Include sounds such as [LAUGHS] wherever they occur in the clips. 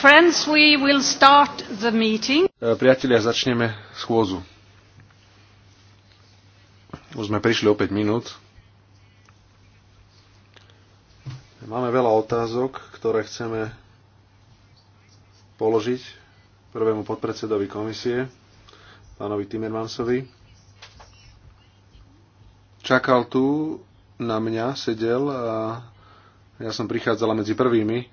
Friends, we will start the meeting. E, priatelia, začneme schôzu. Už sme prišli o 5 minút. Máme veľa otázok, ktoré chceme položiť prvému podpredsedovi komisie, pánovi Timmermansovi. Čakal tu na mňa, sedel a ja som prichádzala medzi prvými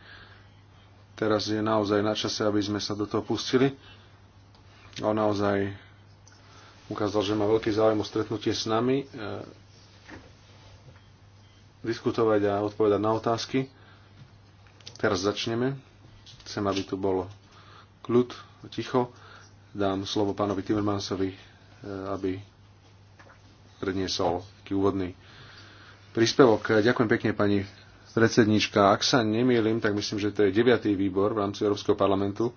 Teraz je naozaj na čase, aby sme sa do toho pustili. On naozaj ukázal, že má veľký záujem o stretnutie s nami, e, diskutovať a odpovedať na otázky. Teraz začneme. Chcem, aby tu bolo kľud, ticho. Dám slovo pánovi Timmermansovi, e, aby predniesol taký úvodný príspevok. Ďakujem pekne, pani predsednička, ak sa nemýlim, tak myslím, že to je deviatý výbor v rámci Európskeho parlamentu,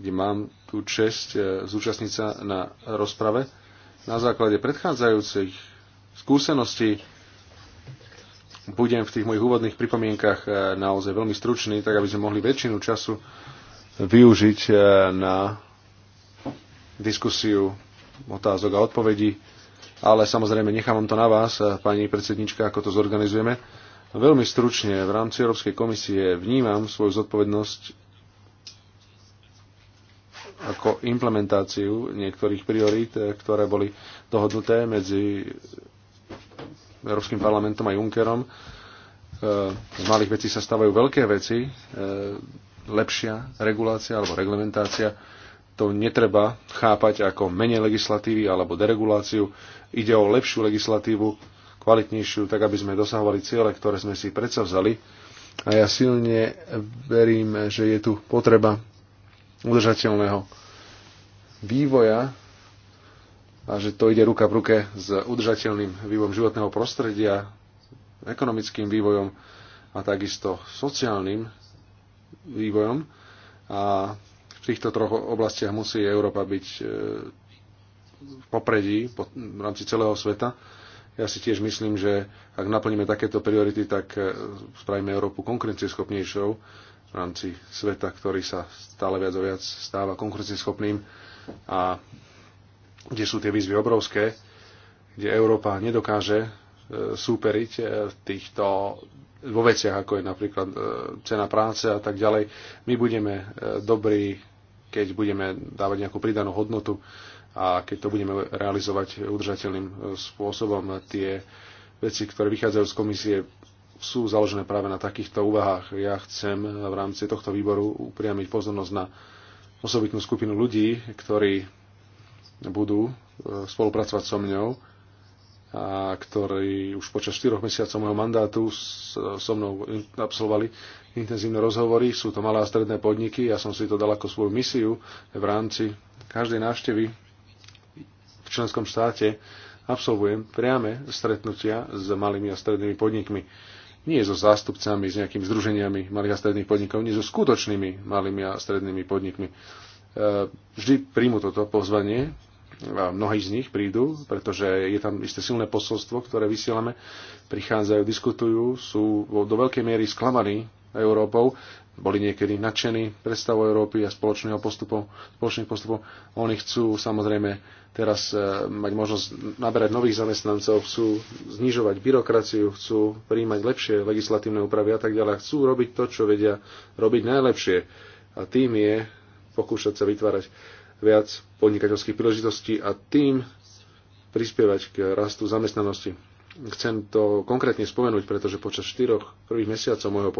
kde mám tú čest e, zúčastniť sa na rozprave. Na základe predchádzajúcich skúseností budem v tých mojich úvodných pripomienkach e, naozaj veľmi stručný, tak aby sme mohli väčšinu času využiť e, na diskusiu otázok a odpovedí, ale samozrejme nechám vám to na vás, pani predsednička, ako to zorganizujeme Veľmi stručne v rámci Európskej komisie vnímam svoju zodpovednosť ako implementáciu niektorých priorít, eh, ktoré boli dohodnuté medzi Európskym parlamentom a Junckerom. Eh, z malých vecí sa stávajú veľké veci. Eh, lepšia regulácia alebo reglementácia to netreba chápať ako menej legislatívy alebo dereguláciu. Ide o lepšiu legislatívu, kvalitnejšiu, tak aby sme dosahovali ciele, ktoré sme si predsa vzali. A ja silne verím, že je tu potreba udržateľného vývoja a že to ide ruka v ruke s udržateľným vývojom životného prostredia, ekonomickým vývojom a takisto sociálnym vývojom. A v týchto troch oblastiach musí Európa byť e, v popredí v rámci celého sveta ja si tiež myslím, že ak naplníme takéto priority, tak e, spravíme Európu konkurencieschopnejšou v rámci sveta, ktorý sa stále viac a viac stáva konkurencieschopným a kde sú tie výzvy obrovské, kde Európa nedokáže e, súperiť e, v týchto vo veciach, ako je napríklad cena práce a tak ďalej. My budeme dobrí, keď budeme dávať nejakú pridanú hodnotu a keď to budeme realizovať udržateľným e, spôsobom, tie veci, ktoré vychádzajú z komisie, sú založené práve na takýchto úvahách. Ja chcem v rámci tohto výboru upriamiť pozornosť na osobitnú skupinu ľudí, ktorí budú e, spolupracovať so mňou a ktorí už počas 4 mesiacov môjho mandátu so mnou absolvovali intenzívne rozhovory. Sú to malé a stredné podniky. Ja som si to dal ako svoju misiu v rámci každej návštevy členskom štáte absolvujem priame stretnutia s malými a strednými podnikmi. Nie so zástupcami, s nejakými združeniami malých a stredných podnikov, nie so skutočnými malými a strednými podnikmi. E, vždy príjmu toto pozvanie a mnohí z nich prídu, pretože je tam isté silné posolstvo, ktoré vysielame, prichádzajú, diskutujú, sú do veľkej miery sklamaní Európou, boli niekedy nadšení predstavou Európy a spoločného postupu, spoločných postupov. Oni chcú samozrejme teraz e, mať možnosť naberať nových zamestnancov, chcú znižovať byrokraciu, chcú príjmať lepšie legislatívne úpravy a tak ďalej. Chcú robiť to, čo vedia robiť najlepšie. A tým je pokúšať sa vytvárať viac podnikateľských príležitostí a tým prispievať k rastu zamestnanosti. Chcem to konkrétne spomenúť, pretože počas štyroch prvých mesiacov môjho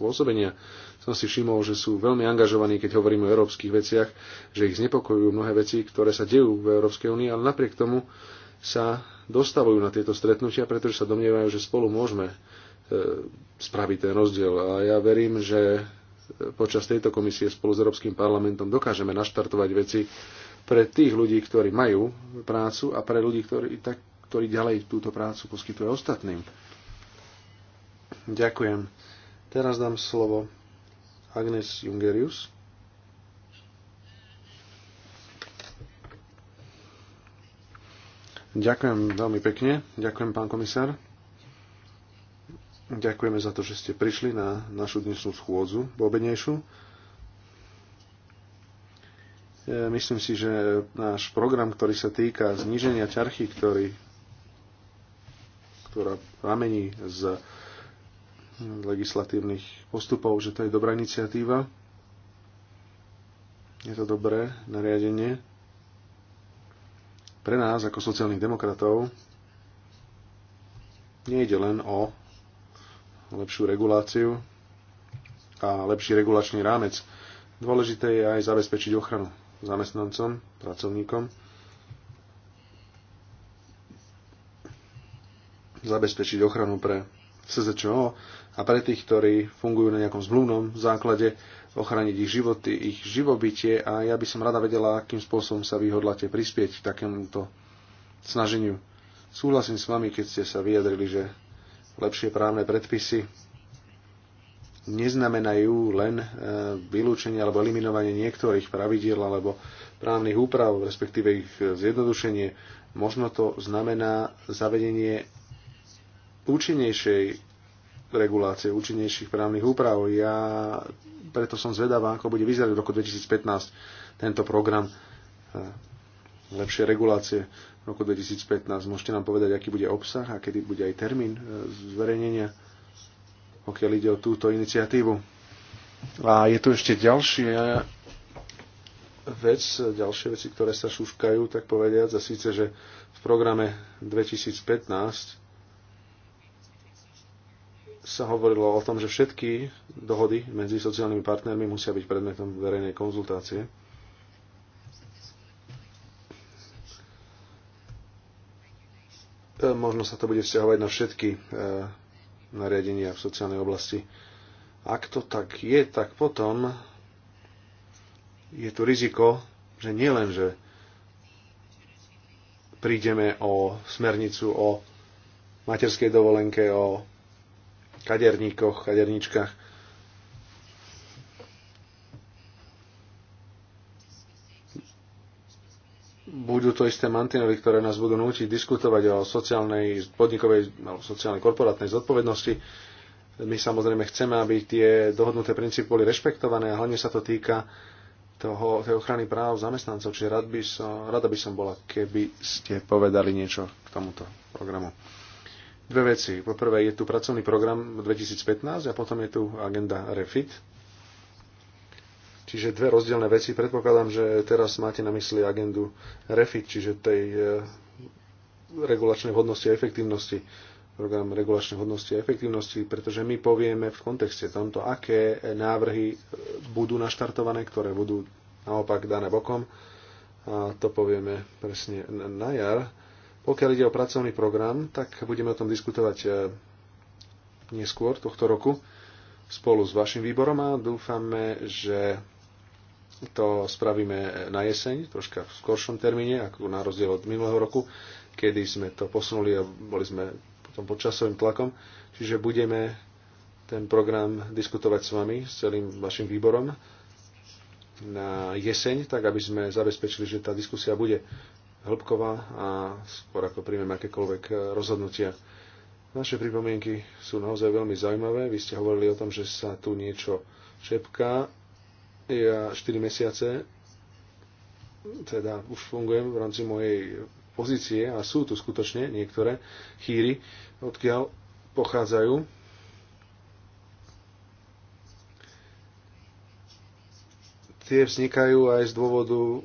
pôsobenia som si všimol, že sú veľmi angažovaní, keď hovoríme o európskych veciach, že ich znepokojujú mnohé veci, ktoré sa dejú v Európskej únii, ale napriek tomu sa dostavujú na tieto stretnutia, pretože sa domnievajú, že spolu môžeme e, spraviť ten rozdiel. A ja verím, že e, počas tejto komisie spolu s Európskym parlamentom dokážeme naštartovať veci pre tých ľudí, ktorí majú prácu a pre ľudí, ktorí tak ktorý ďalej túto prácu poskytuje ostatným. Ďakujem. Teraz dám slovo Agnes Jungerius. Ďakujem veľmi pekne. Ďakujem, pán komisár. Ďakujeme za to, že ste prišli na našu dnešnú schôdzu, obednejšiu. E, myslím si, že náš program, ktorý sa týka zníženia ťarchy, ktorý ktorá pramení z legislatívnych postupov, že to je dobrá iniciatíva. Je to dobré nariadenie. Pre nás ako sociálnych demokratov nejde len o lepšiu reguláciu a lepší regulačný rámec. Dôležité je aj zabezpečiť ochranu zamestnancom, pracovníkom, zabezpečiť ochranu pre SZČO a pre tých, ktorí fungujú na nejakom zmluvnom základe, ochrániť ich životy, ich živobytie a ja by som rada vedela, akým spôsobom sa vyhodláte prispieť k takémuto snaženiu. Súhlasím s vami, keď ste sa vyjadrili, že lepšie právne predpisy neznamenajú len e, vylúčenie alebo eliminovanie niektorých pravidiel alebo právnych úprav, respektíve ich zjednodušenie. Možno to znamená zavedenie účinnejšej regulácie, účinnejších právnych úprav. Ja preto som zvedavá, ako bude vyzerať v roku 2015 tento program e, lepšie regulácie v roku 2015. Môžete nám povedať, aký bude obsah a kedy bude aj termín e, zverejnenia, pokiaľ ide o túto iniciatívu. A je tu ešte ďalšie vec, ďalšie veci, ktoré sa šúškajú, tak povediať, a síce, že v programe 2015 sa hovorilo o tom, že všetky dohody medzi sociálnymi partnermi musia byť predmetom verejnej konzultácie. E, možno sa to bude vzťahovať na všetky e, nariadenia v sociálnej oblasti. Ak to tak je, tak potom je tu riziko, že nielen, že prídeme o smernicu o materskej dovolenke, o kaderníkoch, kaderníčkach. Budú to isté mantinely, ktoré nás budú nútiť diskutovať o sociálnej, podnikovej alebo sociálnej korporátnej zodpovednosti. My samozrejme chceme, aby tie dohodnuté princípy boli rešpektované a hlavne sa to týka toho, tej ochrany práv zamestnancov, čiže rada by rada by som bola, keby ste povedali niečo k tomuto programu dve veci. Po prvé je tu pracovný program 2015 a potom je tu agenda REFIT. Čiže dve rozdielne veci. Predpokladám, že teraz máte na mysli agendu REFIT, čiže tej e, regulačnej hodnosti a efektívnosti program regulačnej hodnosti a efektívnosti, pretože my povieme v kontexte tomto, aké návrhy budú naštartované, ktoré budú naopak dané bokom. A to povieme presne na jar. Pokiaľ ide o pracovný program, tak budeme o tom diskutovať e, neskôr tohto roku spolu s vašim výborom a dúfame, že to spravíme na jeseň, troška v skoršom termíne, ako na rozdiel od minulého roku, kedy sme to posunuli a boli sme potom pod časovým tlakom. Čiže budeme ten program diskutovať s vami, s celým vašim výborom na jeseň, tak aby sme zabezpečili, že tá diskusia bude hĺbková a skôr ako príjmem akékoľvek eh, rozhodnutia. Naše pripomienky sú naozaj veľmi zaujímavé. Vy ste hovorili o tom, že sa tu niečo šepká. Ja 4 mesiace teda už fungujem v rámci mojej pozície a sú tu skutočne niektoré chýry, odkiaľ pochádzajú. Tie vznikajú aj z dôvodu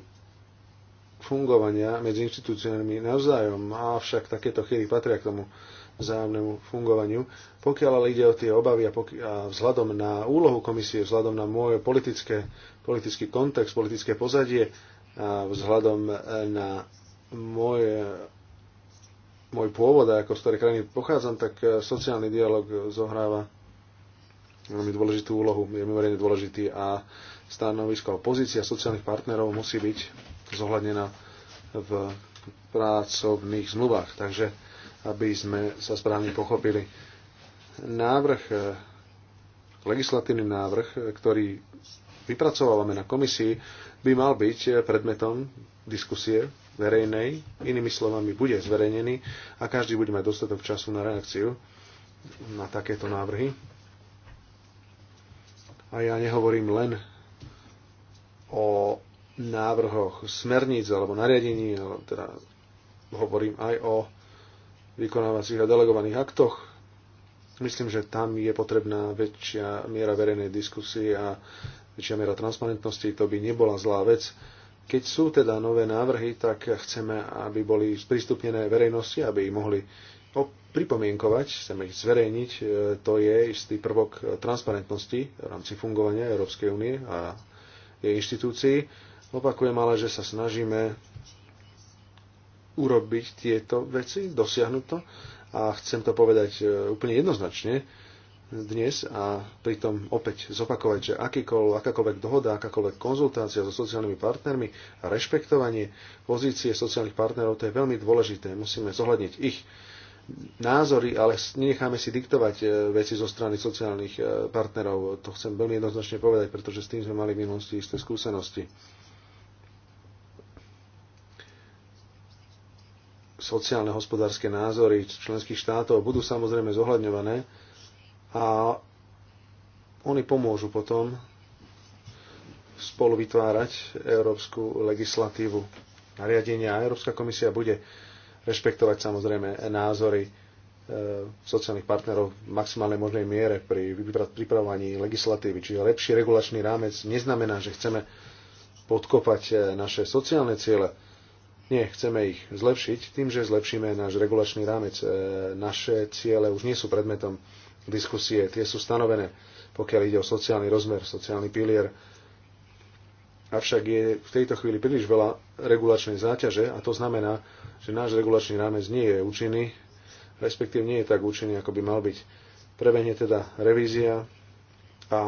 fungovania medzi inštitúciami navzájom, avšak takéto chyby patria k tomu vzájomnému fungovaniu. Pokiaľ ale ide o tie obavy a, poky- a vzhľadom na úlohu komisie, vzhľadom na môj politické, politický kontext, politické pozadie, a vzhľadom e, na môj, e, môj pôvod ako z ktorej krajiny pochádzam, tak e, sociálny dialog zohráva veľmi dôležitú úlohu, je mimoriadne dôležitý a stanovisko a pozícia sociálnych partnerov musí byť zohľadnená v pracovných zmluvách. Takže aby sme sa správne pochopili. Návrh, eh, legislatívny návrh, ktorý vypracovávame na komisii, by mal byť eh, predmetom diskusie verejnej, inými slovami bude zverejnený a každý bude mať dostatok času na reakciu na takéto návrhy. A ja nehovorím len o návrhoch smerníc alebo nariadení, ale teda hovorím aj o vykonávacích a delegovaných aktoch. Myslím, že tam je potrebná väčšia miera verejnej diskusie a väčšia miera transparentnosti. To by nebola zlá vec. Keď sú teda nové návrhy, tak chceme, aby boli sprístupnené verejnosti, aby ich mohli pripomienkovať, chceme ich zverejniť. E, to je istý prvok transparentnosti v rámci fungovania Európskej únie a jej inštitúcií Opakujem ale, že sa snažíme urobiť tieto veci, dosiahnuť to a chcem to povedať e, úplne jednoznačne dnes a pritom opäť zopakovať, že akákoľvek dohoda, akákoľvek konzultácia so sociálnymi partnermi a rešpektovanie pozície sociálnych partnerov, to je veľmi dôležité. Musíme zohľadniť ich názory, ale nenecháme si diktovať e, veci zo strany sociálnych e, partnerov. To chcem veľmi jednoznačne povedať, pretože s tým sme mali v minulosti isté skúsenosti. sociálne hospodárske názory členských štátov budú samozrejme zohľadňované a oni pomôžu potom spolu vytvárať európsku legislatívu, nariadenia. Európska komisia bude rešpektovať samozrejme názory e, sociálnych partnerov v maximálnej možnej miere pri pripravovaní legislatívy. Čiže lepší regulačný rámec neznamená, že chceme podkopať e, naše sociálne ciele. Nie, chceme ich zlepšiť tým, že zlepšíme náš regulačný rámec. E, naše ciele už nie sú predmetom diskusie, tie sú stanovené, pokiaľ ide o sociálny rozmer, sociálny pilier. Avšak je v tejto chvíli príliš veľa regulačnej záťaže a to znamená, že náš regulačný rámec nie je účinný, respektíve nie je tak účinný, ako by mal byť. Prevenie teda revízia a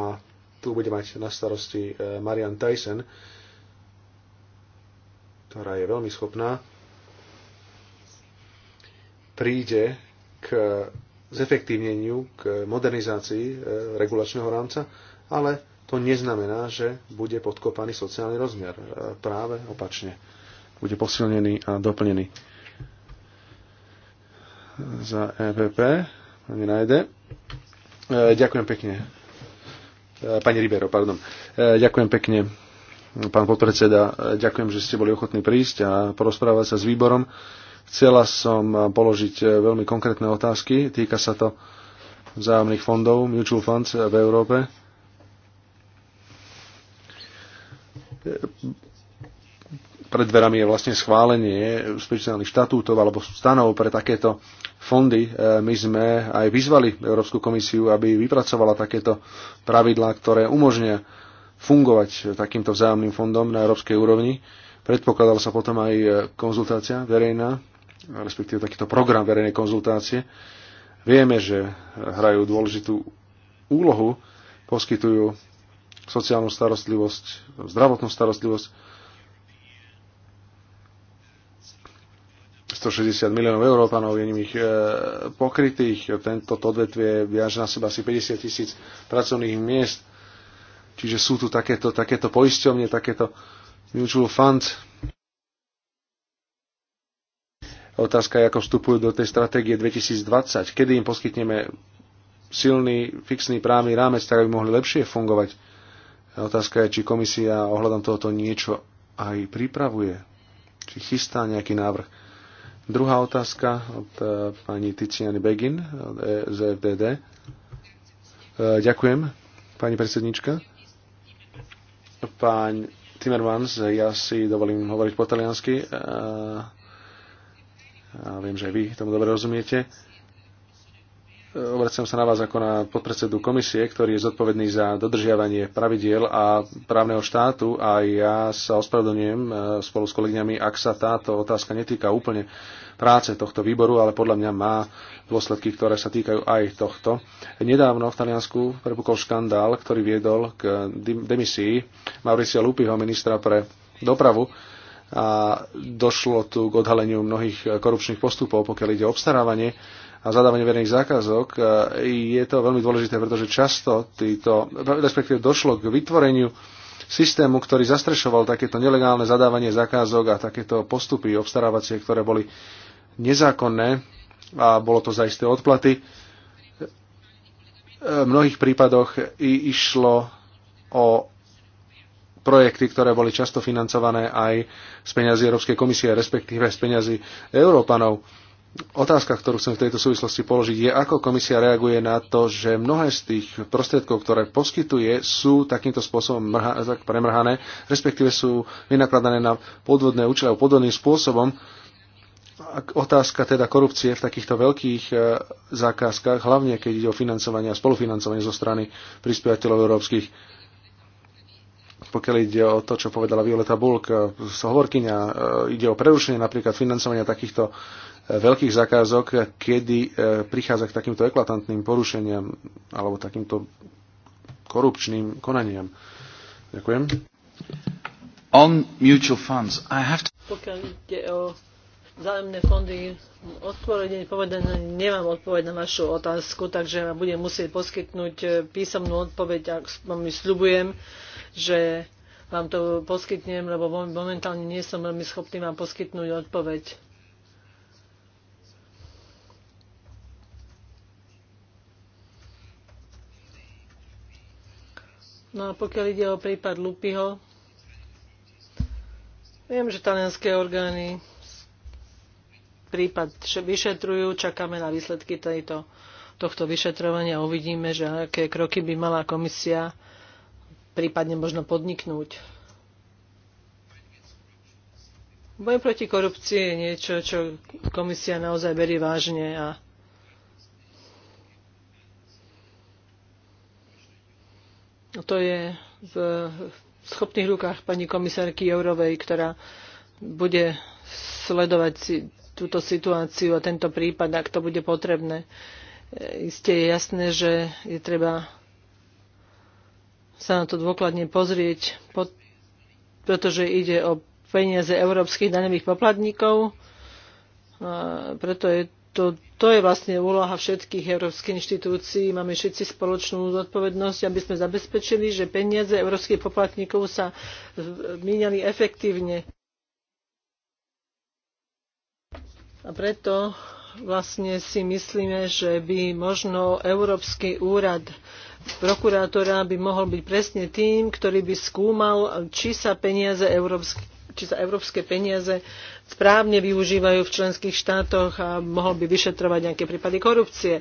tu bude mať na starosti e, Marian Tyson, ktorá je veľmi schopná, príde k zefektívneniu, k modernizácii e, regulačného rámca, ale to neznamená, že bude podkopaný sociálny rozmer. E, práve opačne. Bude posilnený a doplnený. Za EPP, pani Najde. E, ďakujem pekne. Pani Ribero, pardon. Ďakujem pekne Pán podpredseda, ďakujem, že ste boli ochotní prísť a porozprávať sa s výborom. Chcela som položiť veľmi konkrétne otázky. Týka sa to vzájomných fondov, mutual funds v Európe. Pred dverami je vlastne schválenie speciálnych štatútov alebo stanov pre takéto fondy. My sme aj vyzvali Európsku komisiu, aby vypracovala takéto pravidlá, ktoré umožnia fungovať takýmto vzájomným fondom na európskej úrovni. Predpokladala sa potom aj konzultácia verejná, respektíve takýto program verejnej konzultácie. Vieme, že hrajú dôležitú úlohu, poskytujú sociálnu starostlivosť, zdravotnú starostlivosť, 160 miliónov Európanov je nimi eh, pokrytých. Tento odvetvie viaže na seba asi 50 tisíc pracovných miest. Čiže sú tu takéto, takéto poisťovne, takéto mutual funds. Otázka je, ako vstupujú do tej stratégie 2020. Kedy im poskytneme silný, fixný právny rámec, tak aby mohli lepšie fungovať. Otázka je, či komisia ohľadom tohoto niečo aj pripravuje, či chystá nejaký návrh. Druhá otázka od eh, pani Ticiany Begin e z FDD. Eh, ďakujem, pani predsednička. Pán Timmermans, ja si dovolím hovoriť po taliansky. Eh, a viem, že aj vy tomu dobre rozumiete. Obracam sa na vás ako na podpredsedu komisie, ktorý je zodpovedný za dodržiavanie pravidiel a právneho štátu a ja sa ospravedlňujem e, spolu s kolegyňami, ak sa táto otázka netýka úplne práce tohto výboru, ale podľa mňa má dôsledky, ktoré sa týkajú aj tohto. Nedávno v Taliansku prepukol škandál, ktorý viedol k demisii Mauricia Lupiho, ministra pre dopravu, a došlo tu k odhaleniu mnohých korupčných postupov, pokiaľ ide o obstarávanie a zadávanie verejných zákazok, e, je to veľmi dôležité, pretože často títo, respektíve došlo k vytvoreniu systému, ktorý zastrešoval takéto nelegálne zadávanie zakázok a takéto postupy obstarávacie, ktoré boli nezákonné a bolo to za isté odplaty. E, v mnohých prípadoch i išlo o projekty, ktoré boli často financované aj z peňazí Európskej komisie, respektíve z peňazí Európanov Otázka, ktorú chcem v tejto súvislosti položiť, je, ako komisia reaguje na to, že mnohé z tých prostriedkov, ktoré poskytuje, sú takýmto spôsobom mrha, tak premrhané, respektíve sú vynakladané na podvodné účely alebo podvodným spôsobom. Otázka teda korupcie v takýchto veľkých e, zákazkách, hlavne keď ide o financovanie a spolufinancovanie zo strany prispievateľov európskych pokiaľ ide o to, čo povedala Violeta Bulk, e, hovorkyňa, e, ide o prerušenie napríklad financovania takýchto veľkých zakázok, kedy e, prichádza k takýmto eklatantným porušeniam alebo takýmto korupčným konaniam. Ďakujem. On mutual funds, I have to... Pokiaľ ide o vzájomné fondy, odpovedne povedané, nemám odpoveď na vašu otázku, takže vám budem musieť poskytnúť e, písomnú odpoveď, ak vám sľubujem, že vám to poskytnem, lebo momentálne nie som veľmi schopný vám poskytnúť odpoveď. No a pokiaľ ide o prípad Lupiho, viem, že talianské orgány prípad vyšetrujú, čakáme na výsledky tejto, tohto vyšetrovania a uvidíme, že aké kroky by mala komisia prípadne možno podniknúť. Boj proti korupcii je niečo, čo komisia naozaj berie vážne a to je v schopných rukách pani komisárky Jourovej, ktorá bude sledovať si túto situáciu a tento prípad, ak to bude potrebné. E, Isté je jasné, že je treba sa na to dôkladne pozrieť, pretože ide o peniaze európskych daňových poplatníkov. preto je to, to je vlastne úloha všetkých európskych inštitúcií. Máme všetci spoločnú zodpovednosť, aby sme zabezpečili, že peniaze európskych poplatníkov sa e, míňali efektívne. A preto vlastne si myslíme, že by možno Európsky úrad prokurátora by mohol byť presne tým, ktorý by skúmal, či sa peniaze európskych či sa európske peniaze správne využívajú v členských štátoch a mohol by vyšetrovať nejaké prípady korupcie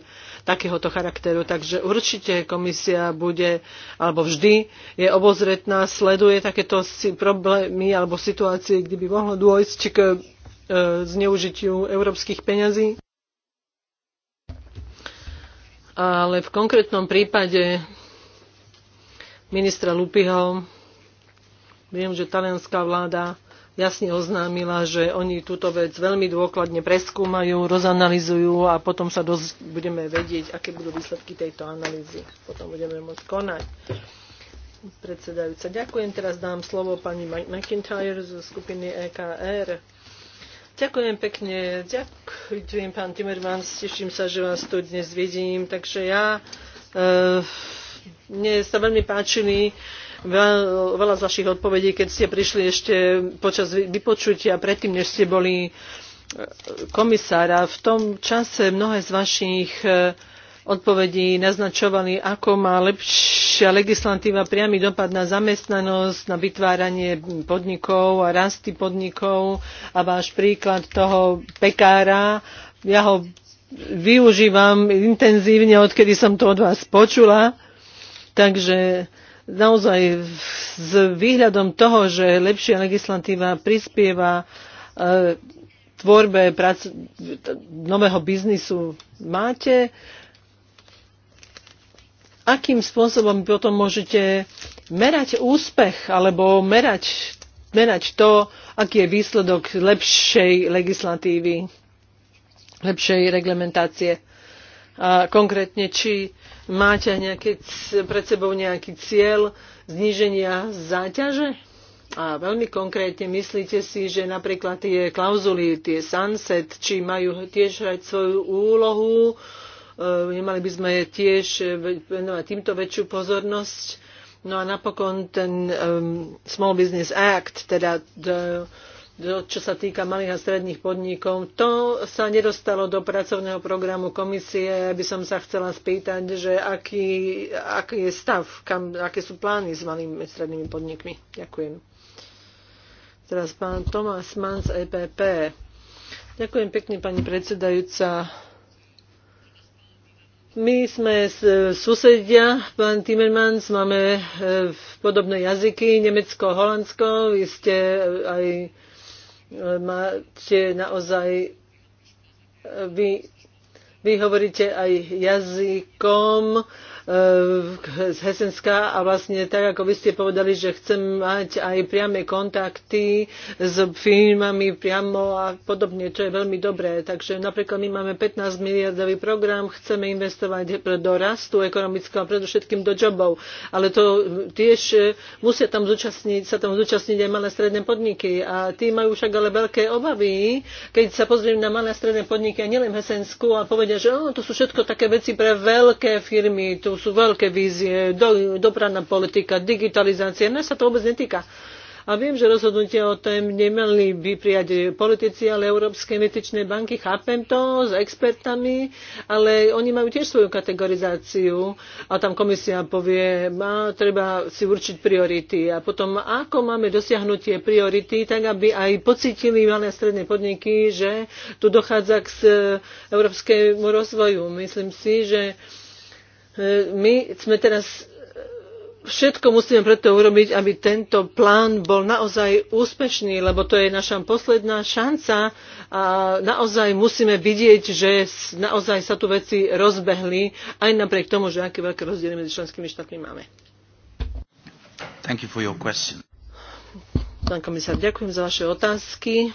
takéhoto charakteru. Takže určite komisia bude, alebo vždy je obozretná, sleduje takéto problémy alebo situácie, kde by mohlo dôjsť k e, zneužitiu európskych peňazí. Ale v konkrétnom prípade ministra Lupiho Viem, že talianská vláda jasne oznámila, že oni túto vec veľmi dôkladne preskúmajú, rozanalizujú a potom sa dosť budeme vedieť, aké budú výsledky tejto analýzy. Potom budeme môcť konať. Predsedajúca, ďakujem. Teraz dám slovo pani McIntyre zo skupiny EKR. Ďakujem pekne. Ďakujem, pán Timmermans. Teším sa, že vás tu dnes vidím. Takže ja e, mne sa veľmi páčili veľa z vašich odpovedí, keď ste prišli ešte počas vypočutia, predtým, než ste boli e, komisára. V tom čase mnohé z vašich e, odpovedí naznačovali, ako má lepšia legislatíva priamy dopad na zamestnanosť, na vytváranie podnikov a rasty podnikov. A váš príklad toho pekára, ja ho využívam intenzívne, odkedy som to od vás počula. Takže naozaj s výhľadom toho, že lepšia legislatíva prispieva e, tvorbe prac, nového biznisu máte, akým spôsobom potom môžete merať úspech alebo merať, merať to, aký je výsledok lepšej legislatívy, lepšej reglementácie. A konkrétne, či máte nejaké, pred sebou nejaký cieľ zníženia záťaže? A veľmi konkrétne myslíte si, že napríklad tie klauzuly, tie sunset, či majú tiež hrať svoju úlohu, e, nemali by sme tiež venovať týmto väčšiu pozornosť. No a napokon ten um, Small Business Act, teda e, čo sa týka malých a stredných podnikov. To sa nedostalo do pracovného programu komisie. ja By som sa chcela spýtať, že aký, aký je stav, kam, aké sú plány s malými a strednými podnikmi. Ďakujem. Teraz pán Tomás Mans, z EPP. Ďakujem pekne, pani predsedajúca. My sme z susedia, pán Timmermans, máme e, podobné jazyky, Nemecko, Holandsko, vy ste aj máte naozaj eh, vy, vy hovoríte aj jazykom, Eh, z Hesenska a vlastne tak, ako vy ste povedali, že chcem mať aj priame kontakty s firmami priamo a podobne, čo je veľmi dobré. Takže napríklad my máme 15 miliardový program, chceme investovať do rastu ekonomického a predovšetkým do jobov, ale to tiež eh, musia tam zúčastniť, sa tam zúčastniť aj malé stredné podniky a tí majú však ale veľké obavy, keď sa pozriem na malé stredné podniky a nielen Hesensku a povedia, že oh, to sú všetko také veci pre veľké firmy, tu sú veľké vízie, do, dopravná politika, digitalizácia. Nás sa to vôbec netýka. A viem, že rozhodnutia o tom nemali by prijať politici, ale Európske investičné banky, chápem to, s expertami, ale oni majú tiež svoju kategorizáciu a tam komisia povie, má, treba si určiť priority. A potom, ako máme dosiahnuť tie priority, tak aby aj pocitili malé a stredné podniky, že tu dochádza k európskemu rozvoju. Myslím si, že E, my sme teraz e, všetko musíme preto urobiť, aby tento plán bol naozaj úspešný, lebo to je naša posledná šanca a naozaj musíme vidieť, že naozaj sa tu veci rozbehli, aj napriek tomu, že aké veľké rozdiely medzi členskými štátmi máme. Thank you for your question. Pán komisár, ďakujem za vaše otázky.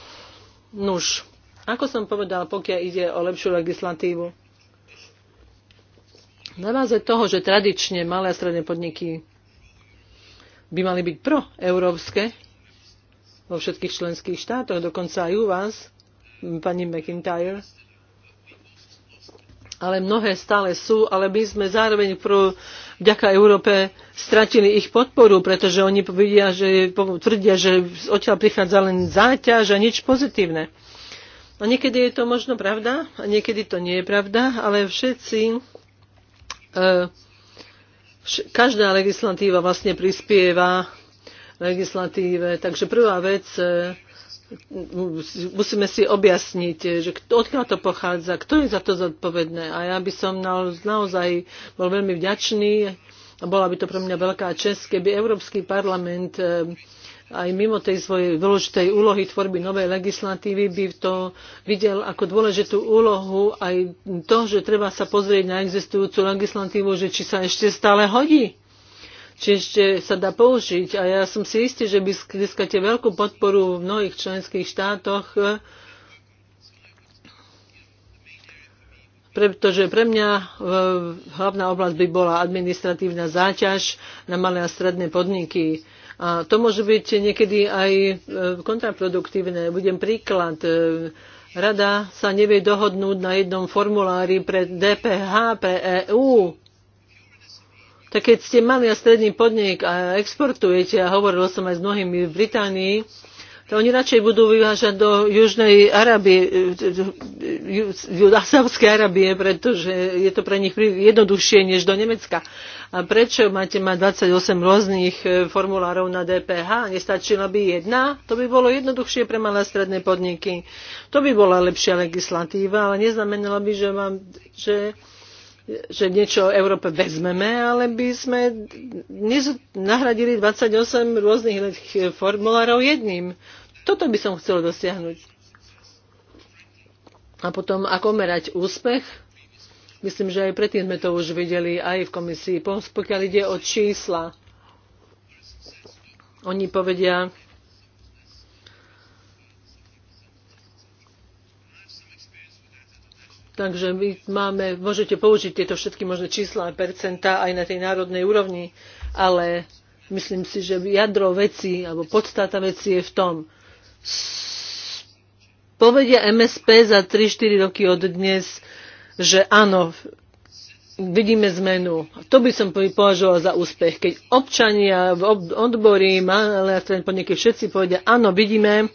Nuž, ako som povedal, pokiaľ ide o lepšiu legislatívu, na báze toho, že tradične malé a stredné podniky by mali byť proeurópske vo všetkých členských štátoch, dokonca aj u vás, pani McIntyre, ale mnohé stále sú, ale my sme zároveň pro, vďaka Európe stratili ich podporu, pretože oni vidia, že, tvrdia, že odtiaľ prichádza len záťaž a nič pozitívne. A niekedy je to možno pravda, a niekedy to nie je pravda, ale všetci E, každá legislatíva vlastne prispieva legislatíve. Takže prvá vec, e, musíme si objasniť, e, že odkiaľ to pochádza, kto je za to zodpovedné. A ja by som naozaj bol veľmi vďačný a bola by to pre mňa veľká čest, keby Európsky parlament aj mimo tej svojej dôležitej úlohy tvorby novej legislatívy by to videl ako dôležitú úlohu aj to, že treba sa pozrieť na existujúcu legislatívu, že či sa ešte stále hodí či ešte sa dá použiť. A ja som si istý, že by získate veľkú podporu v mnohých členských štátoch, pretože pre mňa e, hlavná oblasť by bola administratívna záťaž na malé a stredné podniky. A to môže byť niekedy aj e, kontraproduktívne. Budem príklad. E, Rada sa nevie dohodnúť na jednom formulári pre DPH, pre EÚ. Tak keď ste malý a stredný podnik a exportujete, a hovoril som aj s mnohými v Británii, oni radšej budú vyvážať do Južnej Arábie, e, e, e, Saudskej Arabie, pretože je to pre nich jednoduchšie než do Nemecka. A prečo máte mať 28 rôznych formulárov na DPH? Nestačila by jedna? To by bolo jednoduchšie pre malé stredné podniky. To by bola lepšia legislatíva, ale neznamenalo by, že, mám, že že niečo Európe vezmeme, ale by sme nahradili 28 rôznych formulárov jedným. Toto by som chcel dosiahnuť. A potom, ako merať úspech? Myslím, že aj predtým sme to už videli aj v komisii, pokiaľ ide o čísla. Oni povedia, Takže my máme, môžete použiť tieto všetky možné čísla a percentá aj na tej národnej úrovni, ale myslím si, že jadro veci alebo podstata veci je v tom, povedia MSP za 3-4 roky od dnes, že áno, vidíme zmenu. To by som považoval za úspech, keď občania, odbory, ale a stredné podniky, všetci povedia, áno, vidíme,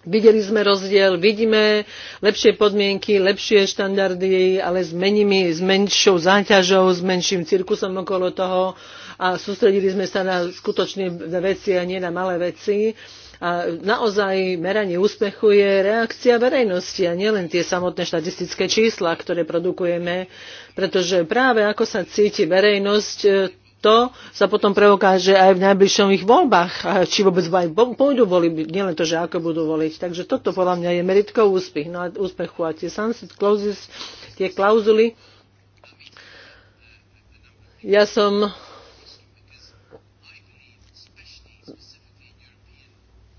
Videli sme rozdiel, vidíme lepšie podmienky, lepšie štandardy, ale s, menimi, s menšou záťažou, s menším cirkusom okolo toho a sústredili sme sa na skutočné veci a nie na malé veci. A naozaj meranie úspechu je reakcia verejnosti a nielen tie samotné štatistické čísla, ktoré produkujeme, pretože práve ako sa cíti verejnosť, e, to sa potom preukáže aj v najbližších voľbách, či vôbec aj pôjdu voliť, nielen to, že ako budú voliť. Takže toto podľa mňa je meritkou úspech, no, úspechu. A tie sunset clauses, tie klauzuly, ja som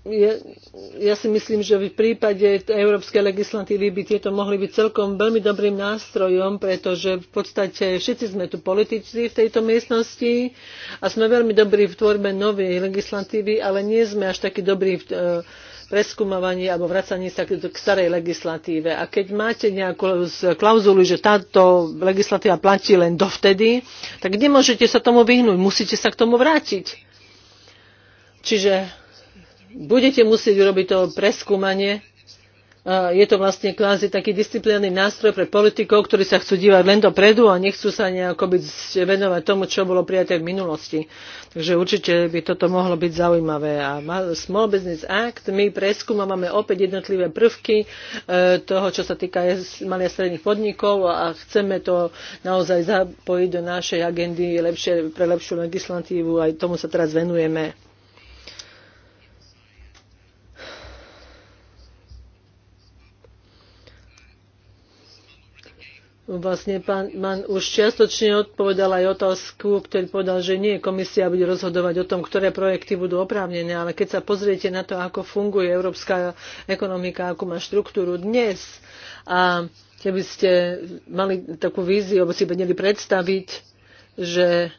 ja, ja si myslím, že v prípade európskej legislatívy by tieto mohli byť celkom veľmi dobrým nástrojom, pretože v podstate všetci sme tu politici v tejto miestnosti a sme veľmi dobrí v tvorbe novej legislatívy, ale nie sme až takí dobrí v e, preskúmovaní alebo vracaní sa k, k starej legislatíve. A keď máte nejakú klauzulu, že táto legislatíva platí len dovtedy, tak nemôžete sa tomu vyhnúť, musíte sa k tomu vrátiť. Čiže budete musieť urobiť to preskúmanie. Je to vlastne kvázi taký disciplinárny nástroj pre politikov, ktorí sa chcú dívať len dopredu a nechcú sa nejako byť venovať tomu, čo bolo prijaté v minulosti. Takže určite by toto mohlo byť zaujímavé. A Small Business Act, my preskúmame opäť jednotlivé prvky e, toho, čo sa týka malých a stredných podnikov a chceme to naozaj zapojiť do našej agendy lepšie, pre lepšiu legislatívu. Aj tomu sa teraz venujeme. Vlastne pán Man už čiastočne odpovedal aj otázku, ktorý povedal, že nie komisia bude rozhodovať o tom, ktoré projekty budú oprávnené, ale keď sa pozriete na to, ako funguje európska ekonomika, akú má štruktúru dnes a keby ste mali takú víziu, alebo si vedeli predstaviť, že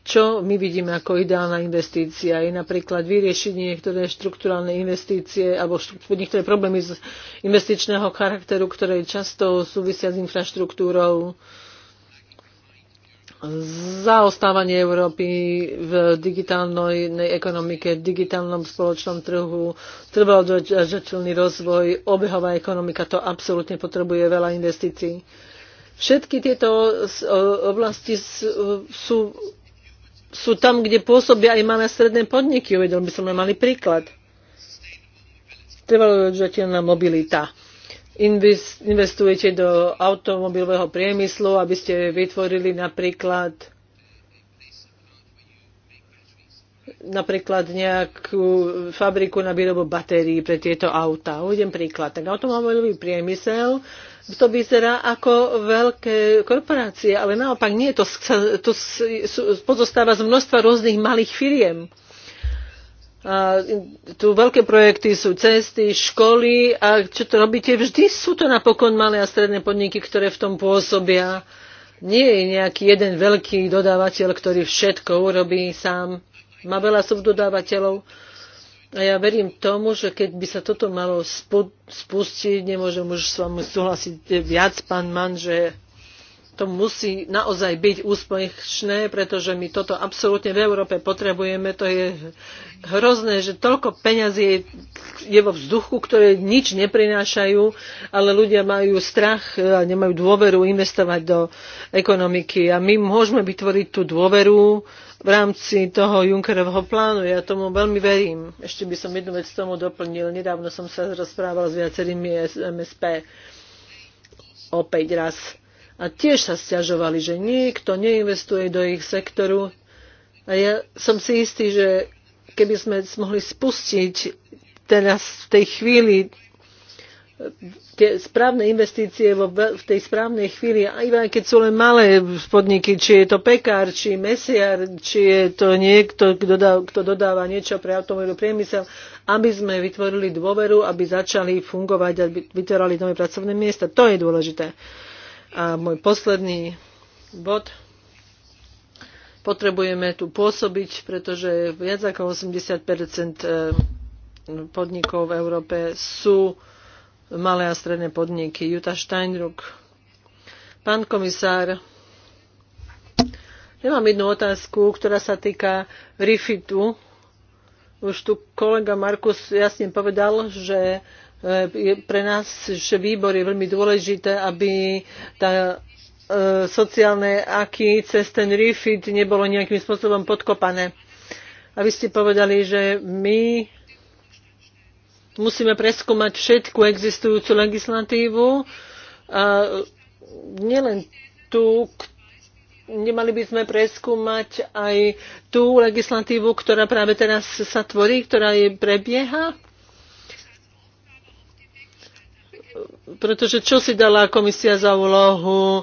čo my vidíme ako ideálna investícia. Je napríklad vyriešenie niektoré štruktúralne investície alebo niektoré problémy z investičného charakteru, ktoré často súvisia s infraštruktúrou, zaostávanie Európy v digitálnej ekonomike, v digitálnom spoločnom trhu, trvalodržateľný rozvoj, obehová ekonomika to absolútne potrebuje veľa investícií. Všetky tieto oblasti sú sú tam, kde pôsobia aj malé stredné podniky. Uvedel by som na malý príklad. Trvalo udržateľná mobilita investujete do automobilového priemyslu, aby ste vytvorili napríklad napríklad nejakú fabriku na výrobu batérií pre tieto autá. Uvedem príklad. Tak automobilový priemysel to vyzerá ako veľké korporácie, ale naopak nie, to, to pozostáva z množstva rôznych malých firiem. A tu veľké projekty sú cesty, školy a čo to robíte, vždy sú to napokon malé a stredné podniky, ktoré v tom pôsobia. Nie je nejaký jeden veľký dodávateľ, ktorý všetko urobí sám má veľa subdodávateľov. A ja verím tomu, že keď by sa toto malo spustiť, nemôžem už s vami súhlasiť viac, pán Man, že to musí naozaj byť úspešné, pretože my toto absolútne v Európe potrebujeme. To je hrozné, že toľko peňazí je, je vo vzduchu, ktoré nič neprinášajú, ale ľudia majú strach a nemajú dôveru investovať do ekonomiky. A my môžeme vytvoriť tú dôveru, v rámci toho Junckerovho plánu. Ja tomu veľmi verím. Ešte by som jednu vec tomu doplnil. Nedávno som sa rozprával s viacerými MSP opäť raz. A tiež sa stiažovali, že nikto neinvestuje do ich sektoru. A ja som si istý, že keby sme mohli spustiť teraz v tej chvíli tie správne investície vo, v tej správnej chvíli, aj iba keď sú len malé podniky, či je to pekár, či mesiar, či je to niekto, kto, dá, kto dodáva niečo pre automobilový priemysel, aby sme vytvorili dôveru, aby začali fungovať a vytvorili nové pracovné miesta. To je dôležité. A môj posledný bod potrebujeme tu pôsobiť, pretože viac ako 80 eh, podnikov v Európe sú malé a stredné podniky. Juta Steinruck. Pán komisár, ja mám jednu otázku, ktorá sa týka RIFITu. Už tu kolega Markus jasne povedal, že eh, je pre nás, že výbor je veľmi dôležité, aby tá eh, sociálne aky cez ten RIFIT nebolo nejakým spôsobom podkopané. A vy ste povedali, že my musíme preskúmať všetku existujúcu legislatívu. A nielen tú, nemali by sme preskúmať aj tú legislatívu, ktorá práve teraz sa tvorí, ktorá je prebieha? pretože čo si dala komisia za úlohu e,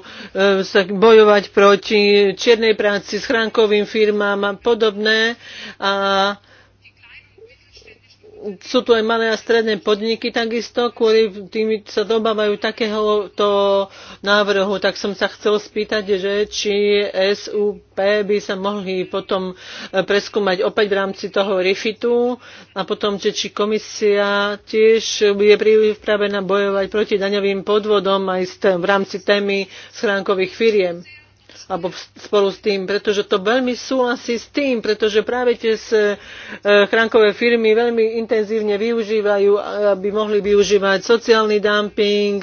sa bojovať proti čiernej práci, schránkovým firmám a podobné. A sú tu aj malé a stredné podniky takisto, kvôli tým sa dobávajú takéhoto návrhu. Tak som sa chcel spýtať, že či SUP by sa mohli potom e, preskúmať opäť v rámci toho RIFITU a potom, že či komisia tiež je vpravená bojovať proti daňovým podvodom aj v rámci témy schránkových firiem alebo spolu s tým, pretože to veľmi súhlasí s tým, pretože práve tie e, chránkové firmy veľmi intenzívne využívajú, aby mohli využívať sociálny dumping,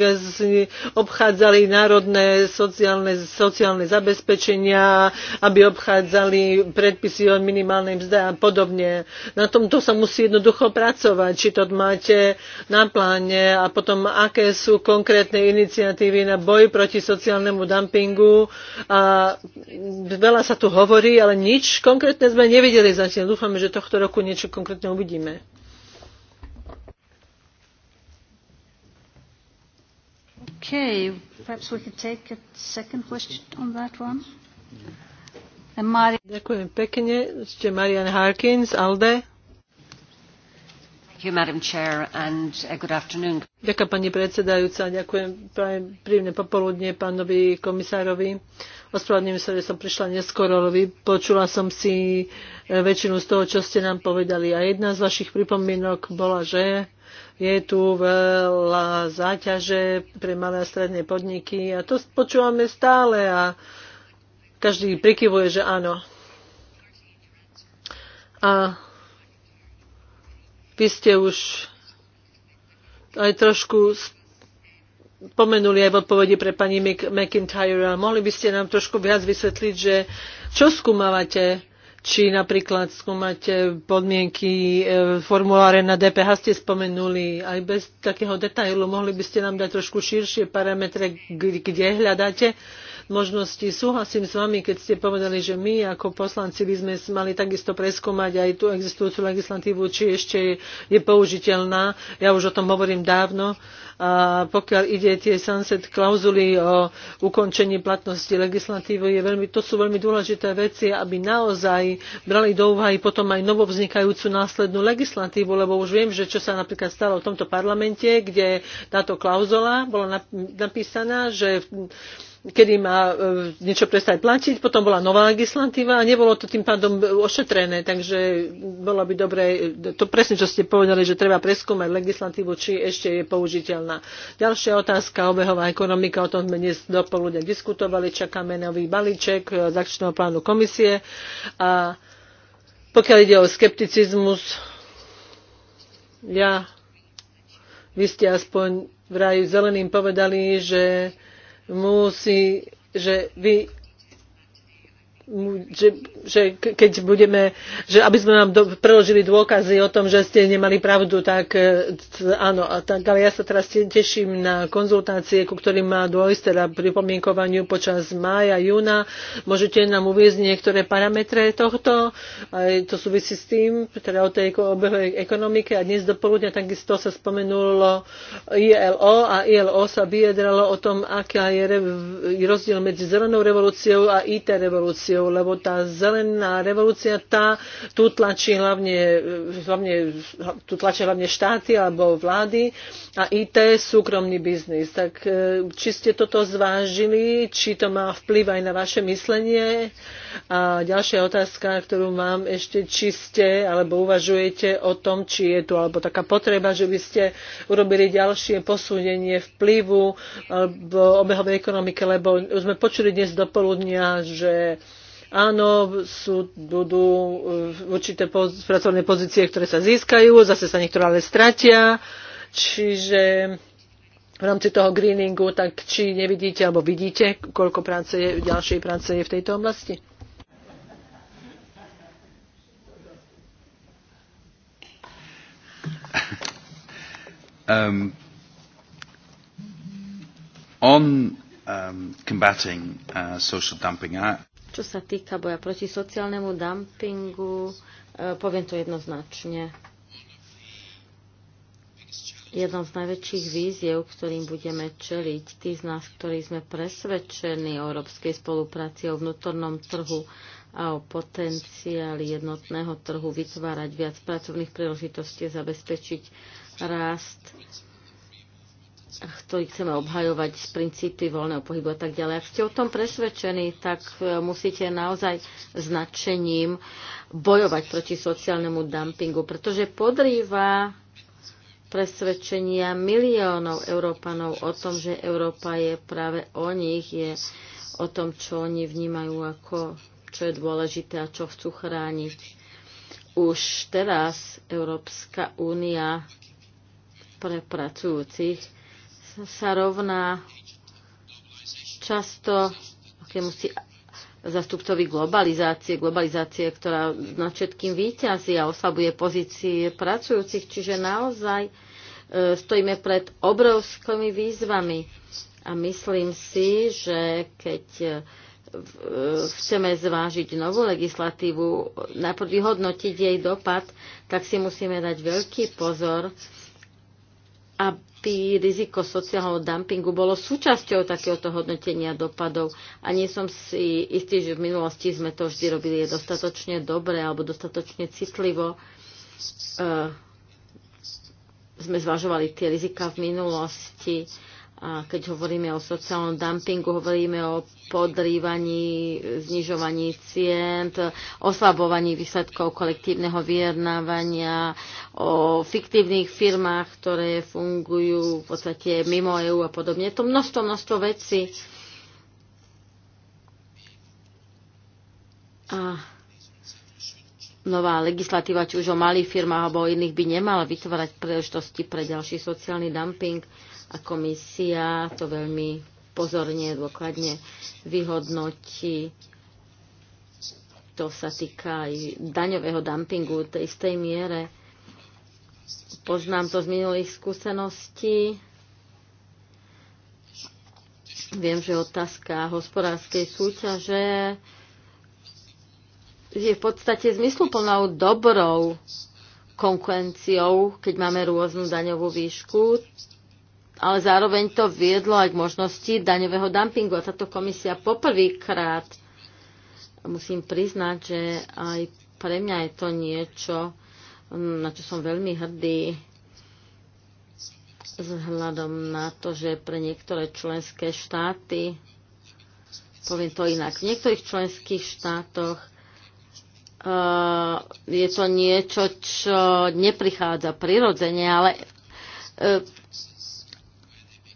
obchádzali národné sociálne, sociálne zabezpečenia, aby obchádzali predpisy o minimálnej mzde a podobne. Na tomto sa musí jednoducho pracovať, či to máte na pláne a potom aké sú konkrétne iniciatívy na boj proti sociálnemu dumpingu a veľa sa tu hovorí, ale nič konkrétne sme nevideli zatiaľ. Dúfame, že tohto roku niečo konkrétne uvidíme. Okay, perhaps we could take a second question on that one. And Mari- Ďakujem pekne. Ste Marian Harkins, ALDE. You, Madam Chair, and uh, good afternoon. Ďakujem pani predsedajúca, ďakujem príjemné popoludne pánovi komisárovi. Ospravedlňujem sa, že som prišla neskoro, ale vypočula som si e, väčšinu z toho, čo ste nám povedali. A jedna z vašich pripomienok bola, že je tu veľa záťaže pre malé a stredné podniky a to počúvame stále a každý prikyvuje, že áno. A vy ste už aj trošku spomenuli aj v odpovedi pre pani McIntyre. Mohli by ste nám trošku viac vysvetliť, že čo skúmavate či napríklad skúmate podmienky e, formuláre na DPH ste spomenuli. Aj bez takého detailu mohli by ste nám dať trošku širšie parametre, kde hľadáte možnosti. Súhlasím s vami, keď ste povedali, že my ako poslanci by sme mali takisto preskúmať aj tú existujúcu legislatívu, či ešte je použiteľná. Ja už o tom hovorím dávno. A pokiaľ ide tie sunset klauzuly o ukončení platnosti legislatívy, je veľmi, to sú veľmi dôležité veci, aby naozaj brali do úvahy potom aj novovznikajúcu následnú legislatívu, lebo už viem, že čo sa napríklad stalo v tomto parlamente, kde táto klauzula bola napísaná, že kedy má e, niečo prestať platiť, potom bola nová legislatíva a nebolo to tým pádom e, ošetrené, takže bolo by dobré, e, to presne, čo ste povedali, že treba preskúmať legislatívu, či ešte je použiteľná. Ďalšia otázka, obehová ekonomika, o tom sme dnes do diskutovali, čakáme nový balíček z akčného plánu komisie a pokiaľ ide o skepticizmus, ja, vy ste aspoň vraj zeleným povedali, že musí, že vy že, že keď budeme, že aby sme nám do, preložili dôkazy o tom, že ste nemali pravdu, tak e, áno, a tak, ale ja sa teraz teším na konzultácie, ku ktorým má dôjsť teda pri pomienkovaniu počas mája, júna. Môžete nám uviezť niektoré parametre tohto, aj to súvisí s tým, teda o tej obehovej ekonomike a dnes do takisto sa spomenulo ILO a ILO sa vyjadralo o tom, aká je rozdiel medzi zelenou revolúciou a IT revolúciou revolúciou, lebo tá zelená revolúcia tá tu tlačí hlavne, hlavne, tu tlačí hlavne štáty alebo vlády a IT súkromný biznis. Tak e, či ste toto zvážili, či to má vplyv aj na vaše myslenie? A ďalšia otázka, ktorú mám ešte, či ste alebo uvažujete o tom, či je tu alebo taká potreba, že by ste urobili ďalšie posúdenie vplyvu alebo obehovej ekonomiky, lebo sme počuli dnes do poludnia, že Áno, sú, budú e, určité poz, pracovné pozície, ktoré sa získajú, zase sa niektoré ale stratia. Čiže v rámci toho greeningu, tak či nevidíte alebo vidíte, koľko práce je, ďalšej práce je v tejto oblasti? Um, on um, combating uh, social dumping, I, čo sa týka boja proti sociálnemu dumpingu, e, poviem to jednoznačne. Jednou z najväčších víziev, ktorým budeme čeliť, tí z nás, ktorí sme presvedčení o európskej spolupráci, o vnútornom trhu a o potenciáli jednotného trhu vytvárať viac pracovných príležitostí, zabezpečiť rast ktorý chceme obhajovať z princípy voľného pohybu a tak ďalej. Ak ste o tom presvedčení, tak e, musíte naozaj značením bojovať proti sociálnemu dumpingu, pretože podrýva presvedčenia miliónov Európanov o tom, že Európa je práve o nich, je o tom, čo oni vnímajú ako čo je dôležité a čo chcú chrániť. Už teraz Európska únia pre pracujúcich sa rovná často si zastupcovi globalizácie, globalizácie, ktorá nad všetkým výťazí a oslabuje pozície pracujúcich, čiže naozaj e, stojíme pred obrovskými výzvami. A myslím si, že keď e, e, chceme zvážiť novú legislatívu, najprv vyhodnotiť jej dopad, tak si musíme dať veľký pozor, aby riziko sociálneho dumpingu bolo súčasťou takéhoto hodnotenia dopadov. A nie som si istý, že v minulosti sme to vždy robili dostatočne dobre alebo dostatočne citlivo. Uh, sme zvažovali tie rizika v minulosti. Uh, a keď hovoríme o sociálnom dumpingu, hovoríme o podrývaní, znižovaní cien, oslabovaní výsledkov kolektívneho vyjednávania, o fiktívnych firmách, ktoré fungujú v podstate mimo EÚ a podobne. Je to množstvo, množstvo vecí. A nová legislatíva, či už o malých firmách alebo o iných, by nemala vytvárať príležitosti pre ďalší sociálny dumping. Uh, a komisia to veľmi pozorne, dôkladne vyhodnotí. To sa týka aj daňového dumpingu v tej istej miere. Poznám to z minulých skúseností. Viem, že otázka hospodárskej súťaže je v podstate zmysluplnou dobrou konkurenciou, keď máme rôznu daňovú výšku ale zároveň to viedlo aj k možnosti daňového dumpingu. A táto komisia poprvýkrát, musím priznať, že aj pre mňa je to niečo, na čo som veľmi hrdý, vzhľadom na to, že pre niektoré členské štáty, poviem to inak, v niektorých členských štátoch uh, je to niečo, čo neprichádza prirodzene, ale eh,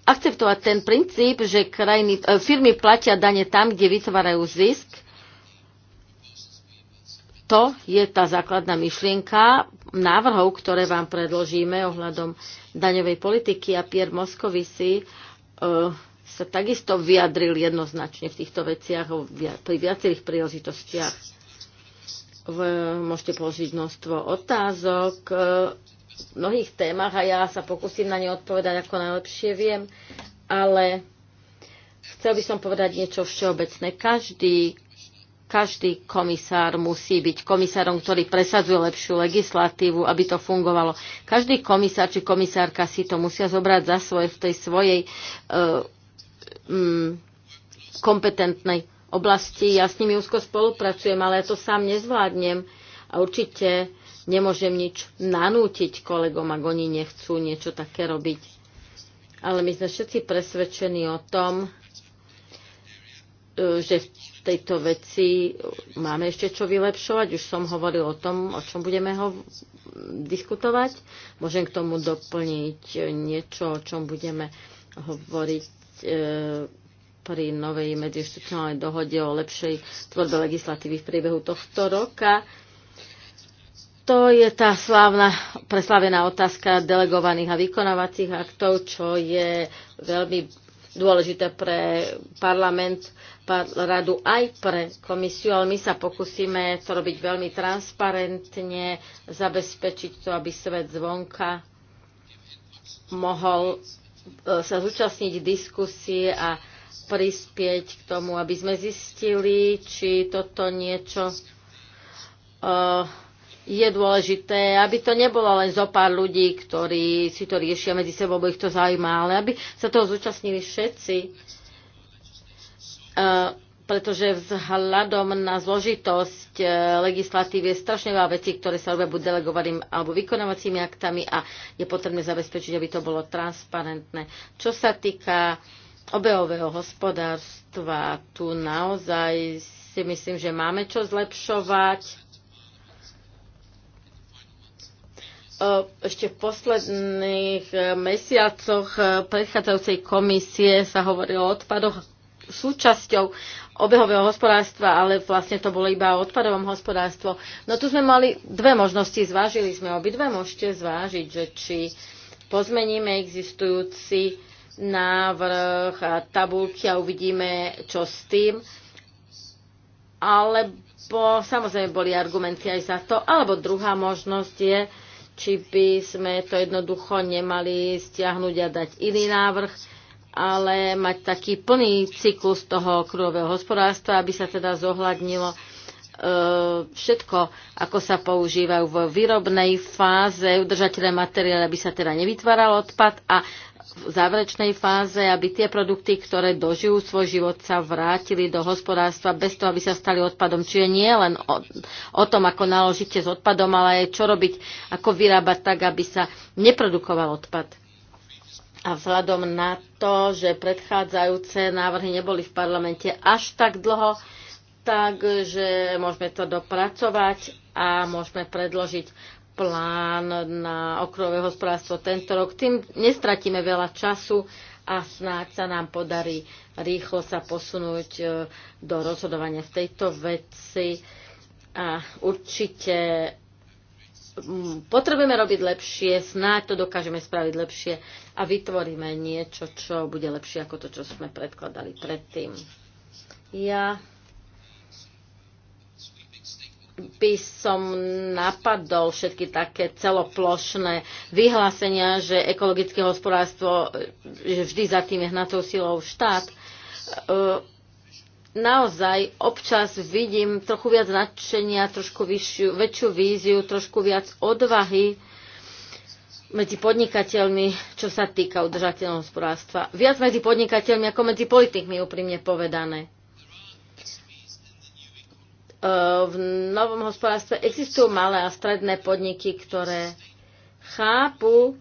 akceptovať ten princíp, že krajiny, e, firmy platia dane tam, kde vytvárajú zisk. To je tá základná myšlienka návrhov, ktoré vám predložíme ohľadom daňovej politiky a Pierre Moscovici uh, sa takisto vyjadril jednoznačne v týchto veciach pri viacerých príležitostiach. V, môžete položiť množstvo otázok. Uh, mnohých témach a ja sa pokúsim na ne odpovedať ako najlepšie viem, ale chcel by som povedať niečo všeobecné. Každý, každý komisár musí byť komisárom, ktorý presadzuje lepšiu legislatívu, aby to fungovalo. Každý komisár či komisárka si to musia zobrať za svoje v tej svojej uh, um, kompetentnej oblasti. Ja s nimi úzko spolupracujem, ale ja to sám nezvládnem. A určite nemôžem nič nanútiť kolegom, ak oni nechcú niečo také robiť. Ale my sme všetci presvedčení o tom, e, že v tejto veci máme ešte čo vylepšovať. Už som hovoril o tom, o čom budeme ho diskutovať. Môžem k tomu doplniť niečo, o čom budeme hovoriť e, pri novej medzištitucionálnej dohode o lepšej tvorbe legislatívy v priebehu tohto roka to je tá slávna, preslavená otázka delegovaných a vykonávacích aktov, čo je veľmi dôležité pre parlament, radu aj pre komisiu, ale my sa pokúsime to robiť veľmi transparentne, zabezpečiť to, aby svet zvonka mohol e, sa zúčastniť diskusie a prispieť k tomu, aby sme zistili, či toto niečo uh, je dôležité, aby to nebolo len zo pár ľudí, ktorí si to riešia medzi sebou, bo ich to zaujíma, ale aby sa toho zúčastnili všetci. E, pretože vzhľadom na zložitosť e, legislatívy je strašne veľa vecí, ktoré sa robia buď delegovaným alebo vykonávacími aktami a je potrebné zabezpečiť, aby to bolo transparentné. Čo sa týka obehového hospodárstva, tu naozaj si myslím, že máme čo zlepšovať Eh, ešte v posledných eh, mesiacoch eh, predchádzajúcej komisie sa hovorilo o odpadoch súčasťou obehového hospodárstva, ale vlastne to bolo iba o odpadovom hospodárstvo. No tu sme mali dve možnosti, zvážili sme obidve, môžete zvážiť, že či pozmeníme existujúci návrh a tabulky a uvidíme, čo s tým. Alebo samozrejme boli argumenty aj za to. Alebo druhá možnosť je, či by sme to jednoducho nemali stiahnuť a dať iný návrh, ale mať taký plný cyklus toho kruhového hospodárstva, aby sa teda zohľadnilo e, všetko, ako sa používajú v výrobnej fáze udržateľné materiály, aby sa teda nevytváral odpad a v záverečnej fáze, aby tie produkty, ktoré dožijú svoj život, sa vrátili do hospodárstva bez toho, aby sa stali odpadom. Čiže nie len o, o tom, ako naložíte s odpadom, ale aj čo robiť, ako vyrábať tak, aby sa neprodukoval odpad. A vzhľadom na to, že predchádzajúce návrhy neboli v parlamente až tak dlho, takže môžeme to dopracovať a môžeme predložiť plán na okrové hospodárstvo tento rok. Tým nestratíme veľa času a snáď sa nám podarí rýchlo sa posunúť e, do rozhodovania v tejto veci. A určite mm, potrebujeme robiť lepšie, snáď to dokážeme spraviť lepšie a vytvoríme niečo, čo bude lepšie ako to, čo sme predkladali predtým. Ja by som napadol všetky také celoplošné vyhlásenia, že ekologické hospodárstvo, že vždy za tým je hnacou silou štát. E, naozaj občas vidím trochu viac nadšenia, trošku vyššiu, väčšiu víziu, trošku viac odvahy medzi podnikateľmi, čo sa týka udržateľného hospodárstva. Viac medzi podnikateľmi ako medzi politikmi, úprimne povedané v novom hospodárstve existujú malé a stredné podniky, ktoré chápu,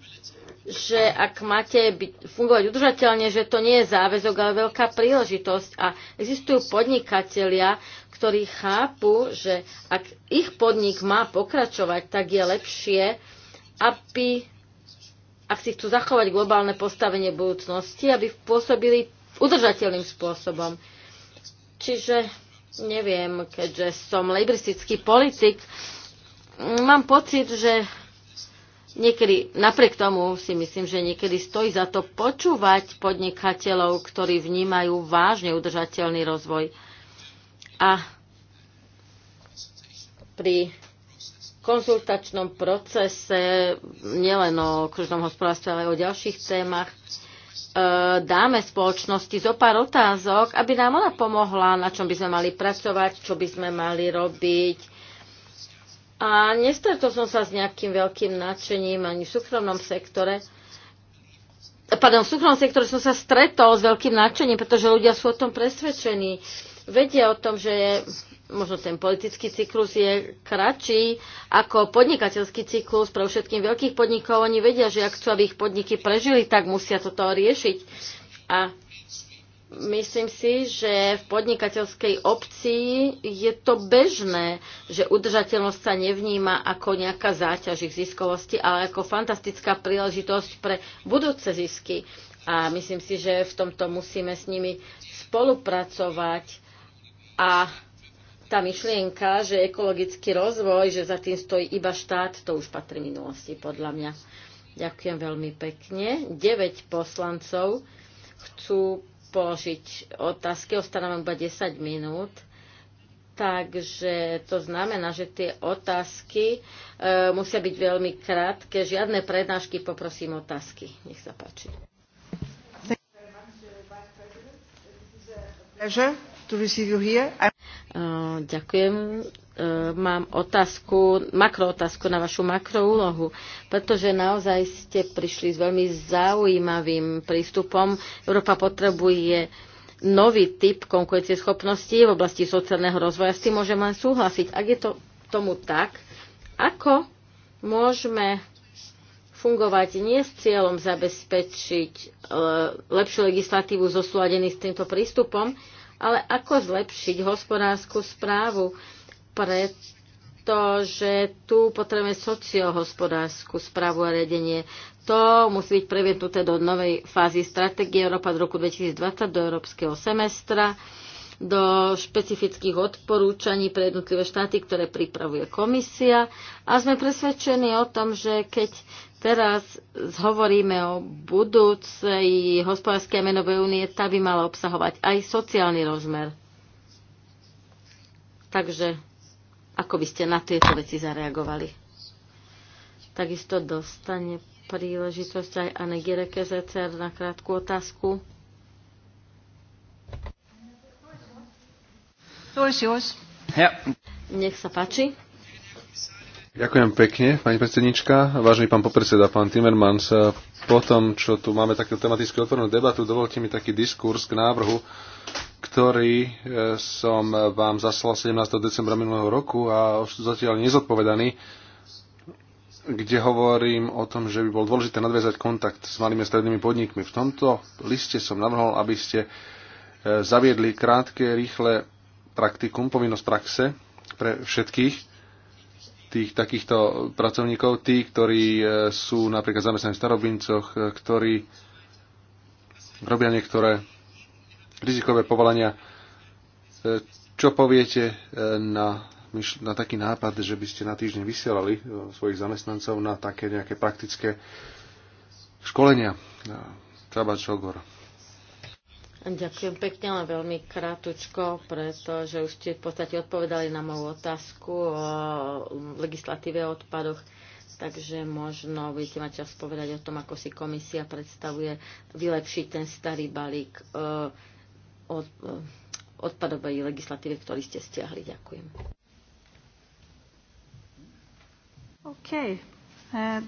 že ak máte byť, fungovať udržateľne, že to nie je záväzok, ale veľká príležitosť. A existujú podnikatelia, ktorí chápu, že ak ich podnik má pokračovať, tak je lepšie, aby, ak si chcú zachovať globálne postavenie budúcnosti, aby pôsobili udržateľným spôsobom. Čiže neviem, keďže som lejbristický politik, mám pocit, že niekedy, napriek tomu si myslím, že niekedy stojí za to počúvať podnikateľov, ktorí vnímajú vážne udržateľný rozvoj. A pri konzultačnom procese, nielen o kružnom hospodárstve, ale aj o ďalších témach, Eh, dáme spoločnosti zo pár otázok, aby nám ona pomohla, na čom by sme mali pracovať, čo by sme mali robiť. A nestretol som sa s nejakým veľkým nadšením ani v súkromnom sektore. Pardon, v súkromnom sektore som sa stretol s veľkým nadšením, pretože ľudia sú o tom presvedčení. Vedia o tom, že je možno ten politický cyklus je kratší ako podnikateľský cyklus pre všetkým veľkých podnikov. Oni vedia, že ak chcú, aby ich podniky prežili, tak musia toto riešiť. A myslím si, že v podnikateľskej obci je to bežné, že udržateľnosť sa nevníma ako nejaká záťaž ich ziskovosti, ale ako fantastická príležitosť pre budúce zisky. A myslím si, že v tomto musíme s nimi spolupracovať a tá myšlienka, že ekologický rozvoj, že za tým stojí iba štát, to už patrí minulosti, podľa mňa. Ďakujem veľmi pekne. 9 poslancov chcú položiť otázky, ostávam iba 10 minút. Takže to znamená, že tie otázky e, musia byť veľmi krátke. Žiadne prednášky, poprosím otázky. Nech sa páči. Pleasure to receive you here. Uh, ďakujem. Uh, mám otázku, makrootázku na vašu makroúlohu, pretože naozaj ste prišli s veľmi zaujímavým prístupom. Európa potrebuje nový typ konkurencieschopnosti v oblasti sociálneho rozvoja. S tým môžem len súhlasiť. Ak je to tomu tak, ako môžeme fungovať nie s cieľom zabezpečiť e, lepšiu legislatívu zosúladený s týmto prístupom, ale ako zlepšiť hospodárskú správu, pretože tu potrebujeme sociohospodárskú správu a riadenie. To musí byť previednuté do novej fázy stratégie Európa z roku 2020 do európskeho semestra do špecifických odporúčaní pre jednotlivé štáty, ktoré pripravuje komisia. A sme presvedčení o tom, že keď teraz hovoríme o budúcej hospodárskej menovej únie, tá by mala obsahovať aj sociálny rozmer. Takže ako by ste na tieto veci zareagovali? Takisto dostane príležitosť aj Anegireke ZCR na krátku otázku. Floor is yours. Nech sa páči. Ďakujem pekne, pani predsednička. Vážený pán popredseda, pán Timmermans, po tom, čo tu máme takú tematickú otvorenú debatu, dovolte mi taký diskurs k návrhu, ktorý e, som vám zaslal 17. decembra minulého roku a už zatiaľ nezodpovedaný, kde hovorím o tom, že by bol dôležité nadviazať kontakt s malými a strednými podnikmi. V tomto liste som navrhol, aby ste e, zaviedli krátke, rýchle praktikum, povinnosť praxe pre všetkých tých takýchto pracovníkov, tí, ktorí e, sú napríklad zamestnaní v starobincoch, e, ktorí robia niektoré rizikové povolania. E, čo poviete na, na taký nápad, že by ste na týždeň vysielali svojich zamestnancov na také nejaké praktické školenia? Čaba Ogor. Ďakujem pekne, ale veľmi krátučko, pretože už ste v podstate odpovedali na moju otázku o um, legislatíve o odpadoch, takže možno budete mať čas povedať o tom, ako si komisia predstavuje vylepšiť ten starý balík e, od, e, odpadovej legislatíve, ktorý ste stiahli. Ďakujem. OK. Uh,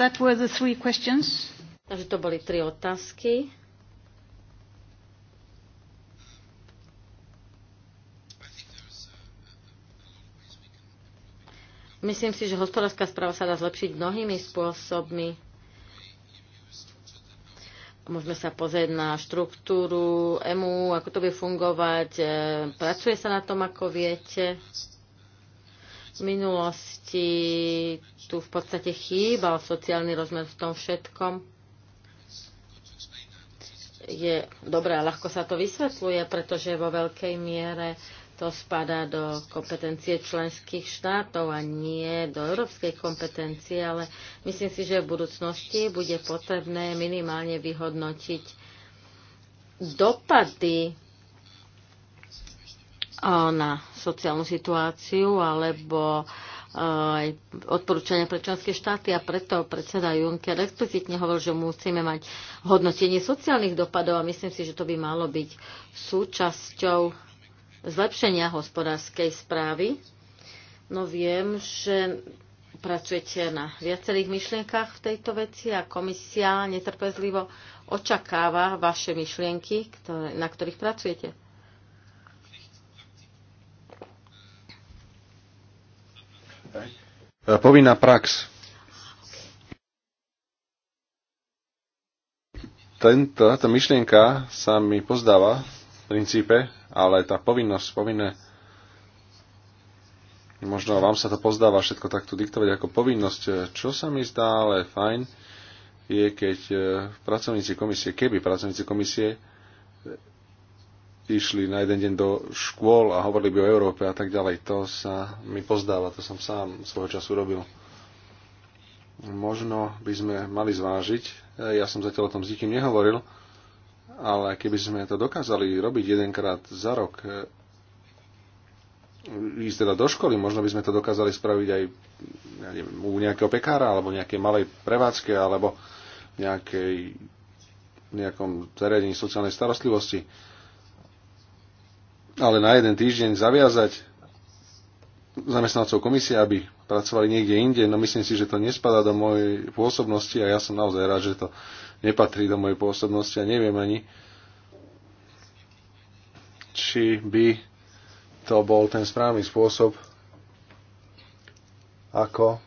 that were the three questions. Takže to boli tri otázky. Myslím si, že hospodárska správa sa dá zlepšiť mnohými spôsobmi. Môžeme sa pozrieť na štruktúru EMU, ako to bude fungovať. E, pracuje sa na tom, ako viete. V minulosti tu v podstate chýbal sociálny rozmer v tom všetkom. Je dobré, ľahko sa to vysvetľuje, pretože vo veľkej miere to spadá do kompetencie členských štátov a nie do európskej kompetencie, ale myslím si, že v budúcnosti bude potrebné minimálne vyhodnotiť dopady na sociálnu situáciu alebo aj odporúčania pre členské štáty a preto predseda Juncker explicitne hovoril, že musíme mať hodnotenie sociálnych dopadov a myslím si, že to by malo byť súčasťou zlepšenia hospodárskej správy. No viem, že pracujete na viacerých myšlienkach v tejto veci a komisia netrpezlivo očakáva vaše myšlienky, ktoré, na ktorých pracujete. Povinná prax. Tento, táto myšlienka sa mi pozdáva princípe, ale tá povinnosť, povinné, možno vám sa to pozdáva všetko takto diktovať ako povinnosť, čo sa mi zdá, ale fajn, je keď e, pracovníci komisie, keby pracovníci komisie e, išli na jeden deň do škôl a hovorili by o Európe a tak ďalej. To sa mi pozdáva, to som sám svojho času robil. Možno by sme mali zvážiť, e, ja som zatiaľ o tom s nikým nehovoril, ale keby sme to dokázali robiť jedenkrát za rok, e, ísť teda do školy, možno by sme to dokázali spraviť aj ja neviem, u nejakého pekára, alebo nejakej malej prevádzke, alebo nejakej, nejakom zariadení sociálnej starostlivosti. Ale na jeden týždeň zaviazať zamestnancov komisie, aby pracovali niekde inde, no myslím si, že to nespadá do mojej pôsobnosti a ja som naozaj rád, že to nepatrí do mojej pôsobnosti a neviem ani, či by to bol ten správny spôsob, ako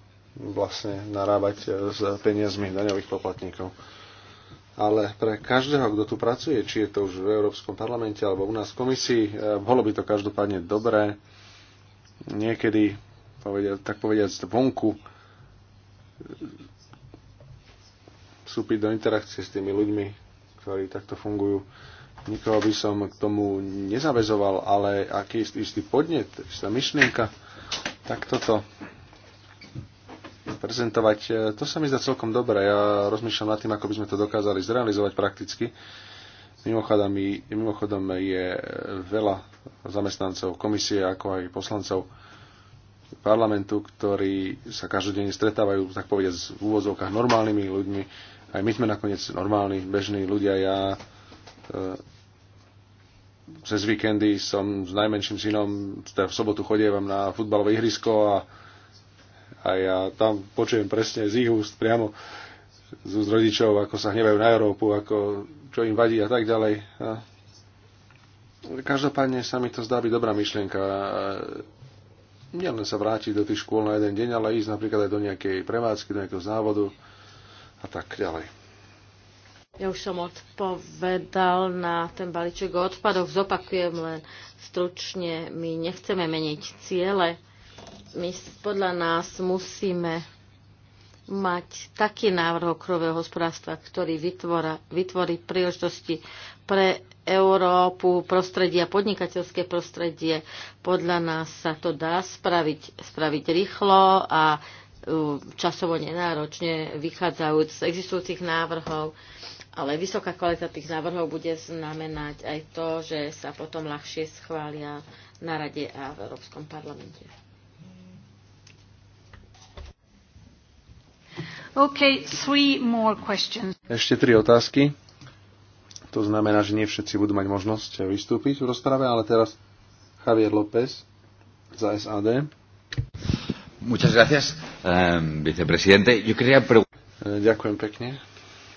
vlastne narábať e, s peniazmi daňových poplatníkov. Ale pre každého, kto tu pracuje, či je to už v Európskom parlamente alebo u nás v komisii, e, bolo by to každopádne dobré niekedy, povedia, tak povediať, vonku vstúpiť do interakcie s tými ľuďmi, ktorí takto fungujú. Nikoho by som k tomu nezavezoval, ale aký istý, istý podnet, istá myšlienka, tak toto prezentovať, eh, to sa mi zdá celkom dobre. Ja rozmýšľam nad tým, ako by sme to dokázali zrealizovať prakticky. Mimochodom, mimochodom je veľa zamestnancov komisie, ako aj poslancov parlamentu, ktorí sa každodenne stretávajú, tak povediať, v úvozovkách normálnymi ľuďmi, aj my sme nakoniec normálni, bežní ľudia. Ja e, cez víkendy som s najmenším synom, teda v sobotu chodievam na futbalové ihrisko a, a ja tam počujem presne z ich úst priamo z úst rodičov, ako sa hnevajú na Európu, ako, čo im vadí a tak ďalej. A, každopádne sa mi to zdá byť dobrá myšlienka. E, nielen sa vrátiť do tých škôl na jeden deň, ale ísť napríklad aj do nejakej prevádzky, do nejakého závodu, a tak ďalej. Ja už som odpovedal na ten balíček o odpadoch. Zopakujem len stručne, my nechceme meniť ciele. My podľa nás musíme mať taký návrh okrového hospodárstva, ktorý vytvora, vytvorí príležitosti pre Európu, prostredie a podnikateľské prostredie. Podľa nás sa to dá spraviť, spraviť rýchlo a časovo nenáročne vychádzajúc z existujúcich návrhov, ale vysoká kvalita tých návrhov bude znamenať aj to, že sa potom ľahšie schvália na Rade a v Európskom parlamente. Okay, three more questions. Ešte tri otázky. To znamená, že nie všetci budú mať možnosť vystúpiť v rozprave, ale teraz Javier López za SAD. Muchas gracias. Ehm, yo quería eh, Ďakujem pekne.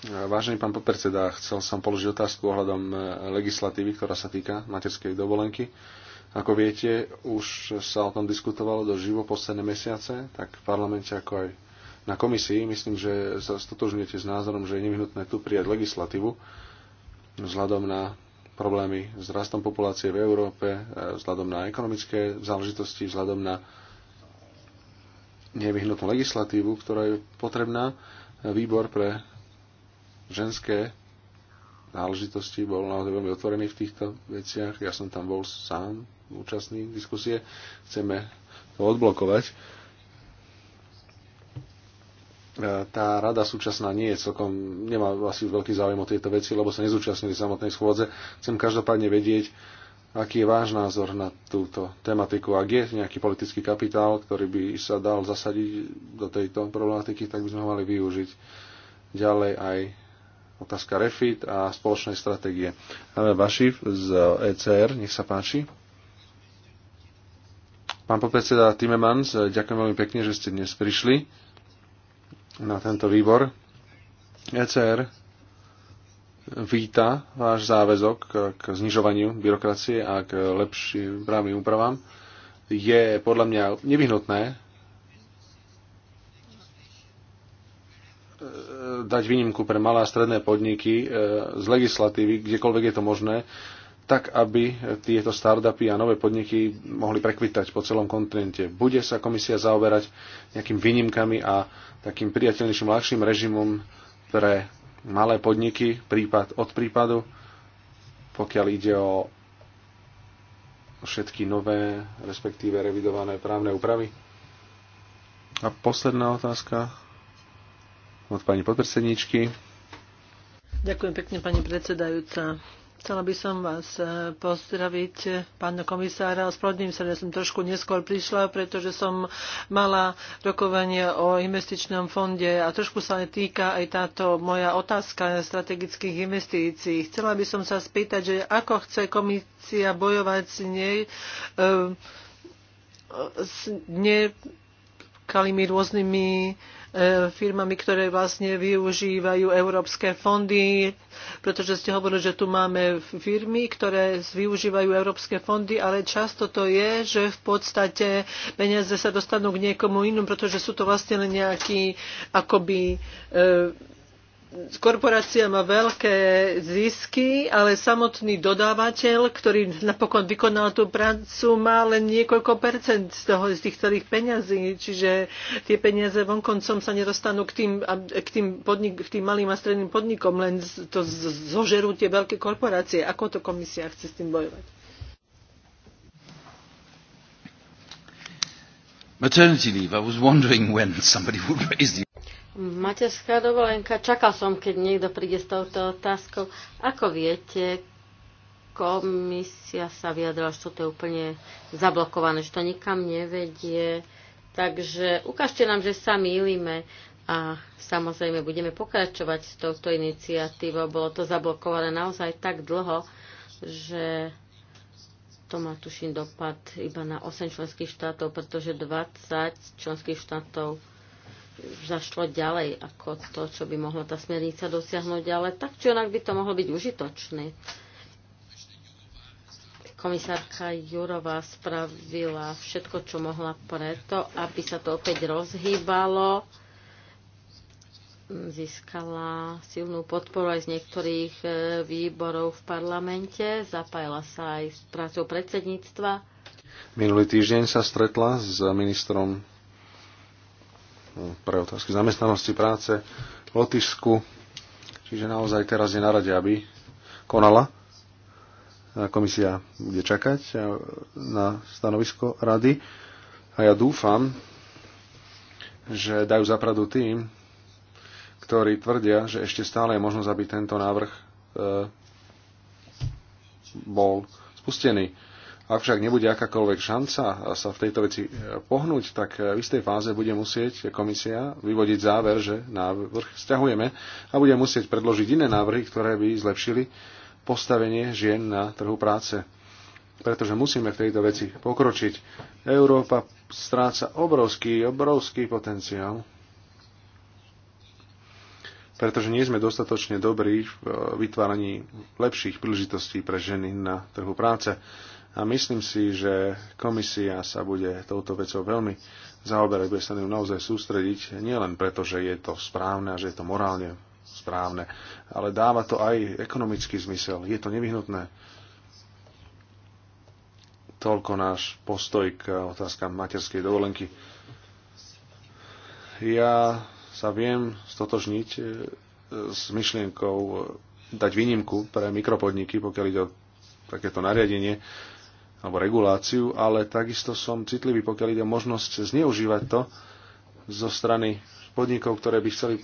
Eh, vážený pán podpredseda, chcel som položiť otázku ohľadom eh, legislatívy, ktorá sa týka materskej dovolenky. Ako viete, už sa o tom diskutovalo do živo posledné mesiace, tak v parlamente ako aj na komisii. Myslím, že sa stotožňujete s názorom, že je nevyhnutné tu prijať legislatívu vzhľadom na problémy s rastom populácie v Európe, vzhľadom na ekonomické záležitosti, vzhľadom na nevyhnutnú legislatívu, ktorá je potrebná. Výbor pre ženské náležitosti bol naozaj veľmi otvorený v týchto veciach. Ja som tam bol sám účastný v diskusie. Chceme to odblokovať. E, tá rada súčasná nie je celkom, nemá asi veľký záujem o tieto veci, lebo sa nezúčastnili samotnej schôdze. Chcem každopádne vedieť, Aký je váš názor na túto tematiku? Ak je nejaký politický kapitál, ktorý by sa dal zasadiť do tejto problematiky, tak by sme ho mali využiť. Ďalej aj otázka refit a spoločnej stratégie. Máme vaši z ECR, nech sa páči. Pán podpredseda Timemans, ďakujem veľmi pekne, že ste dnes prišli na tento výbor. ECR víta váš záväzok k znižovaniu byrokracie a k lepším právnym úpravám, je podľa mňa nevyhnutné e, dať výnimku pre malé a stredné podniky e, z legislatívy, kdekoľvek je to možné, tak aby tieto startupy a nové podniky mohli prekvitať po celom kontinente. Bude sa komisia zaoberať nejakým výnimkami a takým priateľnejším, ľahším režimom pre malé podniky, prípad od prípadu, pokiaľ ide o všetky nové, respektíve revidované právne úpravy. A posledná otázka od pani podpredsedničky. Ďakujem pekne, pani predsedajúca. Chcela by som vás pozdraviť, pán komisára. Ospravedlňujem sa, že som trošku neskôr prišla, pretože som mala rokovanie o investičnom fonde a trošku sa týka aj táto moja otázka strategických investícií. Chcela by som sa spýtať, že ako chce komisia bojovať s nej, s nekalými rôznymi E, firmami, ktoré vlastne využívajú európske fondy, pretože ste hovorili, že tu máme firmy, ktoré využívajú európske fondy, ale často to je, že v podstate peniaze sa dostanú k niekomu inom, pretože sú to vlastne len nejakí akoby e, korporácia má veľké zisky, ale samotný dodávateľ, ktorý napokon vykonal tú prácu, má len niekoľko percent z, toho, z tých celých peňazí. Čiže tie peniaze vonkoncom sa nedostanú k tým, k tým, podnik, k tým malým a stredným podnikom, len to zožerú tie veľké korporácie. Ako to komisia chce s tým bojovať? Maternity leave. I was wondering when somebody would raise the... Materská dovolenka. Čakal som, keď niekto príde s touto otázkou. Ako viete, komisia sa vyjadrila, že toto je úplne zablokované, že to nikam nevedie. Takže ukážte nám, že sa mýlime a samozrejme budeme pokračovať s touto iniciatívou. Bolo to zablokované naozaj tak dlho, že to má tuším dopad iba na 8 členských štátov, pretože 20 členských štátov zašlo ďalej ako to, čo by mohla tá smernica dosiahnuť, ale tak či onak by to mohlo byť užitočné. Komisárka Jurová spravila všetko, čo mohla preto, aby sa to opäť rozhýbalo získala silnú podporu aj z niektorých e, výborov v parlamente, zapájala sa aj s prácou predsedníctva. Minulý týždeň sa stretla s ministrom pre otázky zamestnanosti práce Lotyšsku. Čiže naozaj teraz je na rade, aby konala. Komisia bude čakať na stanovisko rady. A ja dúfam, že dajú zapradu tým, ktorí tvrdia, že ešte stále je možnosť, aby tento návrh e, bol spustený ak však nebude akákoľvek šanca sa v tejto veci e, pohnúť, tak e, v istej fáze bude musieť komisia vyvodiť záver, že návrh stiahujeme a bude musieť predložiť iné návrhy, ktoré by zlepšili postavenie žien na trhu práce. Pretože musíme v tejto veci pokročiť. Európa stráca obrovský, obrovský potenciál. Pretože nie sme dostatočne dobrí v e, vytváraní lepších príležitostí pre ženy na trhu práce a myslím si, že komisia sa bude touto vecou veľmi zaoberať, bude sa ňou naozaj sústrediť, nielen preto, že je to správne a že je to morálne správne, ale dáva to aj ekonomický zmysel. Je to nevyhnutné. Toľko náš postoj k otázkam materskej dovolenky. Ja sa viem stotožniť e, s myšlienkou dať výnimku pre mikropodniky, pokiaľ ide o takéto nariadenie, alebo reguláciu, ale takisto som citlivý, pokiaľ ide o možnosť zneužívať to zo strany podnikov, ktoré by chceli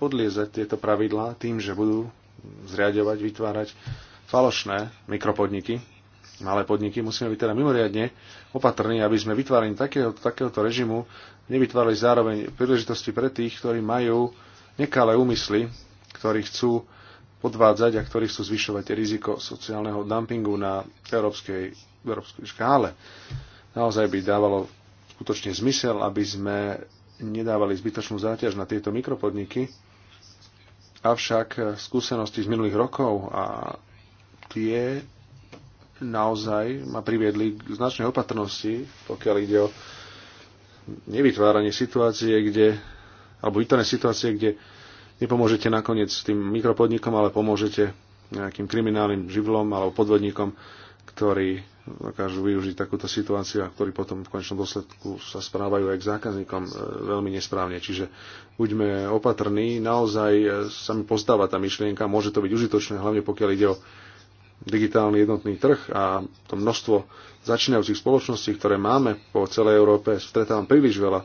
podliezať tieto pravidlá tým, že budú zriadovať, vytvárať falošné mikropodniky, malé podniky. Musíme byť teda mimoriadne opatrní, aby sme vytvárali takého, takéhoto režimu nevytvárali zároveň príležitosti pre tých, ktorí majú nekalé úmysly, ktorí chcú podvádzať a ktorí chcú zvyšovať riziko sociálneho dumpingu na európskej európskej škále naozaj by dávalo skutočne zmysel, aby sme nedávali zbytočnú záťaž na tieto mikropodniky. Avšak skúsenosti z minulých rokov a tie naozaj ma priviedli k značnej opatrnosti, pokiaľ ide o nevytváranie situácie, kde, alebo vytvárané situácie, kde nepomôžete nakoniec tým mikropodnikom, ale pomôžete nejakým kriminálnym živlom alebo podvodníkom, ktorí dokážu využiť takúto situáciu a ktorí potom v konečnom dôsledku sa správajú aj k zákazníkom e, veľmi nesprávne. Čiže buďme opatrní, naozaj e, sa mi pozdáva tá myšlienka, môže to byť užitočné, hlavne pokiaľ ide o digitálny jednotný trh a to množstvo začínajúcich spoločností, ktoré máme po celej Európe, stretávam príliš veľa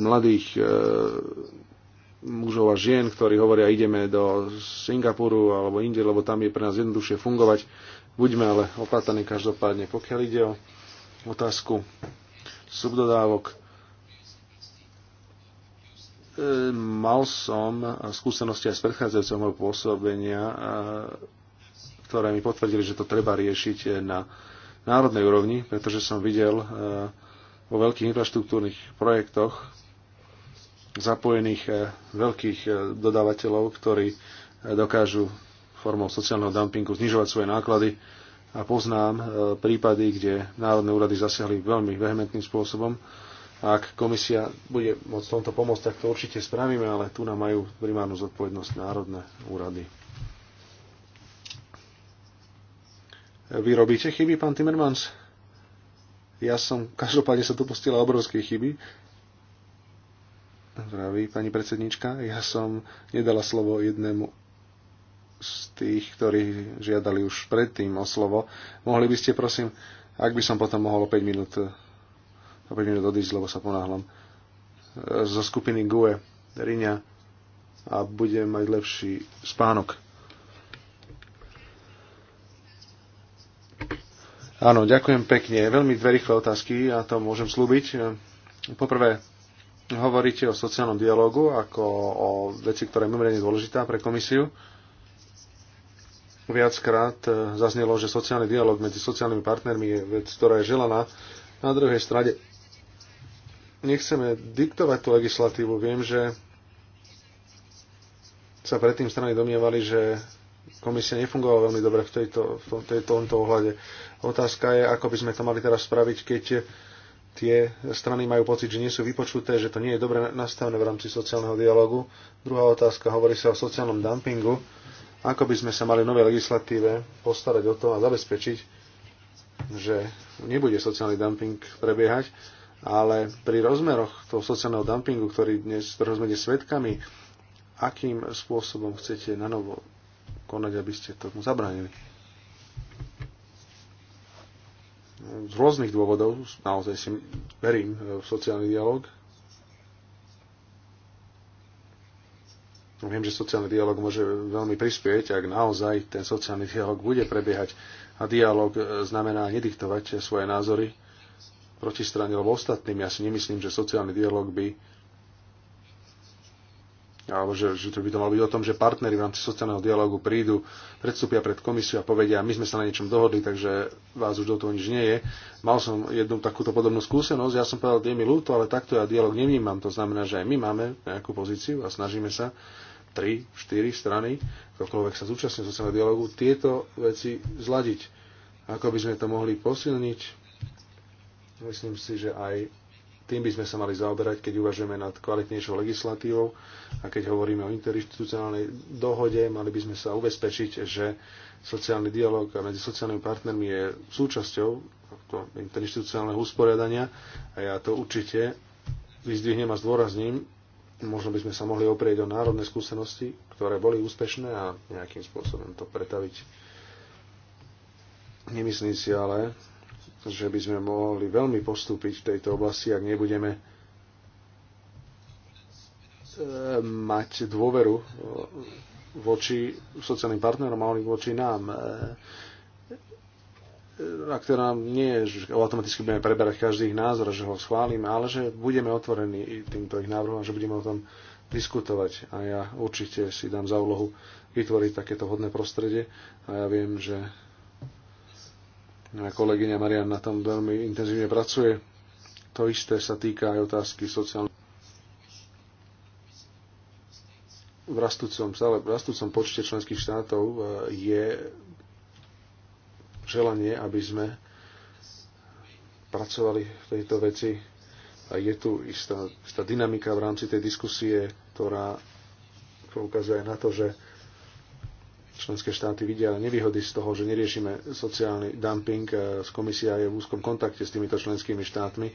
mladých e, mužov a žien, ktorí hovoria, ideme do Singapuru alebo inde, lebo tam je pre nás jednoduchšie fungovať Buďme ale opatrní každopádne, pokiaľ ide o otázku subdodávok. E, mal som skúsenosti aj z predchádzajúceho môjho pôsobenia, e, ktoré mi potvrdili, že to treba riešiť na národnej úrovni, pretože som videl e, vo veľkých infraštruktúrnych projektoch zapojených veľkých dodávateľov, ktorí dokážu formou sociálneho dumpingu znižovať svoje náklady a poznám e, prípady, kde národné úrady zasiahli veľmi vehementným spôsobom. Ak komisia bude môcť tomto pomôcť, tak to určite spravíme, ale tu nám majú primárnu zodpovednosť národné úrady. E, vy robíte chyby, pán Timmermans? Ja som každopádne sa dopustila obrovskej chyby. Zdraví, pani predsednička. Ja som nedala slovo jednému z tých, ktorí žiadali už predtým o slovo. Mohli by ste, prosím, ak by som potom mohol o 5 minút, o 5 minút odísť, lebo sa ponáhľam, e, zo skupiny GUE, Riňa a budem mať lepší spánok. Áno, ďakujem pekne. Veľmi dve rýchle otázky a ja to môžem slúbiť. Poprvé, hovoríte o sociálnom dialogu ako o veci, ktorá je mimoriadne dôležitá pre komisiu. Viackrát e, zaznelo, že sociálny dialog medzi sociálnymi partnermi je vec, ktorá je želaná. Na druhej strane nechceme diktovať tú legislatívu. Viem, že sa predtým strany domnievali, že komisia nefungovala veľmi dobre v, tejto, v, tejto, tomto ohľade. Otázka je, ako by sme to mali teraz spraviť, keď tie strany majú pocit, že nie sú vypočuté, že to nie je dobre nastavené v rámci sociálneho dialogu. Druhá otázka, hovorí sa o sociálnom dumpingu. Ako by sme sa mali v novej legislatíve postarať o to a zabezpečiť, že nebude sociálny dumping prebiehať, ale pri rozmeroch toho sociálneho dumpingu, ktorý dnes, ktorého svetkami, akým spôsobom chcete na novo konať, aby ste tomu zabránili? Z rôznych dôvodov, naozaj si verím v sociálny dialog, Viem, že sociálny dialog môže veľmi prispieť, ak naozaj ten sociálny dialog bude prebiehať. A dialog e, znamená nediktovať svoje názory strane, lebo ostatným ja si nemyslím, že sociálny dialog by alebo že, že to by to malo byť o tom, že partnery v rámci sociálneho dialogu prídu, predstúpia pred komisiu a povedia, my sme sa na niečom dohodli, takže vás už do toho nič nie je. Mal som jednu takúto podobnú skúsenosť, ja som povedal, je mi ľúto, ale takto ja dialog nevnímam. To znamená, že aj my máme nejakú pozíciu a snažíme sa tri, štyri strany, ktokoľvek sa zúčastní sociálneho dialogu, tieto veci zladiť. Ako by sme to mohli posilniť? Myslím si, že aj tým by sme sa mali zaoberať, keď uvažujeme nad kvalitnejšou legislatívou a keď hovoríme o interinstitucionálnej dohode, mali by sme sa ubezpečiť, že sociálny dialog medzi sociálnymi partnermi je súčasťou interinstitucionálneho usporiadania a ja to určite vyzdvihnem a zdôrazním. Možno by sme sa mohli oprieť o národné skúsenosti, ktoré boli úspešné a nejakým spôsobom to pretaviť. Nemyslím si ale, že by sme mohli veľmi postúpiť v tejto oblasti, ak nebudeme e, mať dôveru e, voči sociálnym partnerom a oni voči nám. E, ak teda nie, že automaticky budeme preberať každý ich názor, že ho schválime, ale že budeme otvorení týmto ich návrhom a že budeme o tom diskutovať. A ja určite si dám za úlohu vytvoriť takéto hodné prostredie a ja viem, že Kolegyňa Marian na tom veľmi intenzívne pracuje. To isté sa týka aj otázky sociálnej v rastúcom, stále v rastúcom počte členských štátov e, je želanie, aby sme pracovali v tejto veci. A je tu istá, istá dynamika v rámci tej diskusie, ktorá poukazuje na to, že členské štáty vidia nevýhody z toho, že neriešime sociálny dumping. E, komisia je v úzkom kontakte s týmito členskými štátmi,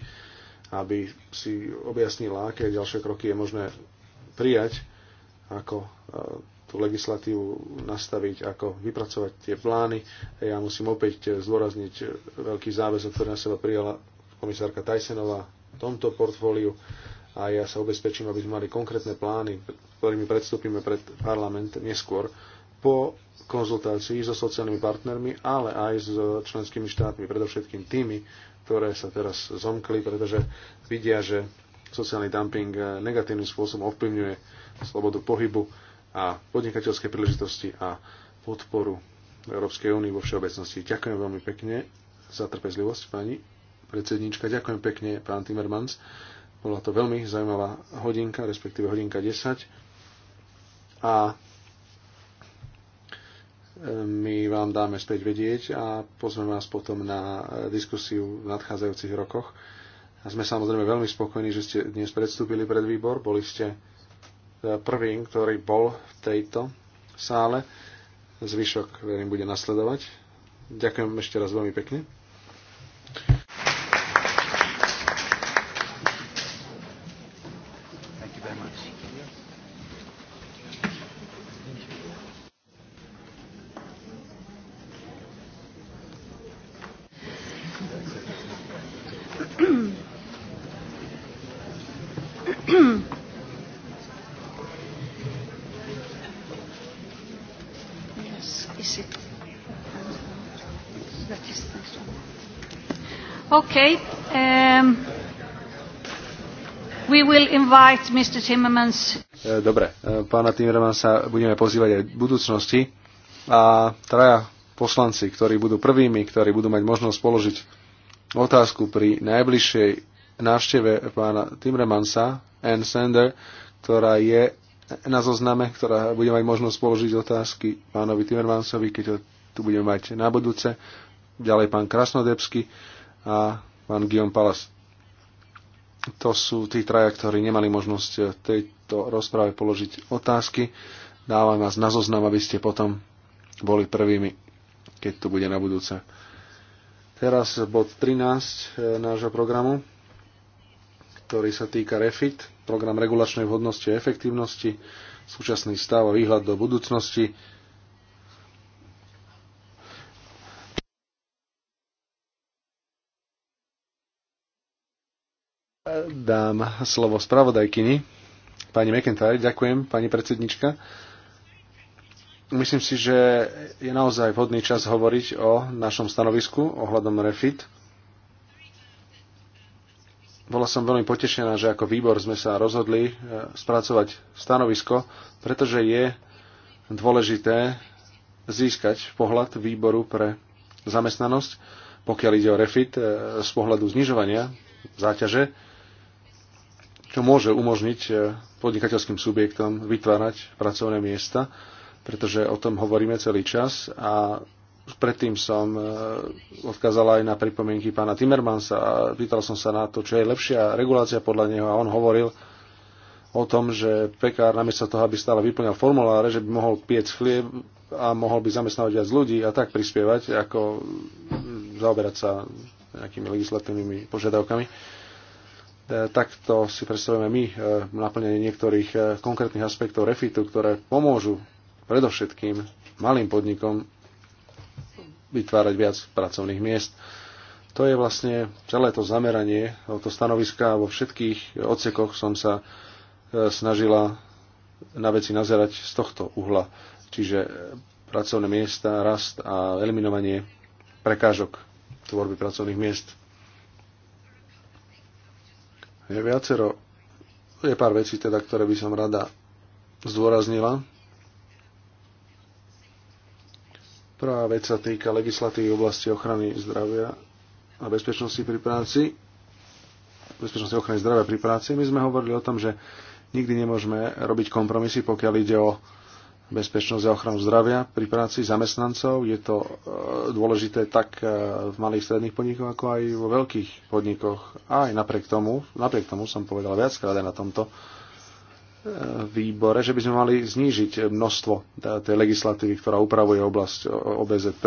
aby si objasnila, aké ďalšie kroky je možné prijať, ako e, tú legislatívu nastaviť, ako vypracovať tie plány. E, ja musím opäť zdôrazniť veľký záväzok, ktorý na seba prijala komisárka Tajsenová v tomto portfóliu a ja sa ubezpečím, aby sme mali konkrétne plány, ktorými predstúpime pred parlament neskôr po konzultácii so sociálnymi partnermi, ale aj s členskými štátmi, predovšetkým tými, ktoré sa teraz zomkli, pretože vidia, že sociálny dumping negatívnym spôsobom ovplyvňuje slobodu pohybu a podnikateľské príležitosti a podporu Európskej únii vo všeobecnosti. Ďakujem veľmi pekne za trpezlivosť, pani predsednička. Ďakujem pekne, pán Timmermans. Bola to veľmi zaujímavá hodinka, respektíve hodinka 10. A my vám dáme späť vedieť a pozveme vás potom na diskusiu v nadchádzajúcich rokoch. A sme samozrejme veľmi spokojní, že ste dnes predstúpili pred výbor. Boli ste prvým, ktorý bol v tejto sále. Zvyšok, verím, bude nasledovať. Ďakujem ešte raz veľmi pekne. Okay. Um, we will invite Mr. Timmermans. Eh, dobre, eh, pána Timmermansa budeme pozývať aj v budúcnosti. A traja poslanci, ktorí budú prvými, ktorí budú mať možnosť položiť otázku pri najbližšej návšteve pána Timmermansa, Ann Sander, ktorá je na zozname, ktorá bude mať možnosť položiť otázky pánovi Timmermansovi, keď ho tu budeme mať na budúce. Ďalej pán Krasnodebsky, a pán Guillaume Palas. To sú tí traja, ktorí nemali možnosť v tejto rozprave položiť otázky. Dávam vás na zoznam, aby ste potom boli prvými, keď to bude na budúce. Teraz bod 13 e, nášho programu, ktorý sa týka REFIT, program regulačnej vhodnosti a efektívnosti, súčasný stav a výhľad do budúcnosti. dám slovo spravodajkyni. Pani McIntyre, ďakujem, pani predsednička. Myslím si, že je naozaj vhodný čas hovoriť o našom stanovisku ohľadom REFIT. Bola som veľmi potešená, že ako výbor sme sa rozhodli e, spracovať stanovisko, pretože je dôležité získať pohľad výboru pre zamestnanosť, pokiaľ ide o REFIT, e, z pohľadu znižovania záťaže čo môže umožniť eh, podnikateľským subjektom vytvárať pracovné miesta, pretože o tom hovoríme celý čas a predtým som eh, odkázala aj na pripomienky pána Timmermansa a pýtal som sa na to, čo je lepšia regulácia podľa neho a on hovoril o tom, že pekár namiesto toho, aby stále vyplňal formuláre, že by mohol piec chlieb a mohol by zamestnávať viac ľudí a tak prispievať, ako mm, zaoberať sa nejakými legislatívnymi požiadavkami E, takto si predstavujeme my e, naplnenie niektorých e, konkrétnych aspektov refitu, ktoré pomôžu predovšetkým malým podnikom vytvárať viac pracovných miest. To je vlastne celé to zameranie, to stanoviska vo všetkých odsekoch som sa snažila na veci nazerať z tohto uhla. Čiže pracovné miesta, rast a eliminovanie prekážok tvorby pracovných miest je viacero, je pár vecí teda, ktoré by som rada zdôraznila. Prvá vec sa týka legislatívy v oblasti ochrany zdravia a bezpečnosti pri práci. Bezpečnosti ochrany zdravia pri práci. My sme hovorili o tom, že nikdy nemôžeme robiť kompromisy, pokiaľ ide o bezpečnosť a ochranu zdravia pri práci zamestnancov. Je to e, dôležité tak e, v malých stredných podnikoch, ako aj vo veľkých podnikoch. A aj napriek tomu, napriek tomu som povedal viackrát aj na tomto e, výbore, že by sme mali znížiť množstvo tej legislatívy, ktorá upravuje oblasť OBZP.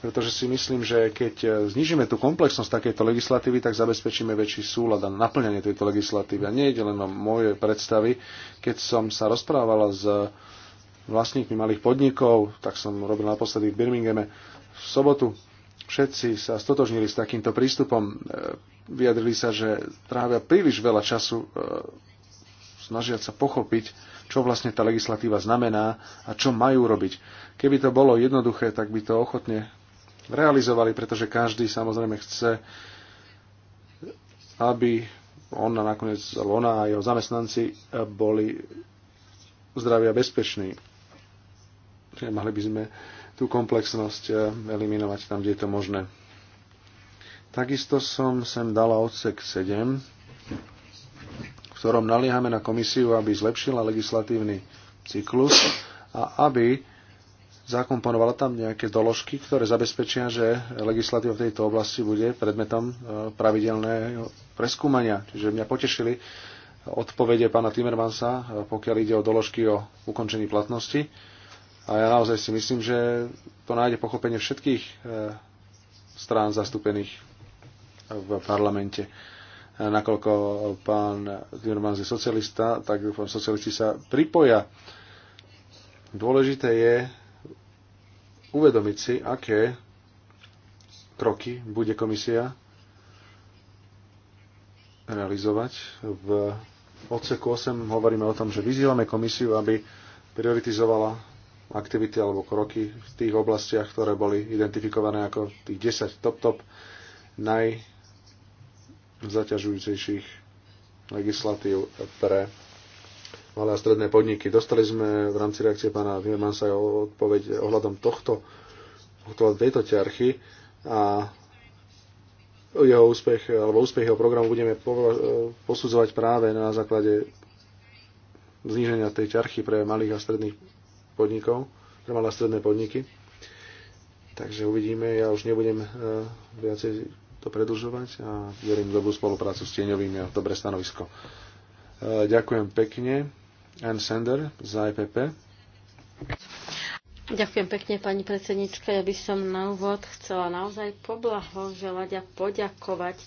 Pretože si myslím, že keď znižíme tú komplexnosť takejto legislatívy, tak zabezpečíme väčší súlad a naplňanie tejto legislatívy. A nie je len o moje predstavy. Keď som sa rozprávala s vlastníkmi malých podnikov, tak som robil naposledy v Birminghame v sobotu. Všetci sa stotožnili s takýmto prístupom, e, vyjadrili sa, že trávia príliš veľa času e, snažiať sa pochopiť, čo vlastne tá legislatíva znamená a čo majú robiť. Keby to bolo jednoduché, tak by to ochotne realizovali, pretože každý samozrejme chce, aby on a nakoniec ona a jeho zamestnanci boli zdraví a bezpeční dosiahnuť a mali by sme tú komplexnosť eh, eliminovať tam, kde je to možné. Takisto som sem dala odsek 7, v ktorom naliehame na komisiu, aby zlepšila legislatívny cyklus a aby zakomponovala tam nejaké doložky, ktoré zabezpečia, že legislatíva v tejto oblasti bude predmetom eh, pravidelného preskúmania. Čiže mňa potešili eh, odpovede pána Timmermansa, pokiaľ ide o doložky o ukončení platnosti a ja naozaj si myslím, že to nájde pochopenie všetkých eh, strán zastúpených v parlamente. Eh, nakoľko pán Timmermans je socialista, tak dúfam, socialisti sa pripoja. Dôležité je uvedomiť si, aké kroky bude komisia realizovať. V odseku 8 hovoríme o tom, že vyzývame komisiu, aby prioritizovala aktivity alebo kroky v tých oblastiach, ktoré boli identifikované ako tých 10 top-top najzaťažujúcejších legislatív pre malé a stredné podniky. Dostali sme v rámci reakcie pána aj odpoveď ohľadom tohto, tohto tejto ťarchy a jeho úspech, alebo úspech jeho programu budeme posudzovať práve na základe zníženia tej ťarchy pre malých a stredných podnikov, pre malé stredné podniky. Takže uvidíme, ja už nebudem e, viacej to predlžovať a verím dobrú spoluprácu s Tieňovými a dobré stanovisko. E, ďakujem pekne Ann Sender za IPP. E ďakujem pekne, pani predsednička. Ja by som na úvod chcela naozaj poblahoželať a poďakovať e,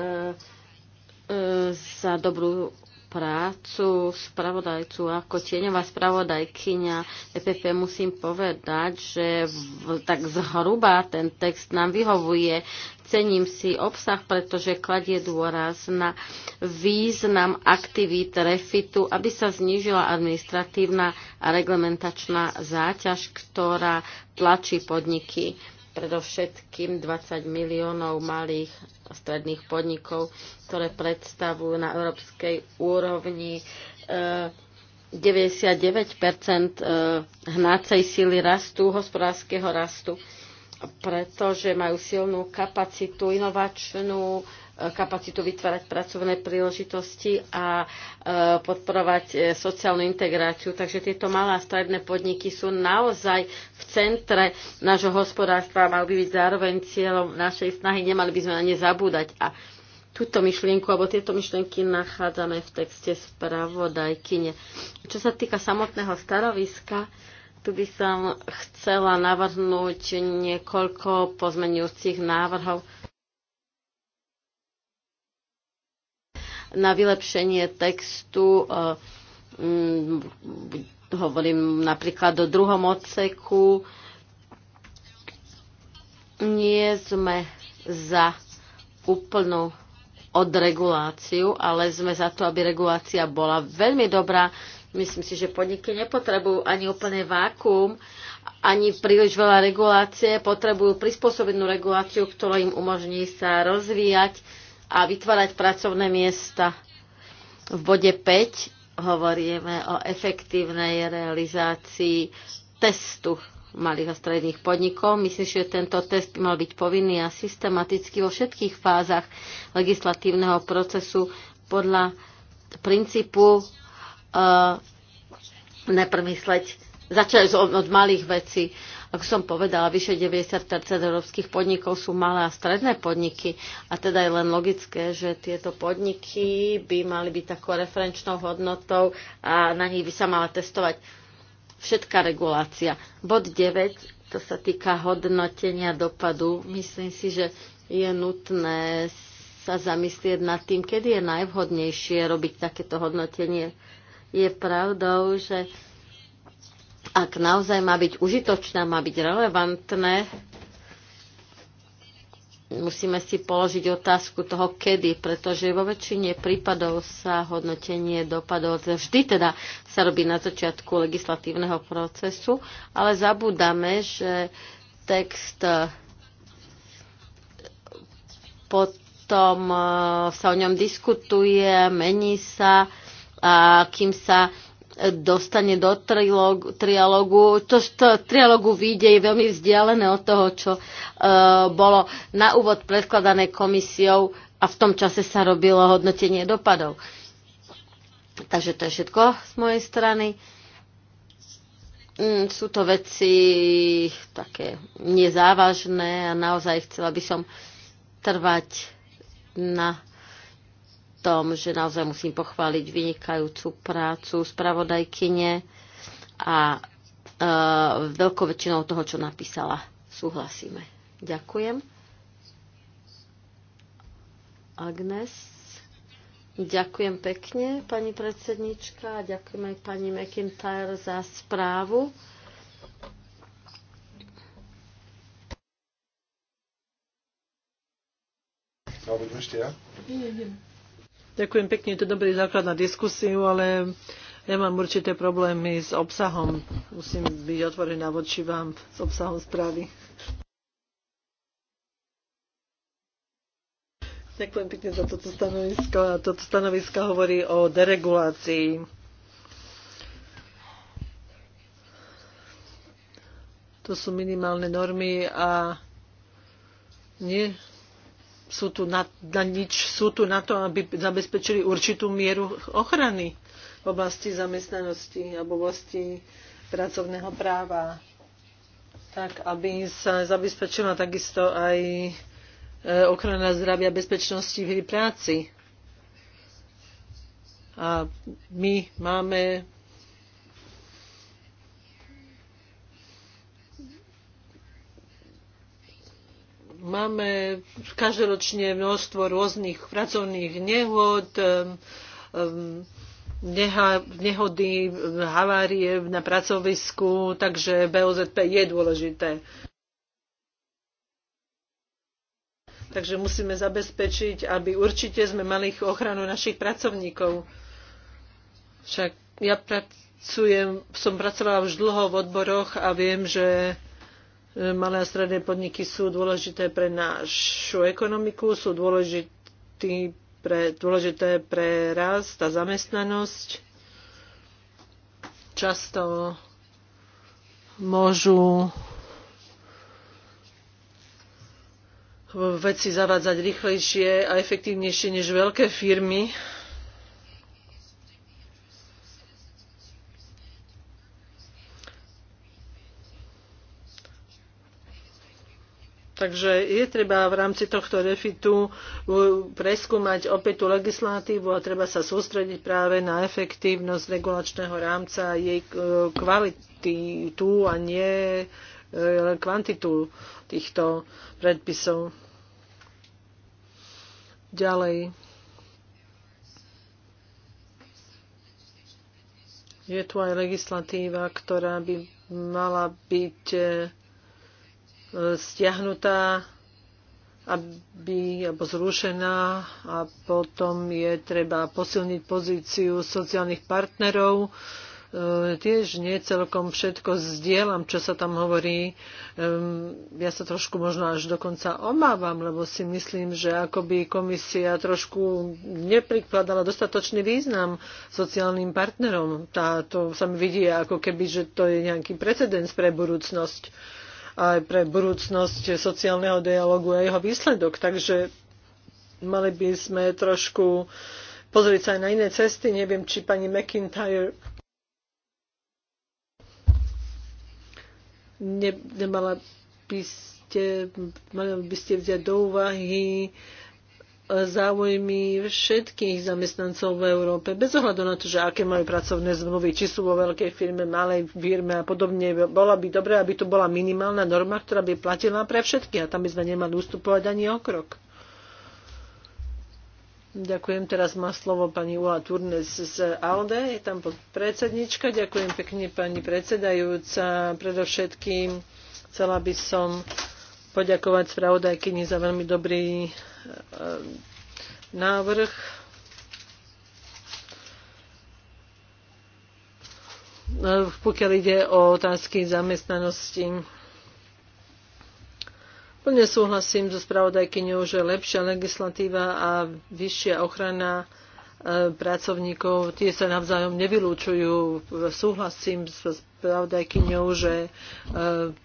e, za dobrú prácu spravodajcu ako tieňová spravodajkyňa EPP musím povedať, že v, tak zhruba ten text nám vyhovuje. Cením si obsah, pretože kladie dôraz na význam aktivít refitu, aby sa znížila administratívna a reglementačná záťaž, ktorá tlačí podniky predovšetkým 20 miliónov malých a stredných podnikov, ktoré predstavujú na európskej úrovni 99 e, e, hnácej síly rastu, hospodárskeho rastu, pretože majú silnú kapacitu inovačnú, kapacitu vytvárať pracovné príležitosti a e, podporovať e, sociálnu integráciu. Takže tieto malé a stredné podniky sú naozaj v centre nášho hospodárstva a mal by byť zároveň cieľom našej snahy. Nemali by sme na ne zabúdať. A túto myšlienku, alebo tieto myšlienky nachádzame v texte spravodajkyne. Čo sa týka samotného staroviska, tu by som chcela navrhnúť niekoľko pozmenujúcich návrhov na vylepšenie textu. E, mm, hovorím napríklad o druhom odseku. Nie sme za úplnú odreguláciu, ale sme za to, aby regulácia bola veľmi dobrá. Myslím si, že podniky nepotrebujú ani úplne vákuum, ani príliš veľa regulácie, potrebujú prispôsobenú reguláciu, ktorá im umožní sa rozvíjať a vytvárať pracovné miesta. V bode 5 hovoríme o efektívnej realizácii testu malých a stredných podnikov. Myslím, že tento test by mal byť povinný a systematicky vo všetkých fázach legislatívneho procesu podľa princípu uh, nepremysleť, začať od, od malých vecí. Uh, ako som povedala, vyše 90 európskych podnikov sú malé a stredné podniky a teda je len logické, že tieto podniky by mali byť takou referenčnou hodnotou a na nich by sa mala testovať všetká regulácia. Bod 9, to sa týka hodnotenia dopadu. Myslím si, že je nutné sa zamyslieť nad tým, kedy je najvhodnejšie robiť takéto hodnotenie. Je pravdou, že ak naozaj má byť užitočná, má byť relevantné, musíme si položiť otázku toho kedy, pretože vo väčšine prípadov sa hodnotenie dopadov vždy teda sa robí na začiatku legislatívneho procesu, ale zabúdame, že text eh, potom eh, sa o ňom diskutuje, mení sa, a kým sa dostane do trilog, trialogu. To, čo trialogu vyjde, je veľmi vzdialené od toho, čo e, bolo na úvod predkladané komisiou a v tom čase sa robilo hodnotenie dopadov. Takže to je všetko z mojej strany. Mm, sú to veci také nezávažné a naozaj chcela by som trvať na tom, že naozaj musím pochváliť vynikajúcu prácu spravodajkyne a e, veľkou väčšinou toho, čo napísala, súhlasíme. Ďakujem. Agnes. Ďakujem pekne, pani predsednička, a ďakujem aj pani McIntyre za správu. Alebo ešte ja? Nie, nie. Ďakujem pekne, to je dobrý základ na diskusiu, ale ja mám určité problémy s obsahom. Musím byť otvorená voči vám s obsahom správy. Ďakujem pekne za toto stanovisko. A toto stanovisko hovorí o deregulácii. To sú minimálne normy a nie sú tu na, na nič, sú tu na to, aby zabezpečili určitú mieru ochrany v oblasti zamestnanosti a v oblasti pracovného práva. Tak, aby sa zabezpečila takisto aj e, ochrana zdravia a bezpečnosti v práci. A my máme Máme každoročne množstvo rôznych pracovných nehod, nehody, havárie na pracovisku, takže BOZP je dôležité. Takže musíme zabezpečiť, aby určite sme mali ochranu našich pracovníkov. Však ja pracujem, som pracovala už dlho v odboroch a viem, že Malé a stredné podniky sú dôležité pre našu ekonomiku, sú pre, dôležité pre rast a zamestnanosť. Často môžu veci zavádzať rýchlejšie a efektívnejšie než veľké firmy Takže je treba v rámci tohto refitu uh, preskúmať opäť tú legislatívu a treba sa sústrediť práve na efektívnosť regulačného rámca a jej uh, kvalitu a nie uh, kvantitu týchto predpisov. Ďalej. Je tu aj legislatíva, ktorá by mala byť eh, stiahnutá aby, alebo zrušená a potom je treba posilniť pozíciu sociálnych partnerov. E, tiež nie celkom všetko zdieľam, čo sa tam hovorí. E, ja sa trošku možno až dokonca omávam, lebo si myslím, že akoby komisia trošku neprikladala dostatočný význam sociálnym partnerom. Tá, to sa mi vidie ako keby, že to je nejaký precedens pre budúcnosť aj pre budúcnosť sociálneho dialogu a jeho výsledok. Takže mali by sme trošku pozrieť sa aj na iné cesty. Neviem, či pani McIntyre nemala by ste, mali by ste vziať do úvahy uh, záujmy všetkých zamestnancov v Európe, bez ohľadu na to, že aké majú pracovné zmluvy, či sú vo veľkej firme, malej firme a podobne. bola by dobré, aby to bola minimálna norma, ktorá by platila pre všetky a tam by sme nemali ustupovať ani o krok. Ďakujem, teraz má slovo pani Ula Turnes z ALDE, je tam predsednička. Ďakujem pekne pani predsedajúca. Predovšetkým chcela by som poďakovať spravodajkyni za veľmi dobrý eh, návrh. No, pokiaľ ide o otázky zamestnanosti, plne súhlasím so spravodajkyňou, že lepšia legislatíva a vyššia ochrana eh, pracovníkov, tie sa navzájom nevylúčujú. Súhlasím s spravodajkyňou, že e,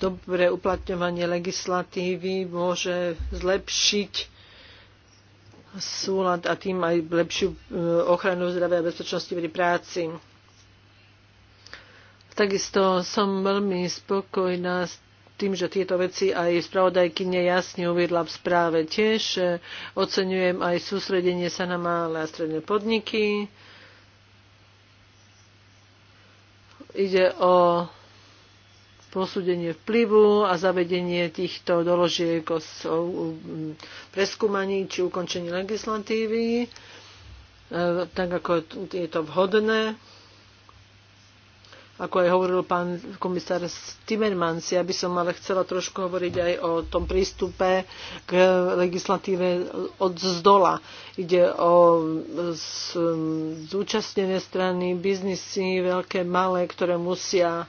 dobré uplatňovanie legislatívy môže zlepšiť súlad a tým aj lepšiu e, ochranu zdravia a bezpečnosti pri práci. Takisto som veľmi spokojná s tým, že tieto veci aj spravodajky nejasne uviedla v správe. Tiež e, oceňujem aj sústredenie sa na malé a stredné podniky, ide o posúdenie vplyvu a zavedenie týchto doložiek o preskúmaní či ukončení legislatívy, e, tak ako je to vhodné ako aj hovoril pán komisár Timmermans, ja by som ale chcela trošku hovoriť aj o tom prístupe k legislatíve od zdola. Ide o zúčastnené strany, biznisy, veľké, malé, ktoré musia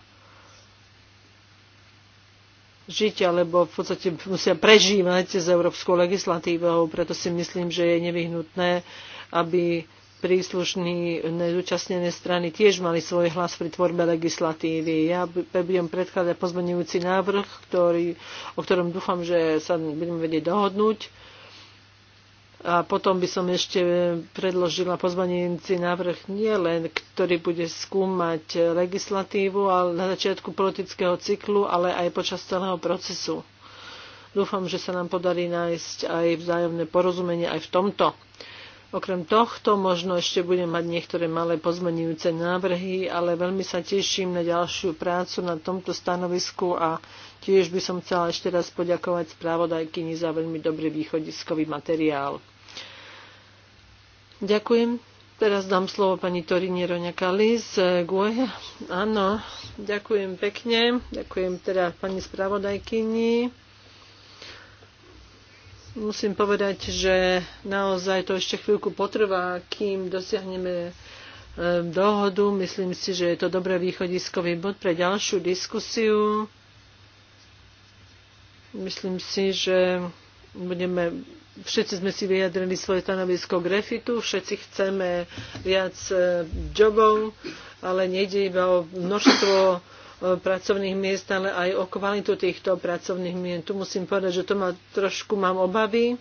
žiť alebo v podstate musia prežívať s európskou legislatívou. Preto si myslím, že je nevyhnutné, aby príslušní nezúčastnené strany tiež mali svoj hlas pri tvorbe legislatívy. Ja budem predkladať pozmenujúci návrh, ktorý, o ktorom dúfam, že sa budeme vedieť dohodnúť. A potom by som ešte predložila pozvanejúci návrh nie len, ktorý bude skúmať legislatívu ale na začiatku politického cyklu, ale aj počas celého procesu. Dúfam, že sa nám podarí nájsť aj vzájomné porozumenie aj v tomto. Okrem tohto možno ešte budem mať niektoré malé pozmenujúce návrhy, ale veľmi sa teším na ďalšiu prácu na tomto stanovisku a tiež by som chcela ešte raz poďakovať správodajkyni za veľmi dobrý východiskový materiál. Ďakujem. Teraz dám slovo pani Torine Roňakali z GUE. Áno, ďakujem pekne. Ďakujem teda pani spravodajkyni Musím povedať, že naozaj to ešte chvíľku potrvá, kým dosiahneme e, dohodu. Myslím si, že je to dobré východiskový bod pre ďalšiu diskusiu. Myslím si, že budeme, všetci sme si vyjadrili svoje stanovisko k refitu, všetci chceme viac e, jobov, ale nejde iba o množstvo pracovných miest, ale aj o kvalitu týchto pracovných miest. Tu musím povedať, že to ma trošku mám obavy.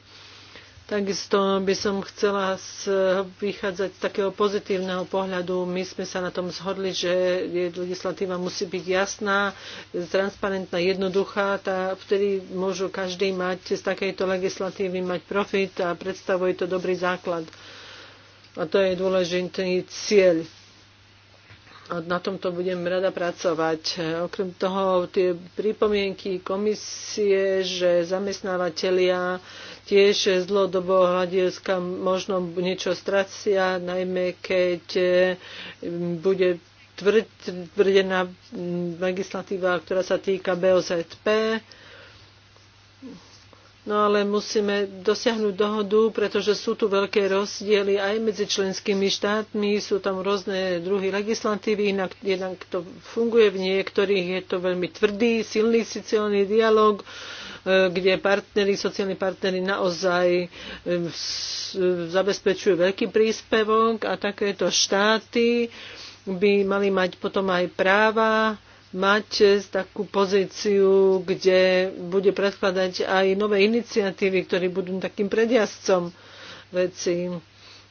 Takisto by som chcela z, vychádzať z takého pozitívneho pohľadu. My sme sa na tom zhodli, že legislatíva musí byť jasná, transparentná, jednoduchá. Tá, vtedy môžu každý mať z takejto legislatívy mať profit a predstavuje to dobrý základ. A to je dôležitý cieľ na tomto budem rada pracovať. Okrem toho tie pripomienky komisie, že zamestnávateľia tiež z hľadiska možno niečo stracia, najmä keď mm, bude tvrdená mm, legislatíva, ktorá sa týka BOZP No ale musíme dosiahnuť dohodu, pretože sú tu veľké rozdiely aj medzi členskými štátmi, sú tam rôzne druhy legislatívy, inak jednak to funguje, v niektorých je to veľmi tvrdý, silný sociálny dialog, e, kde partneri, sociálni partneri naozaj e, e, zabezpečujú veľký príspevok a takéto štáty by mali mať potom aj práva mať takú pozíciu, kde bude predkladať aj nové iniciatívy, ktoré budú takým predjazcom veci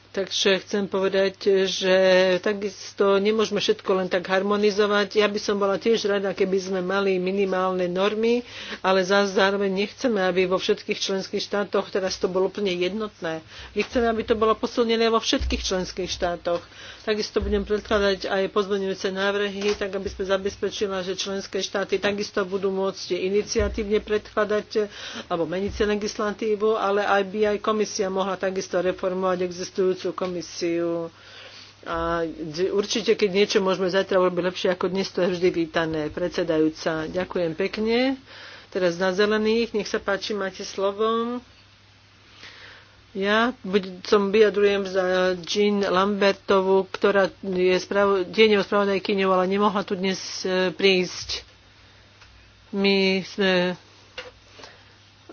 Takže chcem povedať, že takisto nemôžeme všetko len tak harmonizovať. Ja by som bola tiež rada, keby sme mali minimálne normy, ale zároveň nechceme, aby vo všetkých členských štátoch teraz to bolo úplne jednotné. My chceme, aby to bolo posilnené vo všetkých členských štátoch. Takisto budem predkladať aj pozmeňujúce návrhy, tak aby sme zabezpečila, že členské štáty takisto budú môcť iniciatívne predkladať eh, alebo meniť legislatívu, ale aj by aj komisia mohla takisto reformovať existujúcu vynikajúcu komisiu. A určite, keď niečo môžeme zajtra urobiť lepšie ako dnes, to je vždy vítané. Predsedajúca, ďakujem pekne. Teraz na zelených, nech sa páči, máte slovo. Ja som vyjadrujem za Jean Lambertovu, ktorá je spravo, dieňou spravodajkyňou, ale nemohla tu dnes e, prísť. My sme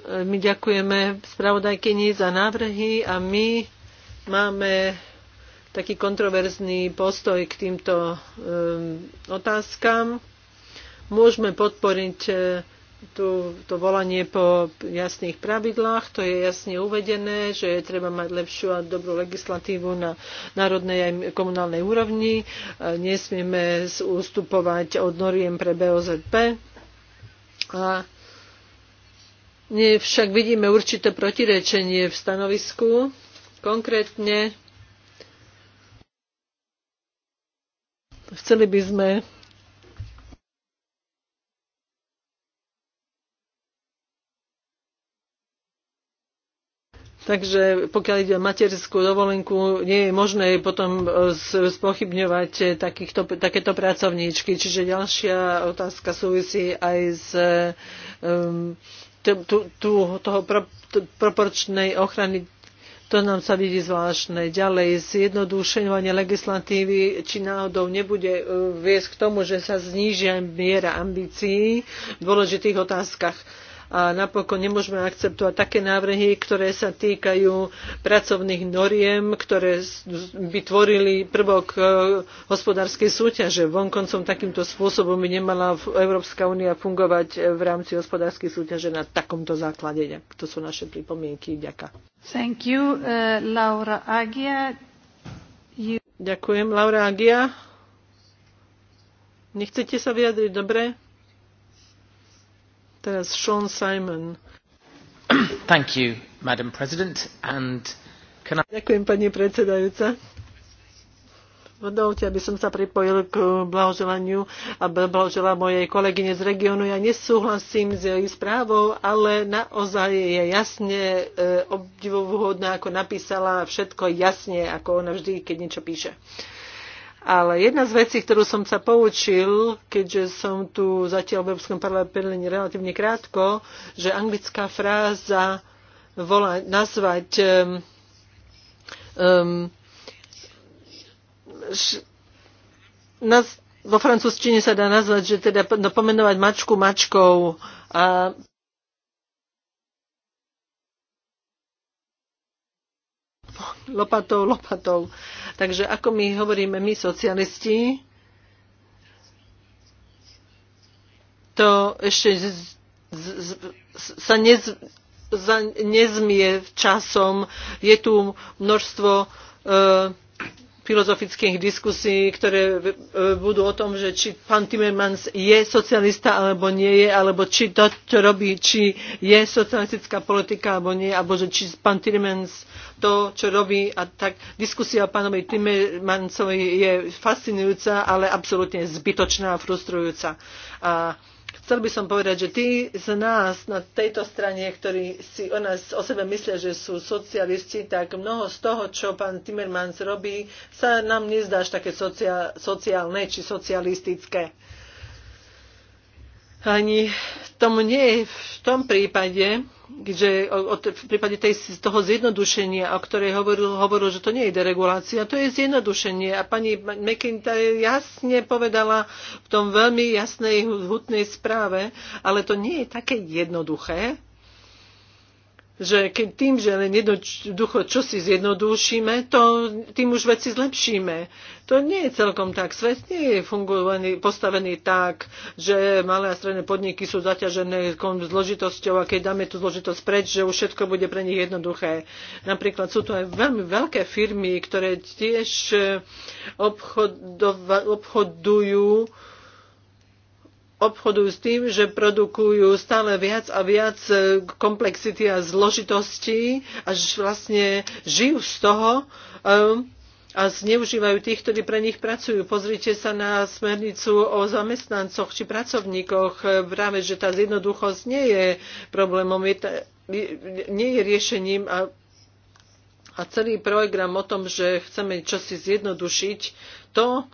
e, my ďakujeme spravodajkyni za návrhy a my máme taký kontroverzný postoj k týmto um, otázkam. Môžeme podporiť eh, tú, to volanie po jasných pravidlách, to je jasne uvedené, že je treba mať lepšiu a dobrú legislatívu na národnej aj komunálnej úrovni. Eh, nesmieme ustupovať od noriem pre BOZP. A však vidíme určité protirečenie v stanovisku Konkrétne chceli by sme Takže pokiaľ ide o materskú dovolenku, nie je možné potom e, spochybňovať takýchto, takéto pracovníčky. Čiže ďalšia otázka súvisí aj s um, tu, tu, toho pro, tu, proporčnej ochrany to nám sa vidí zvláštne. Ďalej, zjednodušenie legislatívy, či náhodou nebude e, viesť k tomu, že sa znížia miera ambícií v dôležitých otázkach a napokon nemôžeme akceptovať také návrhy, ktoré sa týkajú pracovných noriem, ktoré by tvorili prvok e, hospodárskej súťaže. Vonkoncom takýmto spôsobom by nemala Európska únia fungovať e, v rámci hospodárskej súťaže na takomto základe. To sú naše pripomienky. Ďakujem. Thank you, uh, Laura Agia. You... Ďakujem, Laura Agia. Nechcete sa vyjadriť? Dobre. Teraz Sean Simon. Thank you, Madam President, and can I... Ďakujem, pani predsedajúca. Dovolte, aby som sa pripojil k blahoželaniu a blahoželá mojej kolegyne z regiónu. Ja nesúhlasím s jej správou, ale naozaj je jasne e, obdivovúhodná, ako napísala všetko jasne, ako ona vždy, keď niečo píše. Uh, ale jedna z vecí, ktorú som sa poučil, keďže som tu zatiaľ v Európskom parlamente relatívne krátko, že anglická fráza volá, nazvať um, um, š, naz, vo francúzštine sa dá nazvať, že teda no, pomenovať mačku mačkou a lopatou, lopatou. Takže ako my hovoríme my socialisti, to ešte z, z, z, sa nez, za, nezmie časom. Je tu množstvo e, filozofických diskusí, ktoré e, budú o tom, že či pán Timmermans je socialista alebo nie je, alebo či to, čo robí, či je socialistická politika alebo nie, alebo že či pán Timmermans to, čo robí. A tak diskusia o pánovi Timmermansovi je fascinujúca, ale absolútne zbytočná a frustrujúca. A chcel by som povedať, že tí z nás na tejto strane, ktorí si o nás o sebe myslia, že sú socialisti, tak mnoho z toho, čo pán Timmermans robí, sa nám nezdá až také sociálne či socialistické. Ani tomu nie je v tom prípade, keďže v prípade tej, z toho zjednodušenia, o ktorej hovoril, hovoril, že to nie je deregulácia, to je zjednodušenie. A pani McIntyre jasne povedala v tom veľmi jasnej hutnej správe, ale to nie je také jednoduché, že keď tým, že len jednoducho čo si zjednodušíme, to tým už veci zlepšíme. To nie je celkom tak. Svet nie je fungovaný, postavený tak, že malé a stredné podniky sú zaťažené zložitosťou a keď dáme tú zložitosť preč, že už všetko bude pre nich jednoduché. Napríklad sú to aj veľmi veľké firmy, ktoré tiež eh, obchodujú obchodujú s tým, že produkujú stále viac a viac e, komplexity a zložitosti a že vlastne žijú z toho e, a zneužívajú tých, ktorí pre nich pracujú. Pozrite sa na smernicu o zamestnancoch či pracovníkoch. E, práve, že tá zjednoduchosť nie je problémom, je ta, nie je riešením a, a celý program o tom, že chceme čosi zjednodušiť, to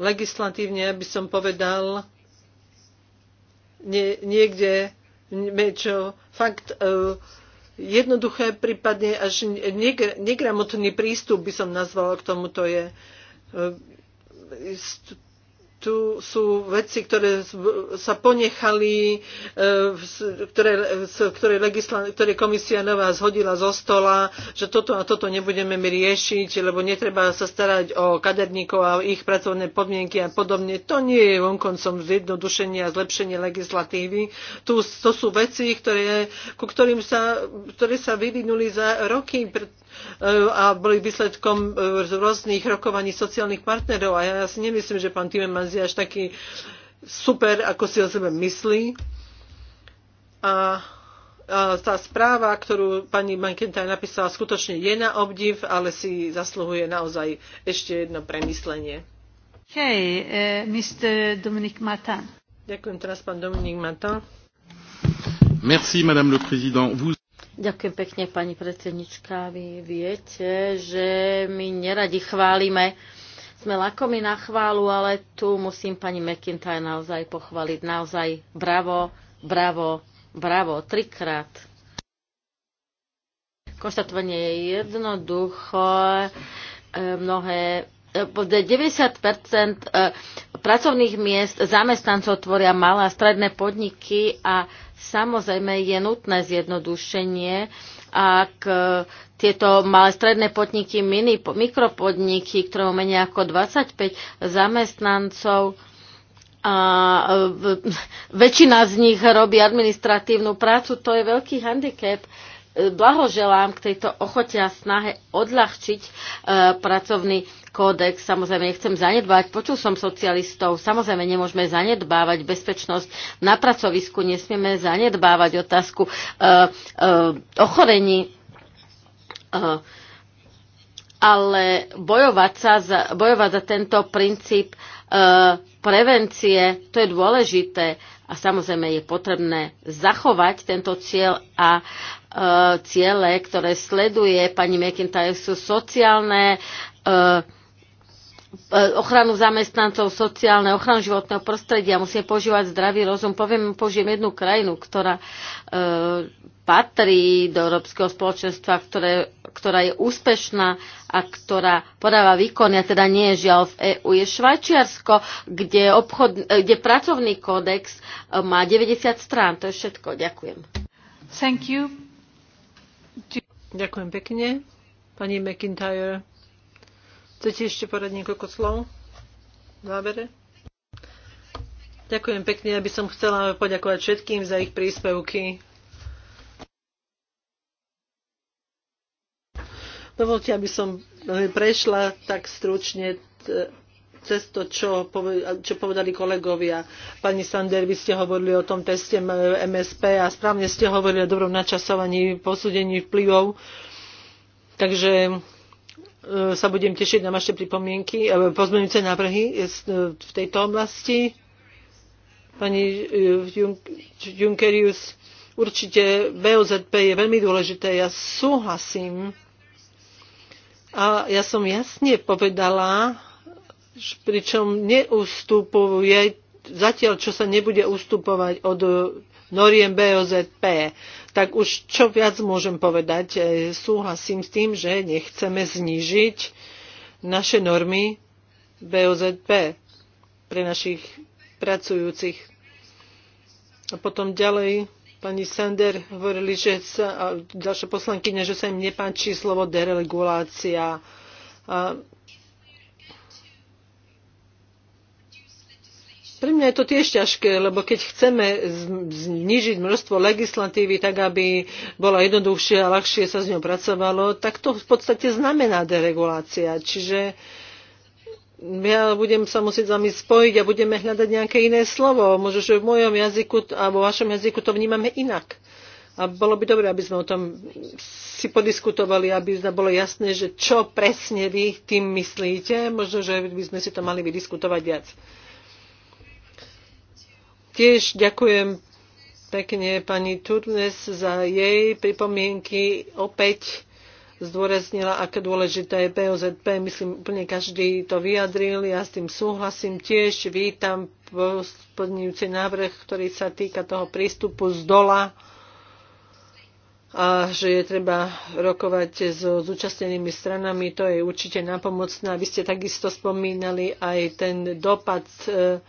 legislatívne, aby som povedal, nie, niekde niečo fakt uh, jednoduché, prípadne až negramotný prístup by som nazvala k tomuto je. Uh, tu sú veci, ktoré sa ponechali, e, ktoré, ktoré, legisla, ktoré komisia nová zhodila zo stola, že toto a toto nebudeme my riešiť, lebo netreba sa starať o kaderníkov a ich pracovné podmienky a podobne. To nie je vonkoncom zjednodušenia a zlepšenie legislatívy. Tu, to sú veci, ktoré, ku ktorým sa, ktoré sa vyvinuli za roky, E, a boli výsledkom e, rôznych rokovaní sociálnych partnerov. A ja si nemyslím, že pán Timmermans je až taký super, ako si o sebe myslí. A tá správa, ktorú pani McIntyre napísala, skutočne je na obdiv, ale si zasluhuje naozaj ešte jedno premyslenie. Hej, uh, e, Mr. Dominik Martin. Ďakujem teraz pán Dominik Martin. Merci, Madame le Président. Vous... Ďakujem pekne, pani predsednička. Vy viete, že my neradi chválime. Sme lakomi na chválu, ale tu musím pani McIntyre naozaj pochváliť. Naozaj bravo, bravo, bravo. Trikrát. Konštatovanie je jednoducho. Mnohé 90 e, pracovných miest zamestnancov tvoria malé a stredné podniky a samozrejme je nutné zjednodušenie, ak e, tieto malé stredné podniky, mini, mikropodniky, ktoré majú menej ako 25 zamestnancov, a e, väčšina z nich robí administratívnu prácu, to je veľký handicap blahoželám k tejto ochote a snahe odľahčiť e, pracovný kódex. Samozrejme, nechcem zanedbávať, počul som socialistov, samozrejme nemôžeme zanedbávať bezpečnosť na pracovisku, nesmieme zanedbávať otázku e, e, ochorení. E, ale bojovať, sa za, bojovať za tento princíp e, prevencie, to je dôležité a samozrejme je potrebné zachovať tento cieľ a e, ciele, ktoré sleduje pani McIntyre, sú sociálne, e, e ochranu zamestnancov, sociálne, ochranu životného prostredia, musíme požívať zdravý rozum. Poviem, požijem jednu krajinu, ktorá e, patrí do Európskeho spoločenstva, ktoré, ktorá je úspešná a ktorá podáva výkony, a teda nie je žiaľ v EÚ, je Švajčiarsko, kde, obchod, kde pracovný kódex e, má 90 strán. To je všetko. Ďakujem. Thank you. Ďakujem pekne. Pani McIntyre, chcete ešte povedať niekoľko slov? závere? Ďakujem pekne, aby som chcela poďakovať všetkým za ich príspevky. Dovolte, aby som prešla tak stručne cez to, čo, povedali kolegovia. Pani Sander, vy ste hovorili o tom teste MSP a správne ste hovorili o dobrom načasovaní, posúdení vplyvov. Takže e, sa budem tešiť na vaše pripomienky, e, pozmeňujúce návrhy e, v tejto oblasti. Pani Junkerius, určite BOZP je veľmi dôležité. Ja súhlasím a ja som jasne povedala, pričom neustupuje zatiaľ, čo sa nebude ustupovať od noriem BOZP, tak už čo viac môžem povedať, e, súhlasím s tým, že nechceme znížiť naše normy BOZP pre našich pracujúcich. A potom ďalej pani Sander hovorili, že sa, a ďalšia poslankyňa, že sa im nepáči slovo deregulácia. A Pre mňa je to tiež ťažké, lebo keď chceme znižiť množstvo legislatívy tak, aby bola jednoduchšie a ľahšie sa s ňou pracovalo, tak to v podstate znamená deregulácia. Čiže uh, ja budem sa musieť s vami spojiť a budeme hľadať nejaké iné slovo. Možno, že v mojom jazyku alebo v vašom jazyku to vnímame inak. A bolo by dobré, aby sme o tom si podiskutovali, aby sme bolo jasné, že čo presne vy tým myslíte. Možno, že by sme si to mali vydiskutovať viac. Tiež ďakujem pekne pani Turnes za jej pripomienky. Opäť zdôraznila, aké dôležité je POZP, Myslím, úplne každý to vyjadril, ja s tým súhlasím tiež. Vítam podnívci návrh, ktorý sa týka toho prístupu z dola a že je treba rokovať so zúčastnenými stranami, to je určite napomocné. Vy ste takisto spomínali aj ten dopad eh,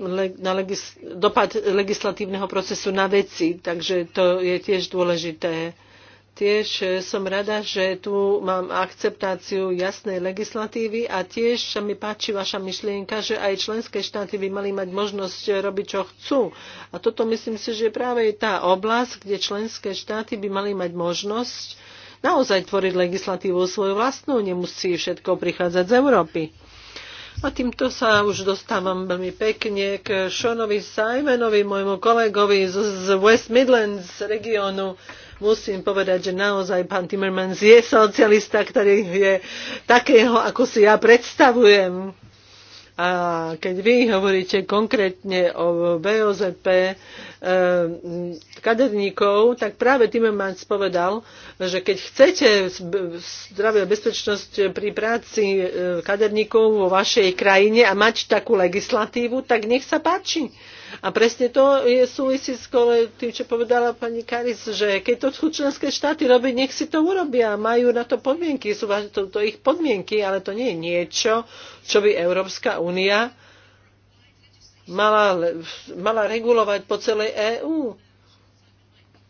na legis- dopad legislatívneho procesu na veci, takže to je tiež dôležité. Tiež e, som rada, že tu mám akceptáciu jasnej legislatívy a tiež sa mi páči vaša myšlienka, že aj členské štáty by mali mať možnosť e, robiť, čo chcú. A toto myslím si, že práve je tá oblasť, kde členské štáty by mali mať možnosť naozaj tvoriť legislatívu svoju vlastnú, nemusí všetko prichádzať z Európy. A týmto sa už dostávam veľmi pekne k Seanovi Simonovi, môjmu kolegovi z, z West Midlands regiónu. Musím povedať, že naozaj pán Timmermans je socialista, ktorý je takého, ako si ja predstavujem a keď vy hovoríte konkrétne o BOZP e, kaderníkov, tak práve Timmermans povedal, že keď chcete zdravie a bezpečnosť pri práci e, kaderníkov vo vašej krajine a mať takú legislatívu, tak nech sa páči a presne to je súvisí s tým, čo povedala pani Karis, že keď to chcú členské štáty robiť, nech si to urobia. Majú na to podmienky, sú to, to ich podmienky, ale to nie je niečo, čo by Európska únia mala, mala regulovať po celej EÚ.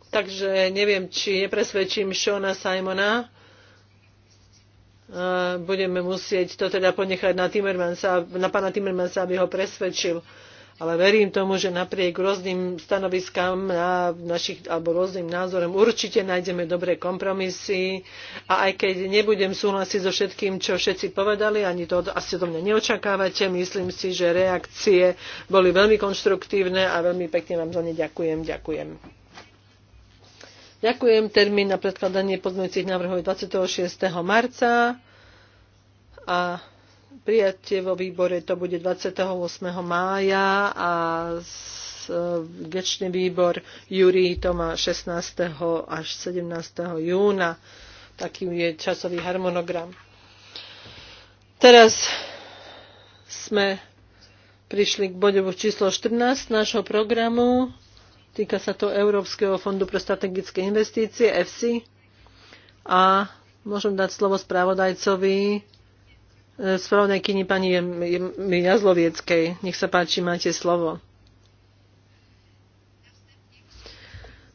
Takže neviem, či nepresvedčím Šona Simona. Budeme musieť to teda ponechať na, Timmermansa, na pána Timmermansa, aby ho presvedčil ale verím tomu, že napriek rôznym stanoviskám na našich, alebo rôznym názorom určite nájdeme dobré kompromisy a aj keď nebudem súhlasiť so všetkým, čo všetci povedali, ani to asi do mňa neočakávate, myslím si, že reakcie boli veľmi konštruktívne a veľmi pekne vám za ne ďakujem. Ďakujem. Ďakujem. Termín na predkladanie pozmeňujúcich návrhov je 26. marca a Prijatie vo výbore to bude 28. mája a e, gečný výbor Júri to má 16. až 17. júna. Taký je časový harmonogram. Teraz sme prišli k bodu číslo 14 nášho programu. Týka sa to Európskeho fondu pre strategické investície, EFSI. A môžem dať slovo správodajcovi E, spravodajkyni pani Jazlovieckej. Nech sa páči, máte slovo.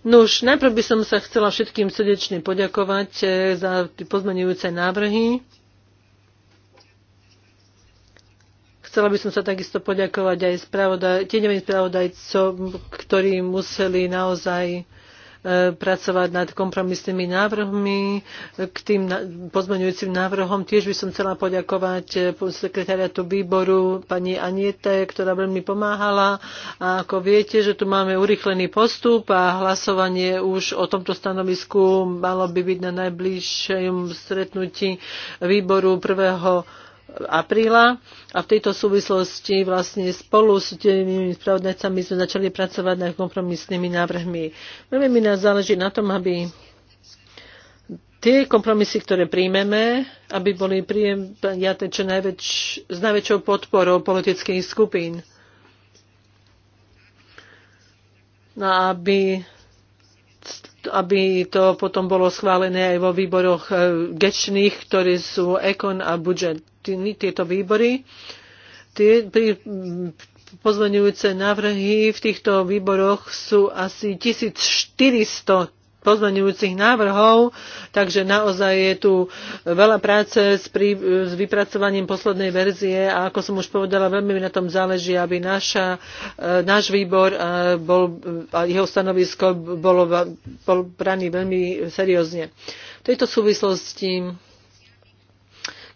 Nuž, najprv by som sa chcela všetkým srdečne poďakovať e, za pozmenujúce návrhy. Chcela by som sa takisto poďakovať aj spravodaj, tieňovým spravodajcom, ktorí museli naozaj E, pracovať nad kompromisnými návrhmi. K tým pozmeňujúcim návrhom tiež by som chcela poďakovať e, sekretariatu výboru pani Aniete, ktorá veľmi pomáhala. A ako viete, že tu máme urychlený postup a hlasovanie už o tomto stanovisku malo by byť na najbližšom stretnutí výboru 1 apríla a v tejto súvislosti vlastne spolu s tými spravodajcami sme začali pracovať nad kompromisnými návrhmi. Veľmi mi nás záleží na tom, aby tie kompromisy, ktoré príjmeme, aby boli prijaté čo najväč, s najväčšou podporou politických skupín. No, aby aby to potom bolo schválené aj vo výboroch eh, gečných, ktorí sú Ekon a Budžet tieto výbory. Tie, pozvaňujúce návrhy v týchto výboroch sú asi 1400 pozvaňujúcich návrhov, takže naozaj je tu veľa práce s, s vypracovaním poslednej verzie a ako som už povedala, veľmi mi na tom záleží, aby naša, e, náš výbor e, bol, a jeho stanovisko bolo, bol braný veľmi seriózne. V tejto súvislosti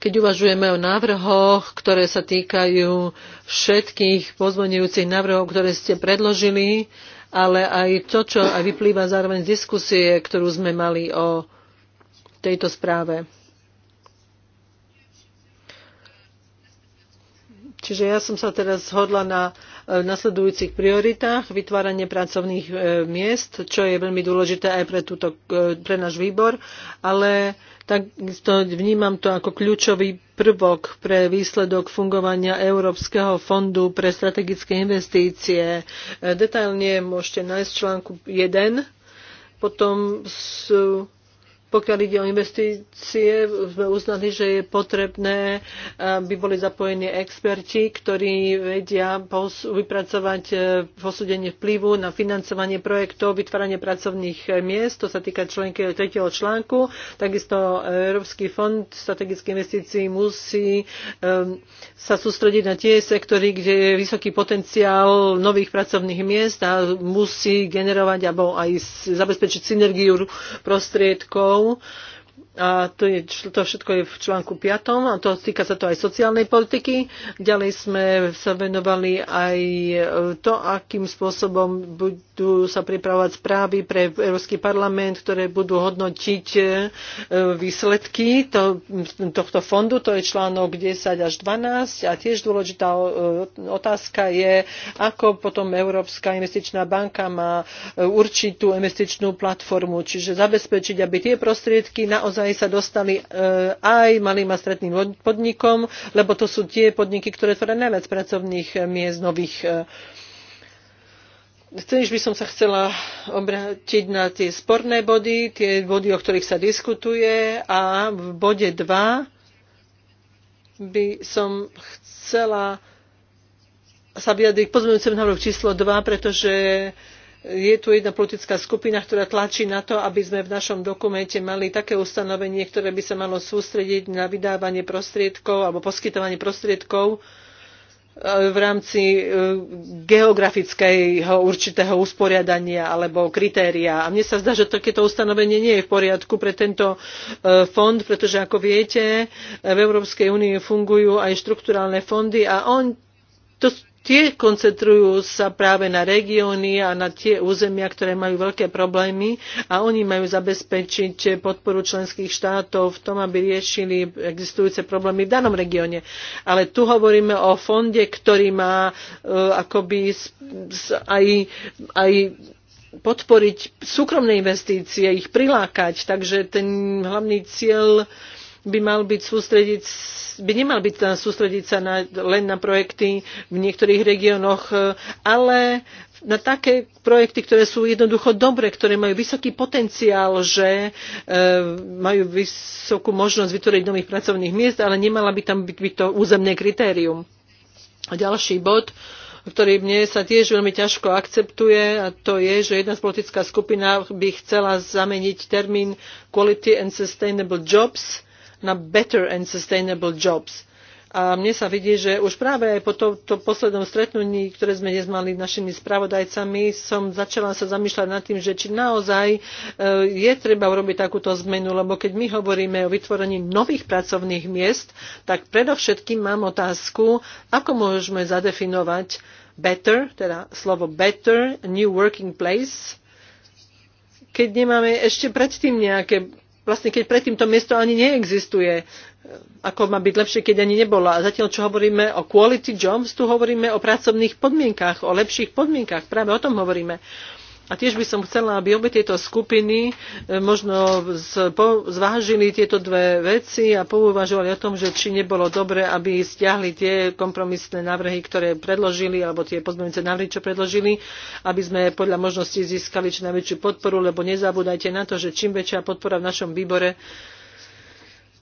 keď uvažujeme o návrhoch, ktoré sa týkajú všetkých pozvonujúcich návrhov, ktoré ste predložili, ale aj to, čo aj vyplýva zároveň z diskusie, ktorú sme mali o tejto správe. Čiže ja som sa teraz zhodla na e, nasledujúcich prioritách vytváranie pracovných e, miest, čo je veľmi dôležité aj pre, túto, e, pre náš výbor, ale Takisto vnímam to ako kľúčový prvok pre výsledok fungovania Európskeho fondu pre strategické investície. Detailne môžete nájsť článku 1. Potom sú pokiaľ ide o investície, sme uznali, že je potrebné, aby boli zapojení experti, ktorí vedia vypracovať e, posúdenie vplyvu na financovanie projektov, vytváranie pracovných e, miest, to sa týka členky článku. Takisto Európsky fond strategických investícií musí e, sa sústrediť na tie sektory, kde je vysoký potenciál nových pracovných miest a musí generovať alebo aj zabezpečiť synergiu prostriedkov štátov a to, je, to všetko je v článku 5. A to týka sa to aj sociálnej politiky. Ďalej sme sa venovali aj e, to, akým spôsobom budú sa pripravovať správy pre Európsky parlament, ktoré budú hodnotiť e, výsledky to, tohto fondu. To je článok 10 až 12. A tiež dôležitá e, otázka je, ako potom Európska investičná banka má určitú investičnú platformu, čiže zabezpečiť, aby tie prostriedky naozaj ďalej sa dostali e, aj malým a stredným podnikom, lebo to sú tie podniky, ktoré tvoria najviac pracovných e, miest nových Tiež e. by som sa chcela obrátiť na tie sporné body, tie body, o ktorých sa diskutuje a v bode 2 by som chcela sa vyjadriť k pozmeňujúcemu návrhu číslo 2, pretože je tu jedna politická skupina, ktorá tlačí na to, aby sme v našom dokumente mali také ustanovenie, ktoré by sa malo sústrediť na vydávanie prostriedkov alebo poskytovanie prostriedkov e, v rámci e, geografického určitého usporiadania alebo kritéria. A mne sa zdá, že takéto ustanovenie nie je v poriadku pre tento e, fond, pretože ako viete, v Európskej únii fungujú aj štrukturálne fondy a on, to, Tie koncentrujú sa práve na regióny a na tie územia, ktoré majú veľké problémy a oni majú zabezpečiť podporu členských štátov v tom, aby riešili existujúce problémy v danom regióne. Ale tu hovoríme o fonde, ktorý má uh, akoby aj, aj podporiť súkromné investície, ich prilákať. Takže ten hlavný cieľ uh, by mal byť sústrediť, by nemal byť sústrediť sa na, len na projekty v niektorých regiónoch, e, ale na také projekty, ktoré sú jednoducho dobre, ktoré majú vysoký potenciál, že e, majú vysokú možnosť vytvoriť nových pracovných miest, ale nemala by tam byť, byť to územné kritérium. A ďalší bod, ktorý mne sa tiež veľmi ťažko akceptuje, a to je, že jedna politická skupina by chcela zameniť termín Quality and Sustainable Jobs na better and sustainable jobs. A mne sa vidie, že už práve aj po tomto poslednom stretnutí, ktoré sme dnes mali našimi spravodajcami, som začala sa zamýšľať nad tým, že či naozaj e, je treba urobiť takúto zmenu, lebo keď my hovoríme o vytvorení nových pracovných miest, tak predovšetkým mám otázku, ako môžeme zadefinovať better, teda slovo better, new working place, keď nemáme ešte predtým nejaké vlastne keď predtým to miesto ani neexistuje. Eh, ako má byť lepšie, keď ani nebola. A zatiaľ, čo hovoríme o quality jobs, tu hovoríme o pracovných podmienkach, o lepších podmienkach. Práve o tom hovoríme. Uh, a tiež by som chcela, aby obe tieto skupiny e, možno zvážili tieto dve veci a pouvažovali o tom, že či nebolo dobre, aby stiahli tie kompromisné návrhy, ktoré predložili, alebo tie pozmeňujúce návrhy, čo predložili, aby sme podľa možností získali čo najväčšiu podporu, lebo nezabúdajte na to, že čím väčšia podpora v našom výbore,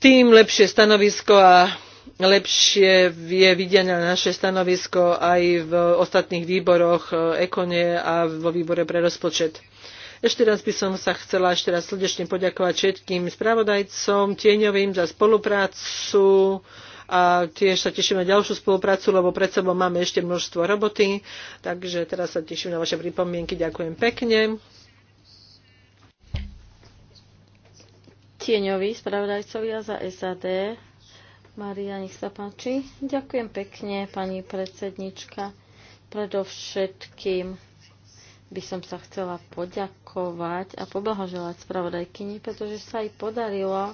tým lepšie stanovisko a lepšie je videné naše stanovisko aj v ostatných výboroch e, Ekone a vo výbore pre rozpočet. Ešte raz by som sa chcela ešte raz srdečne poďakovať všetkým spravodajcom, tieňovým za spoluprácu a tiež sa teším na ďalšiu spoluprácu, lebo pred sebou máme ešte množstvo roboty. Takže teraz sa teším na vaše pripomienky. Ďakujem pekne. Tieňovi spravodajcovia za SAD Maria, nech sa páči. Ďakujem pekne, pani predsednička. Predovšetkým by som sa chcela poďakovať a poblahoželať spravodajkyni, pretože sa jej podarilo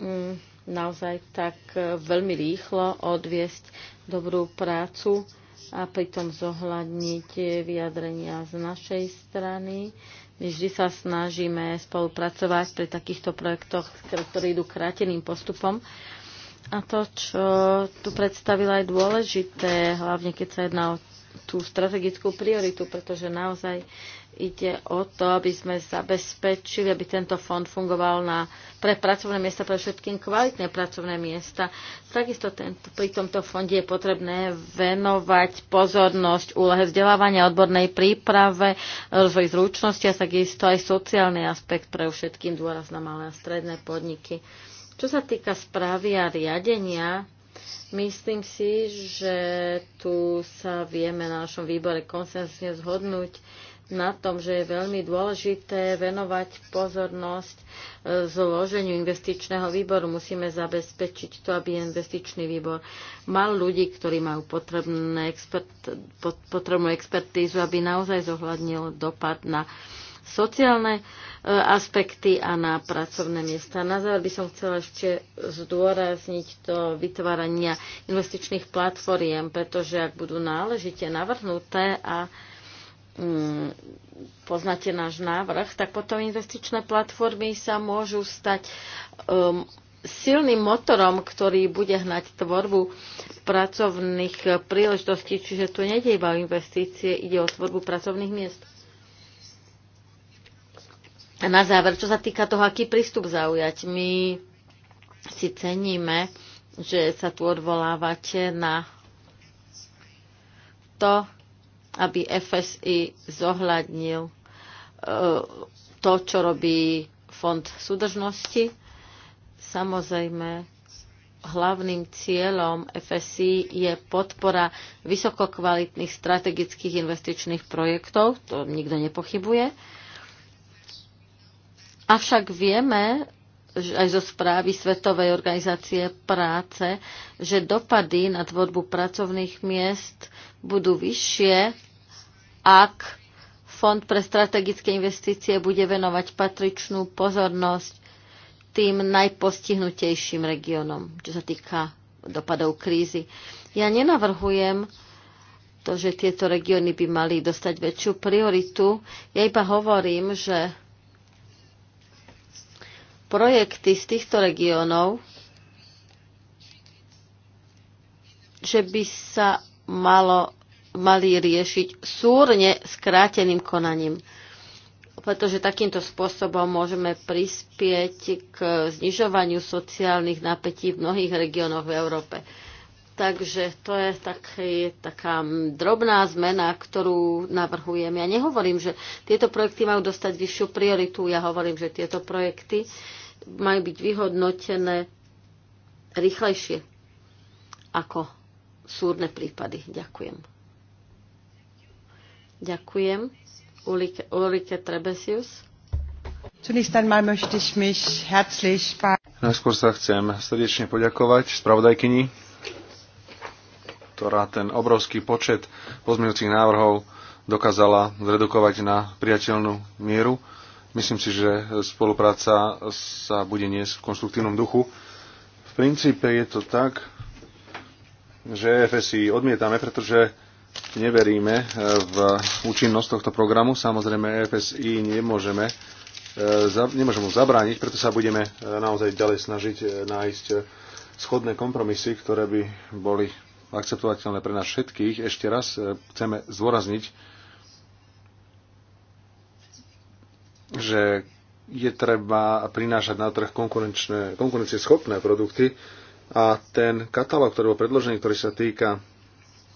mm, naozaj tak e, veľmi rýchlo odviesť dobrú prácu a pritom zohľadniť vyjadrenia z našej strany. My vždy sa snažíme spolupracovať pri takýchto projektoch, ktoré idú kráteným postupom. A to, čo tu predstavila, je dôležité, hlavne keď sa jedná o tú strategickú prioritu, pretože naozaj ide o to, aby sme zabezpečili, aby tento fond fungoval na, pre pracovné miesta, pre všetkým kvalitné pracovné miesta. Takisto tento, pri tomto fonde je potrebné venovať pozornosť úlohe vzdelávania, odbornej príprave, rozvoj zručnosti a takisto aj sociálny aspekt pre všetkým dôraz na malé a stredné podniky. Čo sa týka správy a riadenia, myslím si, že tu sa vieme na našom výbore konsensne zhodnúť na tom, že je veľmi dôležité venovať pozornosť e, zloženiu investičného výboru. Musíme zabezpečiť to, aby investičný výbor mal ľudí, ktorí majú expert, potrebnú expertízu, aby naozaj zohľadnil dopad na uh, sociálne e, aspekty a na pracovné miesta. Na záver by som chcela ešte zdôrazniť to vytvárania investičných platformiem, pretože ak budú náležite navrhnuté a mm, poznáte náš návrh, tak potom investičné platformy sa môžu stať um, silným motorom, ktorý bude hnať tvorbu pracovných príležitostí. Čiže tu nejde iba o investície, ide o tvorbu pracovných miest na záver, čo sa týka toho, aký prístup zaujať, my si ceníme, že sa tu odvolávate na to, aby FSI zohľadnil e, to, čo robí Fond súdržnosti. Samozrejme, hlavným cieľom FSI je podpora vysokokvalitných strategických investičných projektov, to nikto nepochybuje Avšak vieme aj zo správy Svetovej organizácie práce, že dopady na tvorbu pracovných miest budú vyššie, ak Fond pre strategické investície bude venovať patričnú pozornosť tým najpostihnutejším regiónom, čo sa týka dopadov krízy. Ja nenavrhujem to, že tieto regióny by mali dostať väčšiu prioritu. Ja iba hovorím, že projekty z týchto regiónov, že by sa malo, mali riešiť súrne skráteným konaním pretože takýmto spôsobom môžeme prispieť k znižovaniu sociálnych napätí v mnohých regiónoch v Európe. Takže to je taký, taká drobná zmena, ktorú navrhujem. Ja nehovorím, že tieto projekty majú dostať vyššiu prioritu. Ja hovorím, že tieto projekty majú byť vyhodnotené rýchlejšie ako súrne prípady. Ďakujem. Ďakujem. Ulrike, Ulrike Trebesius. Zunächst einmal möchte ich mich herzlich bei Najskôr sa chcem srdečne poďakovať spravodajkyni ktorá ten obrovský počet pozmeňujúcich návrhov dokázala zredukovať na priateľnú mieru. Myslím si, že spolupráca sa bude niesť v konstruktívnom duchu. V princípe je to tak, že e FSI odmietame, pretože neveríme eh, v účinnosť tohto programu. Samozrejme, e FSI nemôžeme eh, nemôžem mu zabrániť, preto sa budeme eh, naozaj ďalej snažiť nájsť schodné kompromisy, ktoré by boli akceptovateľné pre nás všetkých. Ešte raz e, chceme zdôrazniť, že je treba prinášať na trh konkurencieschopné produkty a ten katalóg, ktorý bol predložený, ktorý sa týka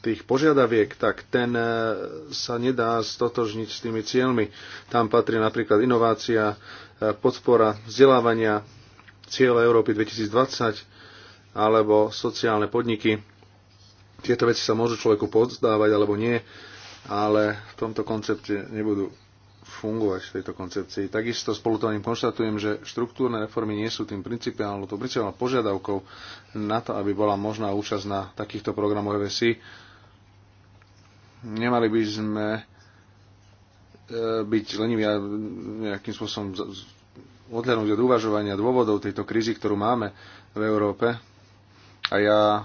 tých požiadaviek, tak ten e, sa nedá stotožniť s tými cieľmi. Tam patrí napríklad inovácia, e, podpora vzdelávania, cieľe Európy 2020 alebo sociálne podniky. Tieto veci sa môžu človeku pozdávať alebo nie, ale v tomto koncepte nebudú fungovať v tejto koncepcii. Takisto s polutovaním konštatujem, že štruktúrne reformy nie sú tým principiálnou, to principiálnou požiadavkou na to, aby bola možná účasť na takýchto programoch EVSI. Nemali by sme e, byť leniví a nejakým spôsobom odhľadnúť od uvažovania dôvodov tejto krízy, ktorú máme v Európe. A ja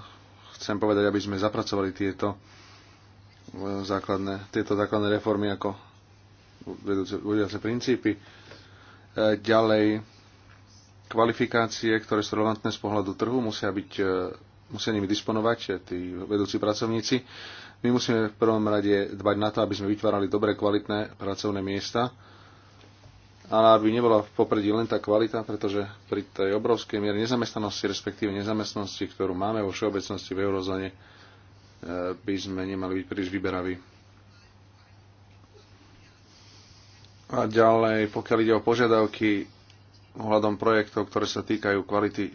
chcem povedať, aby sme zapracovali tieto eh, základné, tieto základné reformy ako vedúce, vedúce princípy. Eh, ďalej, kvalifikácie, ktoré sú relevantné z pohľadu trhu, musia byť eh, musia nimi disponovať tí vedúci pracovníci. My musíme v prvom rade dbať na to, aby sme vytvárali dobre, kvalitné pracovné miesta a aby nebola v popredí len tá kvalita, pretože pri tej obrovskej miere nezamestnanosti, respektíve nezamestnanosti, ktorú máme vo všeobecnosti v eurozóne, e, by sme nemali byť príliš vyberaví. A ďalej, pokiaľ ide o požiadavky ohľadom projektov, ktoré sa týkajú kvality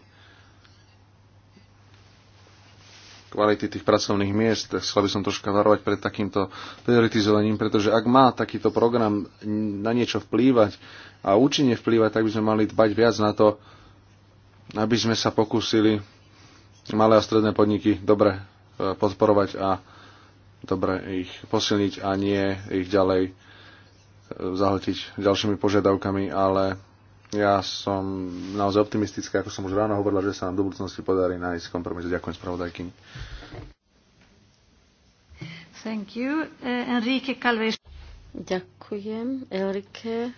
kvality tých pracovných miest. Chcel by som troška varovať pred takýmto prioritizovaním, pretože ak má takýto program na niečo vplývať a účinne vplývať, tak by sme mali dbať viac na to, aby sme sa pokúsili malé a stredné podniky dobre e, podporovať a dobre ich posilniť a nie ich ďalej e, zahltiť ďalšími požiadavkami, ale ja som naozaj optimistický, ako som už ráno hovorila, že sa nám do budúcnosti podarí nájsť kompromis. Ďakujem spravodajkyni. Thank you. Uh, Enrique Calveš. Ďakujem Enrique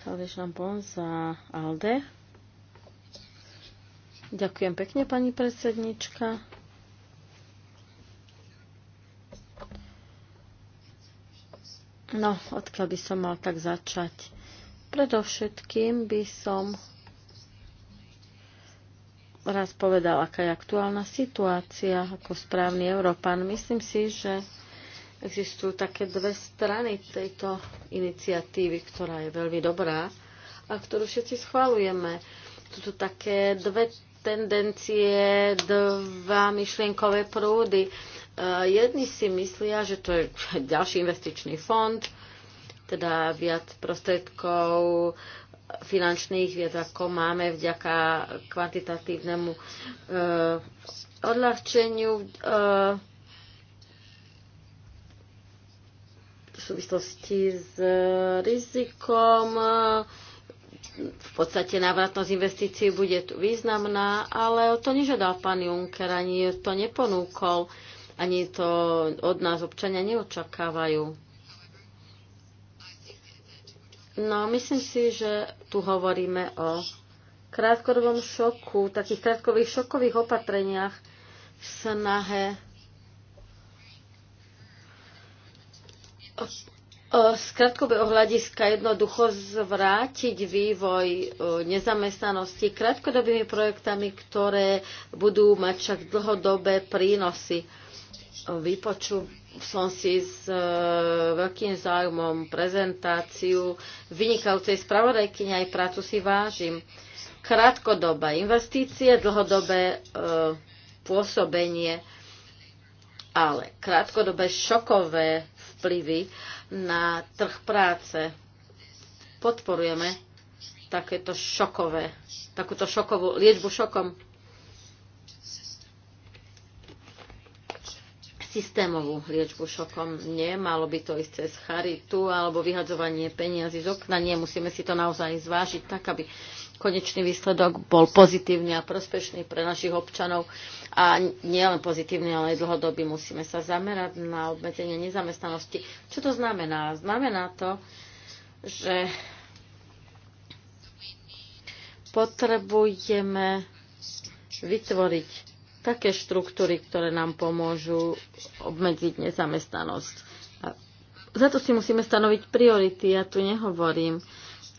Calveš Lampon za ALDE. Ďakujem pekne, pani predsednička. No, odkiaľ by som mal tak začať? Predovšetkým by som raz povedal, aká je aktuálna situácia ako správny Európan. Myslím si, že existujú také dve strany tejto iniciatívy, ktorá je veľmi dobrá a ktorú všetci schvalujeme. Sú tu také dve tendencie, dva myšlienkové prúdy. Jedni si myslia, že to je [LAUGHS] ďalší investičný fond, teda viac prostriedkov finančných viac ako máme vďaka kvantitatívnemu e, odľahčeniu e, v súvislosti s eh, rizikom. V podstate návratnosť investícií bude tu významná, ale to nežiadal pán Juncker, ani to neponúkol, ani to od nás občania neočakávajú. No, myslím si, že tu hovoríme o krátkodobom šoku, takých krátkových šokových opatreniach v snahe z krátkového hľadiska jednoducho zvrátiť vývoj e, nezamestnanosti krátkodobými projektami, ktoré budú mať však dlhodobé prínosy. Vypoču som si s e, veľkým záujmom prezentáciu vynikajúcej spravodajkyne aj prácu si vážim. Krátkodobé investície, dlhodobé e, pôsobenie, ale krátkodobé šokové vplyvy na trh práce. Podporujeme takéto šokové, takúto šokovú liečbu šokom systémovú liečbu šokom. Nie, malo by to ísť cez charitu alebo vyhadzovanie peniazy z okna. Nie, musíme si to naozaj zvážiť tak, aby konečný výsledok bol pozitívny a prospešný pre našich občanov. A nie len pozitívny, ale aj dlhodobý. Musíme sa zamerať na obmedzenie nezamestnanosti. Čo to znamená? Znamená to, že potrebujeme vytvoriť také štruktúry, ktoré nám pomôžu obmedziť nezamestnanosť. A za to si musíme stanoviť priority. Ja tu nehovorím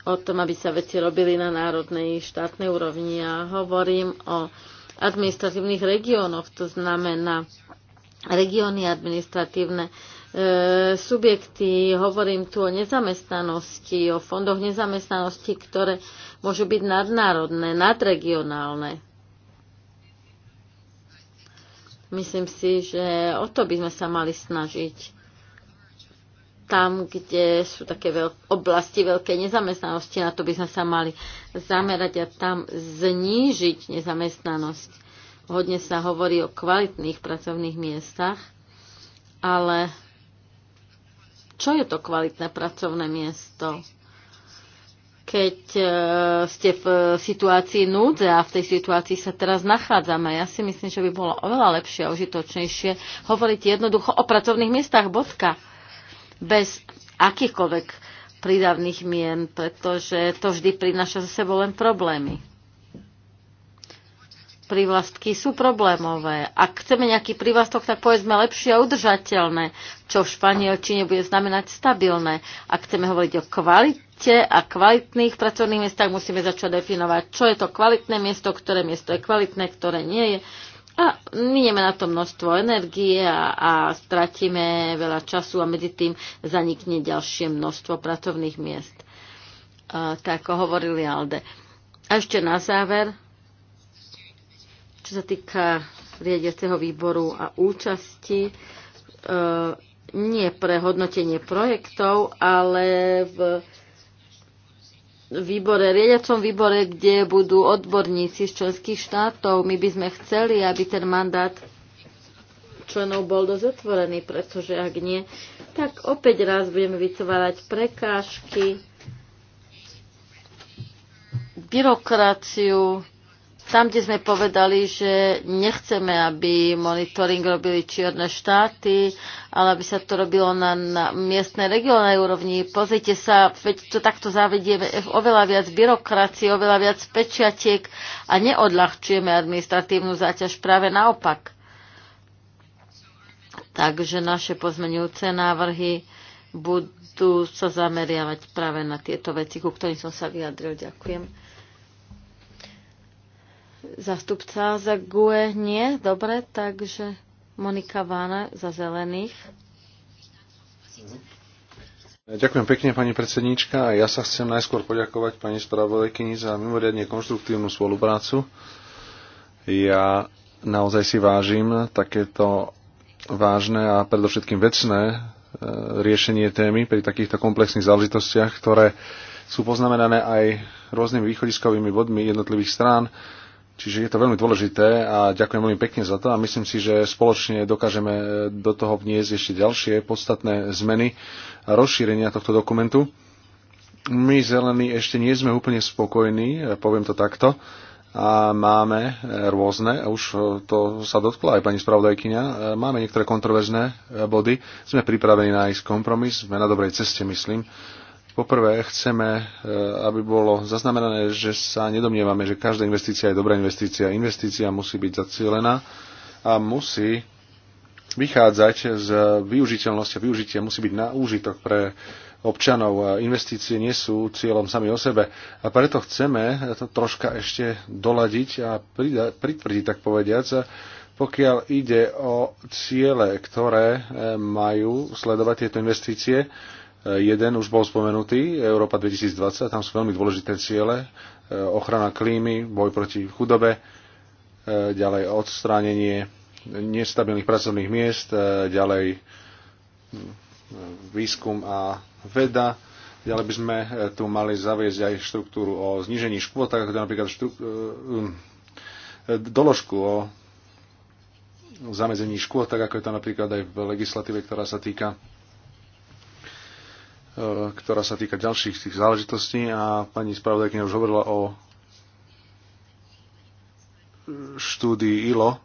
o tom, aby sa veci robili na národnej štátnej úrovni. Ja hovorím o administratívnych regiónoch, to znamená regióny administratívne e, subjekty. Hovorím tu o nezamestnanosti, o fondoch nezamestnanosti, ktoré môžu byť nadnárodné, nadregionálne Myslím si, že o to by sme sa mali snažiť. Tam, kde sú také veľ- oblasti veľkej nezamestnanosti, na to by sme sa mali zamerať a tam znížiť nezamestnanosť. Hodne sa hovorí o kvalitných pracovných miestach, ale čo je to kvalitné pracovné miesto? keď e, ste v situácii núdze a v tej situácii sa teraz nachádzame. Ja si myslím, že by bolo oveľa lepšie a užitočnejšie hovoriť jednoducho o pracovných miestach, bodka. Bez akýchkoľvek prídavných mien, pretože to vždy prináša za sebou len problémy. Prívlastky sú problémové. Ak chceme nejaký privlastok, tak povedzme lepšie a udržateľné, čo v španielčine bude znamenať stabilné. Ak chceme hovoriť o kvalit kvalite a kvalitných pracovných miestach musíme začať definovať, čo je to kvalitné miesto, ktoré miesto je kvalitné, ktoré nie je. A minieme na to množstvo energie a, a stratíme veľa času a medzi tým zanikne ďalšie množstvo pracovných miest. Uh, tak ako hovorili Alde. A ešte na záver, čo sa týka riadiaceho výboru a účasti, e, nie pre hodnotenie projektov, ale v výbore, riadiacom výbore, kde budú odborníci z členských štátov. My by sme chceli, aby ten mandát členov bol dozotvorený, pretože ak nie, tak opäť raz budeme vytvárať prekážky, byrokraciu, tam, kde sme povedali, že nechceme, aby monitoring robili čierne štáty, ale aby sa to robilo na, na miestnej regionálnej úrovni. Pozrite sa, veď to takto zavedieme eh, oveľa viac byrokracie, oveľa viac pečiatiek a neodľahčujeme administratívnu záťaž práve naopak. Takže naše pozmenujúce návrhy budú sa zameriavať práve na tieto veci, ku ktorým som sa vyjadril. Ďakujem. Zastupca za GUE nie, dobre, takže Monika Vána za zelených. Ďakujem pekne, pani predsedníčka. Ja sa chcem najskôr poďakovať pani spravodajkyni za mimoriadne konštruktívnu spoluprácu. Ja naozaj si vážim takéto vážne a predovšetkým vecné e, riešenie témy pri takýchto komplexných záležitostiach, ktoré sú poznamenané aj rôznymi východiskovými bodmi jednotlivých strán Čiže je to veľmi dôležité a ďakujem veľmi pekne za to a myslím si, že spoločne dokážeme e, do toho vniesť ešte ďalšie podstatné zmeny a rozšírenia tohto dokumentu. My zelení ešte nie sme úplne spokojní, e, poviem to takto, a máme e, rôzne, a už to sa dotkla aj pani spravodajkyňa, máme niektoré kontroverzné body, sme pripravení nájsť kompromis, sme na dobrej ceste, myslím, Poprvé, chceme, e, aby bolo zaznamenané, že sa nedomnievame, že každá investícia je dobrá investícia. Investícia musí byť zacielená a musí vychádzať z využiteľnosti a využitia musí byť na úžitok pre občanov. Investície nie sú cieľom sami o sebe a preto chceme to troška ešte doladiť a pritvrdiť, tak povediac, pokiaľ ide o ciele, ktoré e, majú sledovať tieto investície, Jeden už bol spomenutý, Európa 2020, tam sú veľmi dôležité ciele, e, ochrana klímy, boj proti chudobe, e, ďalej odstránenie nestabilných pracovných miest, e, ďalej mm, výskum a veda. Ďalej by sme tu mali zaviesť aj štruktúru o znižení škôd, tak ako to napríklad štru... Mm, doložku o zamedzení škôd, tak ako je to napríklad aj v legislatíve, ktorá sa týka ktorá sa týka ďalších tých záležitostí a pani spravodajkňa už hovorila o štúdii ILO,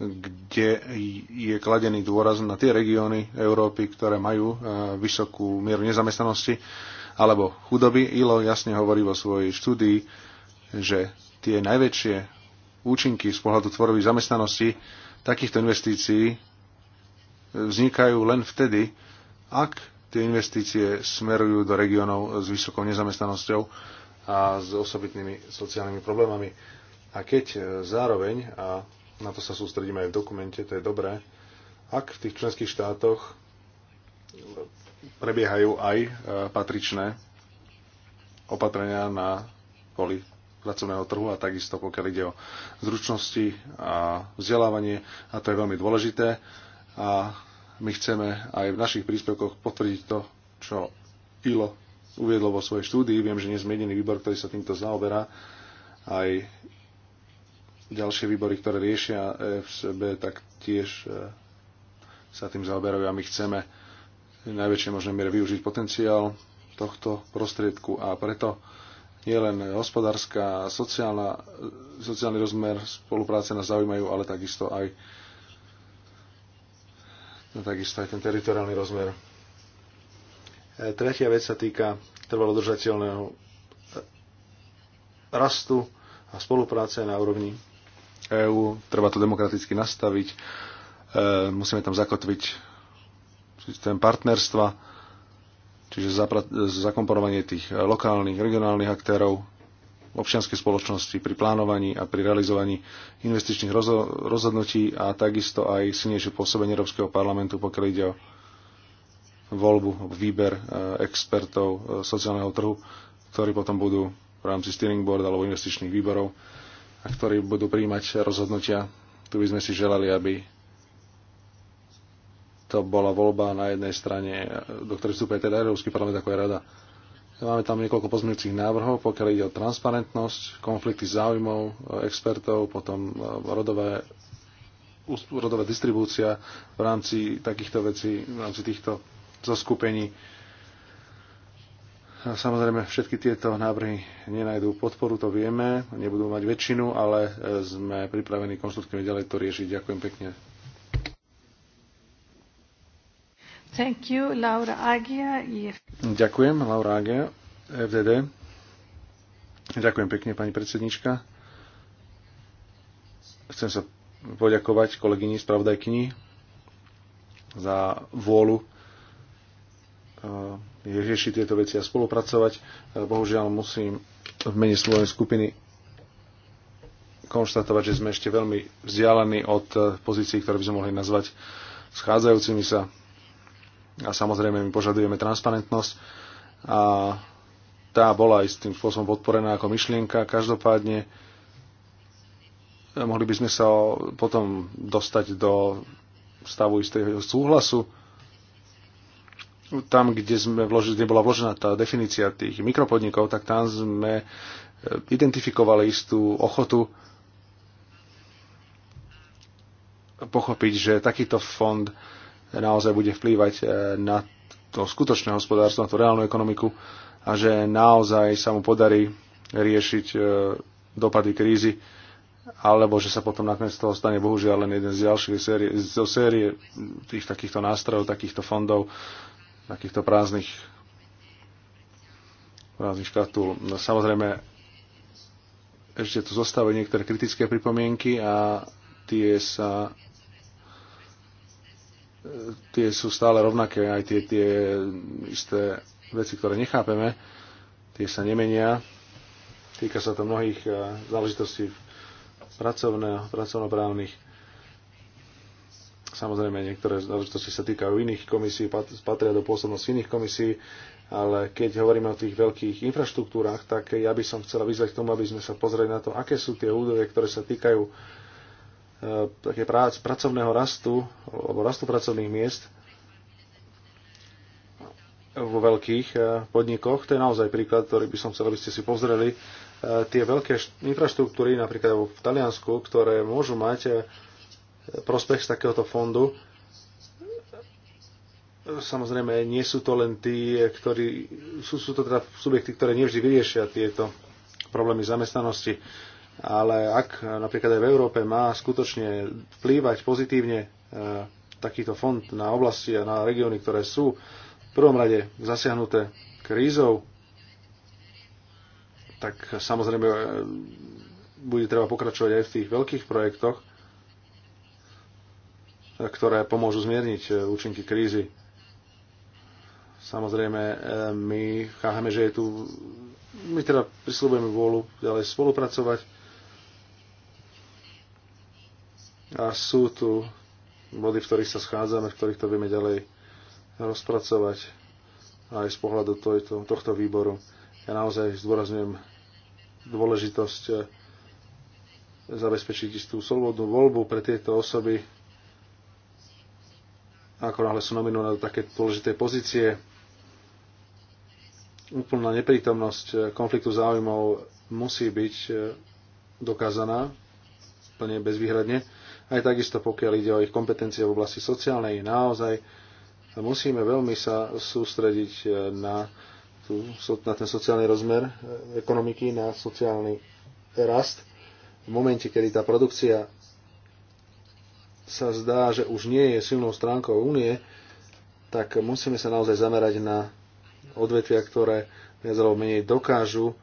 kde je kladený dôraz na tie regióny Európy, ktoré majú e, vysokú mieru nezamestnanosti alebo chudoby. ILO jasne hovorí vo svojej štúdii, že tie najväčšie účinky z pohľadu tvorových zamestnanosti takýchto investícií vznikajú len vtedy, ak tie investície smerujú do regiónov s vysokou nezamestnanosťou a s osobitnými sociálnymi problémami. A keď e, zároveň, a na to sa sústredíme aj v dokumente, to je dobré, ak v tých členských štátoch prebiehajú aj e, patričné opatrenia na poli pracovného trhu a takisto pokiaľ ide o zručnosti a vzdelávanie a to je veľmi dôležité a my chceme aj v našich príspevkoch potvrdiť to, čo ILO uviedlo vo svojej štúdii. Viem, že jediný výbor, ktorý sa týmto zaoberá, aj ďalšie výbory, ktoré riešia EFSB, tak tiež e, sa tým zaoberajú a my chceme v najväčšej možnej miere využiť potenciál tohto prostriedku a preto nie len hospodárska, a sociálny rozmer spolupráce nás zaujímajú, ale takisto aj No takisto aj ten teritoriálny rozmer. E, tretia vec sa týka trvalodržateľného e, rastu a spolupráce na úrovni EÚ. Treba to demokraticky nastaviť. E, musíme tam zakotviť systém partnerstva, čiže zakomponovanie tých lokálnych, regionálnych aktérov, občianskej spoločnosti pri plánovaní a pri realizovaní investičných rozhodnutí a takisto aj silnejšie pôsobenie Európskeho parlamentu, pokiaľ ide o voľbu, výber e, expertov e, sociálneho trhu, ktorí potom budú v rámci steering board alebo investičných výborov a ktorí budú príjmať rozhodnutia. Tu by sme si želali, aby to bola voľba na jednej strane, e, do ktorej vstupuje teda Európsky parlament ako aj Rada Máme tam niekoľko pozmeňujúcich návrhov, pokiaľ ide o transparentnosť, konflikty záujmov e, expertov, potom e, rodové, rodová distribúcia v rámci takýchto vecí, v rámci týchto zoskupení. Samozrejme, všetky tieto návrhy nenajdú podporu, to vieme, nebudú mať väčšinu, ale e, sme pripravení konštruktívne ďalej to riešiť. Ďakujem pekne Thank you, Laura Agia. E Ďakujem, Laura Agia, e FDD. Ďakujem pekne, pani predsednička. Chcem sa poďakovať kolegyni spravodajkyni za vôľu eh, riešiť tieto veci a spolupracovať. Eh, bohužiaľ musím v mene svojej skupiny konštatovať, že sme ešte veľmi vzdialení od eh, pozícií, ktoré by sme mohli nazvať schádzajúcimi sa a samozrejme my požadujeme transparentnosť a tá bola istým spôsobom podporená ako myšlienka. Každopádne e, mohli by sme sa potom dostať do stavu istého súhlasu, tam, kde, sme vložili, kde bola vložená tá definícia tých mikropodnikov, tak tam sme e, identifikovali istú ochotu pochopiť, že takýto fond naozaj bude vplývať e, na to skutočné hospodárstvo, na tú reálnu ekonomiku a že naozaj sa mu podarí riešiť e, dopady krízy, alebo že sa potom nakoniec toho stane bohužiaľ len jeden z ďalších série, zo série tých takýchto nástrojov, takýchto fondov, takýchto prázdnych, prázdnych škatul. No, samozrejme, ešte tu zostávajú niektoré kritické pripomienky a tie sa tie sú stále rovnaké, aj tie, tie isté veci, ktoré nechápeme, tie sa nemenia. Týka sa to mnohých eh, záležitostí pracovného, pracovnoprávnych. Samozrejme, niektoré záležitosti sa týkajú iných komisí, patria do pôsobnosti iných komisí, ale keď hovoríme o tých veľkých infraštruktúrach, tak ja by som chcela vyzvať k tomu, aby sme sa pozreli na to, aké sú tie údaje, ktoré sa týkajú E, také prác, pracovného rastu, alebo rastu pracovných miest vo veľkých e, podnikoch. To je naozaj príklad, ktorý by som chcel, aby ste si pozreli. E, tie veľké infraštruktúry, napríklad v Taliansku, ktoré môžu mať prospech z takéhoto fondu, samozrejme nie sú to len tí, ktorí, sú, sú to teda subjekty, ktoré nevždy vyriešia tieto problémy zamestnanosti ale ak napríklad aj v Európe má skutočne vplývať pozitívne e, takýto fond na oblasti a na regióny, ktoré sú v prvom rade zasiahnuté krízou, tak samozrejme e, bude treba pokračovať aj v tých veľkých projektoch, e, ktoré pomôžu zmierniť účinky krízy. Samozrejme, my chápeme, že je tu, my teda prislúbujeme vôľu ďalej spolupracovať, A sú tu body, v ktorých sa schádzame, v ktorých to vieme ďalej rozpracovať aj z pohľadu tohto, tohto výboru. Ja naozaj zdôrazňujem dôležitosť eh, zabezpečiť istú slobodnú voľbu pre tieto osoby, ako náhle sú nominované do také dôležité pozície. Úplná neprítomnosť eh, konfliktu záujmov musí byť eh, dokázaná plne bezvýhradne aj takisto pokiaľ ide o ich kompetencie v oblasti sociálnej, naozaj musíme veľmi sa sústrediť e, na, tú, na ten sociálny rozmer e, ekonomiky, na sociálny rast. V momente, kedy tá produkcia sa zdá, že už nie je silnou stránkou únie, tak musíme sa naozaj zamerať na odvetvia, ktoré viac alebo menej dokážu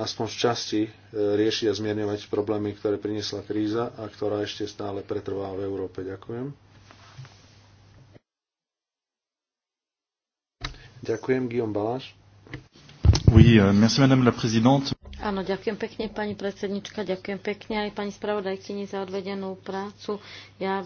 aspoň v časti e, riešiť a zmierňovať problémy, ktoré priniesla kríza a ktorá ešte stále pretrvá v Európe. Ďakujem. Ďakujem, Guillaume Baláš. Oui, euh, merci madame la présidente. Áno, ďakujem pekne, pani predsednička, ďakujem pekne aj pani spravodajkyni za odvedenú prácu. Ja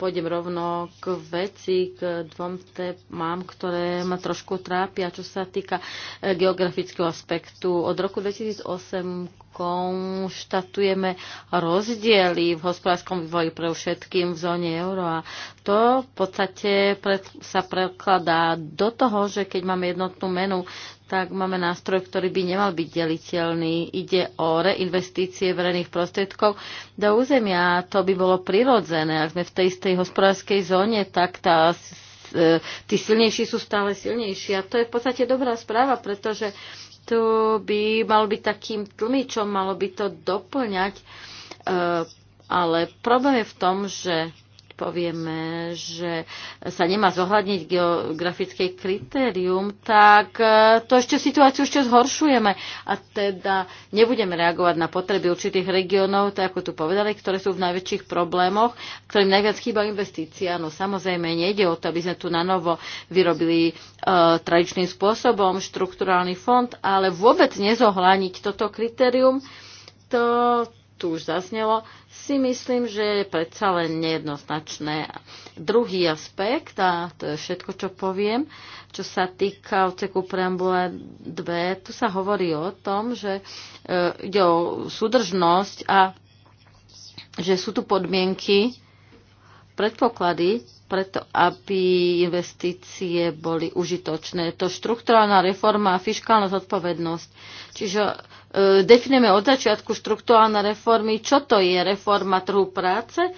pôjdem rovno k veci, k dvom témam, ktoré ma trošku trápia, čo sa týka e, geografického aspektu. Od roku 2008 konštatujeme rozdiely v hospodárskom vývoji pre všetkým v zóne euro a to v podstate pred, sa prekladá do toho, že keď máme jednotnú menu, tak máme nástroj, ktorý by nemal byť deliteľný. Ide o reinvestície verejných prostriedkov do územia. To by bolo prirodzené. Ak sme v tej istej hospodárskej zóne, tak tá, e, tí silnejší sú stále silnejší. A to je v podstate dobrá správa, pretože tu by mal byť takým tlmičom, malo by to doplňať. E, ale problém je v tom, že povieme, že sa nemá zohľadniť geografické kritérium, tak e, to ešte situáciu ešte zhoršujeme a teda nebudeme reagovať na potreby určitých regiónov, tak ako tu povedali, ktoré sú v najväčších problémoch, ktorým najviac chýba investícia. No samozrejme, nejde o to, aby sme tu na novo vyrobili e, tradičným spôsobom štrukturálny fond, ale vôbec nezohľadniť toto kritérium, to tu už zaznelo, si myslím, že je predsa len nejednoznačné. Druhý aspekt, a to je všetko, čo poviem, čo sa týka oceku preambule 2, tu sa hovorí o tom, že e, ide o súdržnosť a že sú tu podmienky, predpoklady, preto aby investície boli užitočné. To štruktúrálna reforma a fiskálna zodpovednosť. Čiže E, definujeme od začiatku štruktúrálne reformy, čo to je reforma trhu práce, e,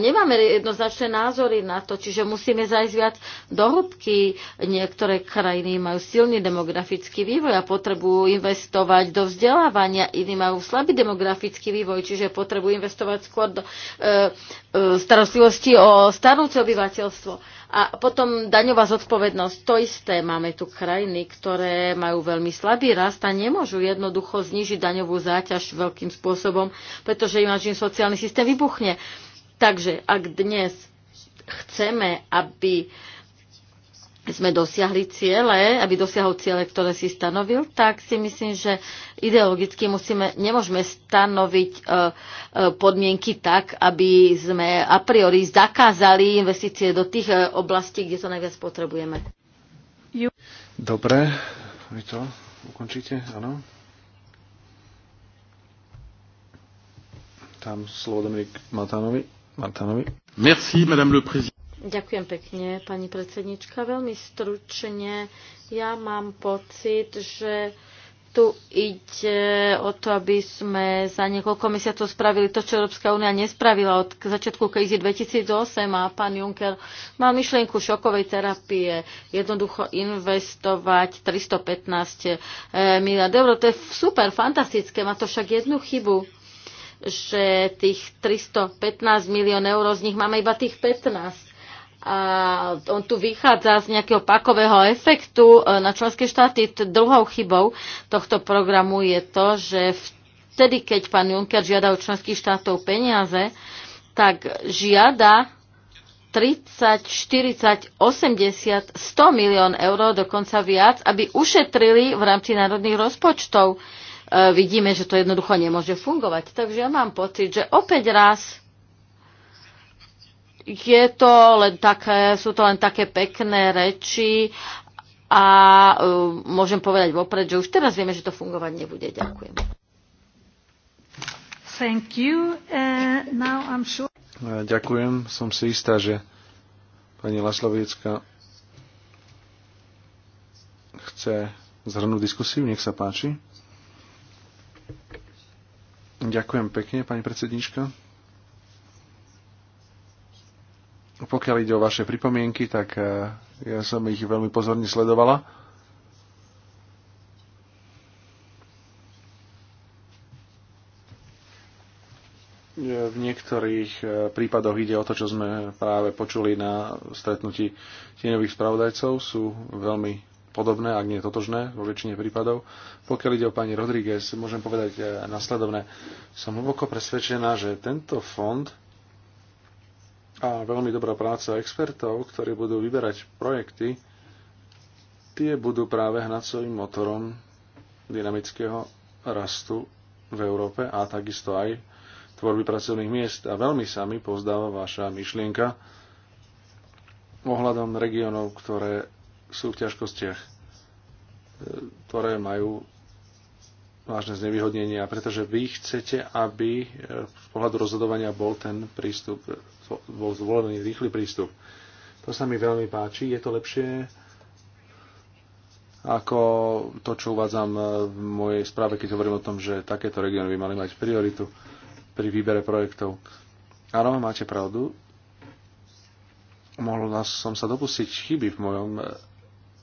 nemáme jednoznačné názory na to, čiže musíme zajsť viac do hĺbky. Niektoré krajiny majú silný demografický vývoj a potrebujú investovať do vzdelávania, iní majú slabý demografický vývoj, čiže potrebujú investovať skôr do e, e, starostlivosti o starúce obyvateľstvo a potom daňová zodpovednosť, to isté. Máme tu krajiny, ktoré majú veľmi slabý rast a nemôžu jednoducho znižiť daňovú záťaž veľkým spôsobom, pretože ináč sociálny systém vybuchne. Takže ak dnes chceme, aby sme dosiahli ciele, aby dosiahol ciele, ktoré si stanovil, tak si myslím, že ideologicky musíme, nemôžeme stanoviť e, e, podmienky tak, aby sme a priori zakázali investície do tých e, oblastí, kde to najviac potrebujeme. Dobre, vy to ukončíte, áno. Tam slovo Dominik Matanovi. Matanovi. Merci, madame le président. Ďakujem pekne, pani predsednička. Veľmi stručne, ja mám pocit, že tu ide o to, aby sme za niekoľko mesiacov spravili to, čo Európska únia nespravila od začiatku krízy 2008 a pán Juncker mal myšlienku šokovej terapie, jednoducho investovať 315 eh, miliard eur. To je super, fantastické, má to však jednu chybu že tých 315 milión eur, z nich máme iba tých 15 a on tu vychádza z nejakého pakového efektu e, na členské štáty. Druhou chybou tohto programu je to, že vtedy, keď pán Juncker žiada od členských štátov peniaze, tak žiada 30, 40, 80, 100 milión eur, dokonca viac, aby ušetrili v rámci národných rozpočtov. E, vidíme, že to jednoducho nemôže fungovať. Takže ja mám pocit, že opäť raz je to len také, sú to len také pekné reči a uh, môžem povedať vopred, že už teraz vieme, že to fungovať nebude. Ďakujem. Thank you. Uh, now I'm sure... E, ďakujem. Som si istá, že pani laslovecka chce zhrnúť diskusiu. Nech sa páči. Ďakujem pekne, pani predsednička. Pokiaľ ide o vaše pripomienky, tak eh, ja som ich veľmi pozorne sledovala. V niektorých eh, prípadoch ide o to, čo sme práve počuli na stretnutí tieňových spravodajcov. Sú veľmi podobné, ak nie totožné vo väčšine prípadov. Pokiaľ ide o pani Rodríguez, môžem povedať eh, nasledovné. Som hlboko presvedčená, že tento fond a veľmi dobrá práca expertov, ktorí budú vyberať projekty, tie budú práve hnacovým motorom dynamického rastu v Európe a takisto aj tvorby pracovných miest. A veľmi sa mi pozdáva vaša myšlienka ohľadom regiónov, ktoré sú v ťažkostiach, e, ktoré majú vážne znevýhodnenia, pretože vy chcete, aby v e, pohľadu rozhodovania bol ten prístup, bol zvolený rýchly prístup. To sa mi veľmi páči, je to lepšie ako to, čo uvádzam v mojej správe, keď hovorím o tom, že takéto regióny by mali mať prioritu pri výbere projektov. Áno, máte pravdu. Mohol som sa dopustiť chyby v mojom e,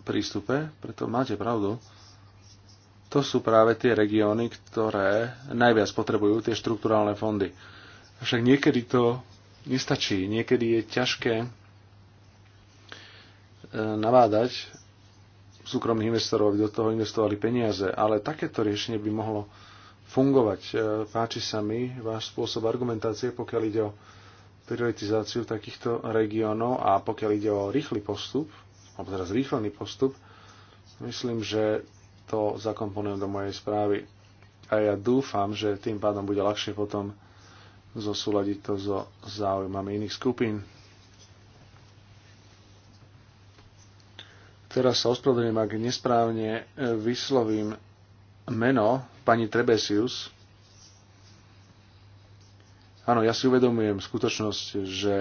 prístupe, preto máte pravdu to sú práve tie regióny, ktoré najviac potrebujú tie štruktúrálne fondy. Však niekedy to nestačí, niekedy je ťažké e, navádať súkromných investorov, aby do toho investovali peniaze, ale takéto riešenie by mohlo fungovať. E, páči sa mi váš spôsob argumentácie, pokiaľ ide o prioritizáciu takýchto regiónov a pokiaľ ide o rýchly postup, alebo teraz rýchlený postup, myslím, že to zakomponujem do mojej správy. A ja dúfam, že tým pádom bude ľahšie potom zosúľadiť to so záujmami iných skupín. Teraz sa ospravedlňujem, ak nesprávne e, vyslovím meno pani Trebesius. Áno, ja si uvedomujem skutočnosť, že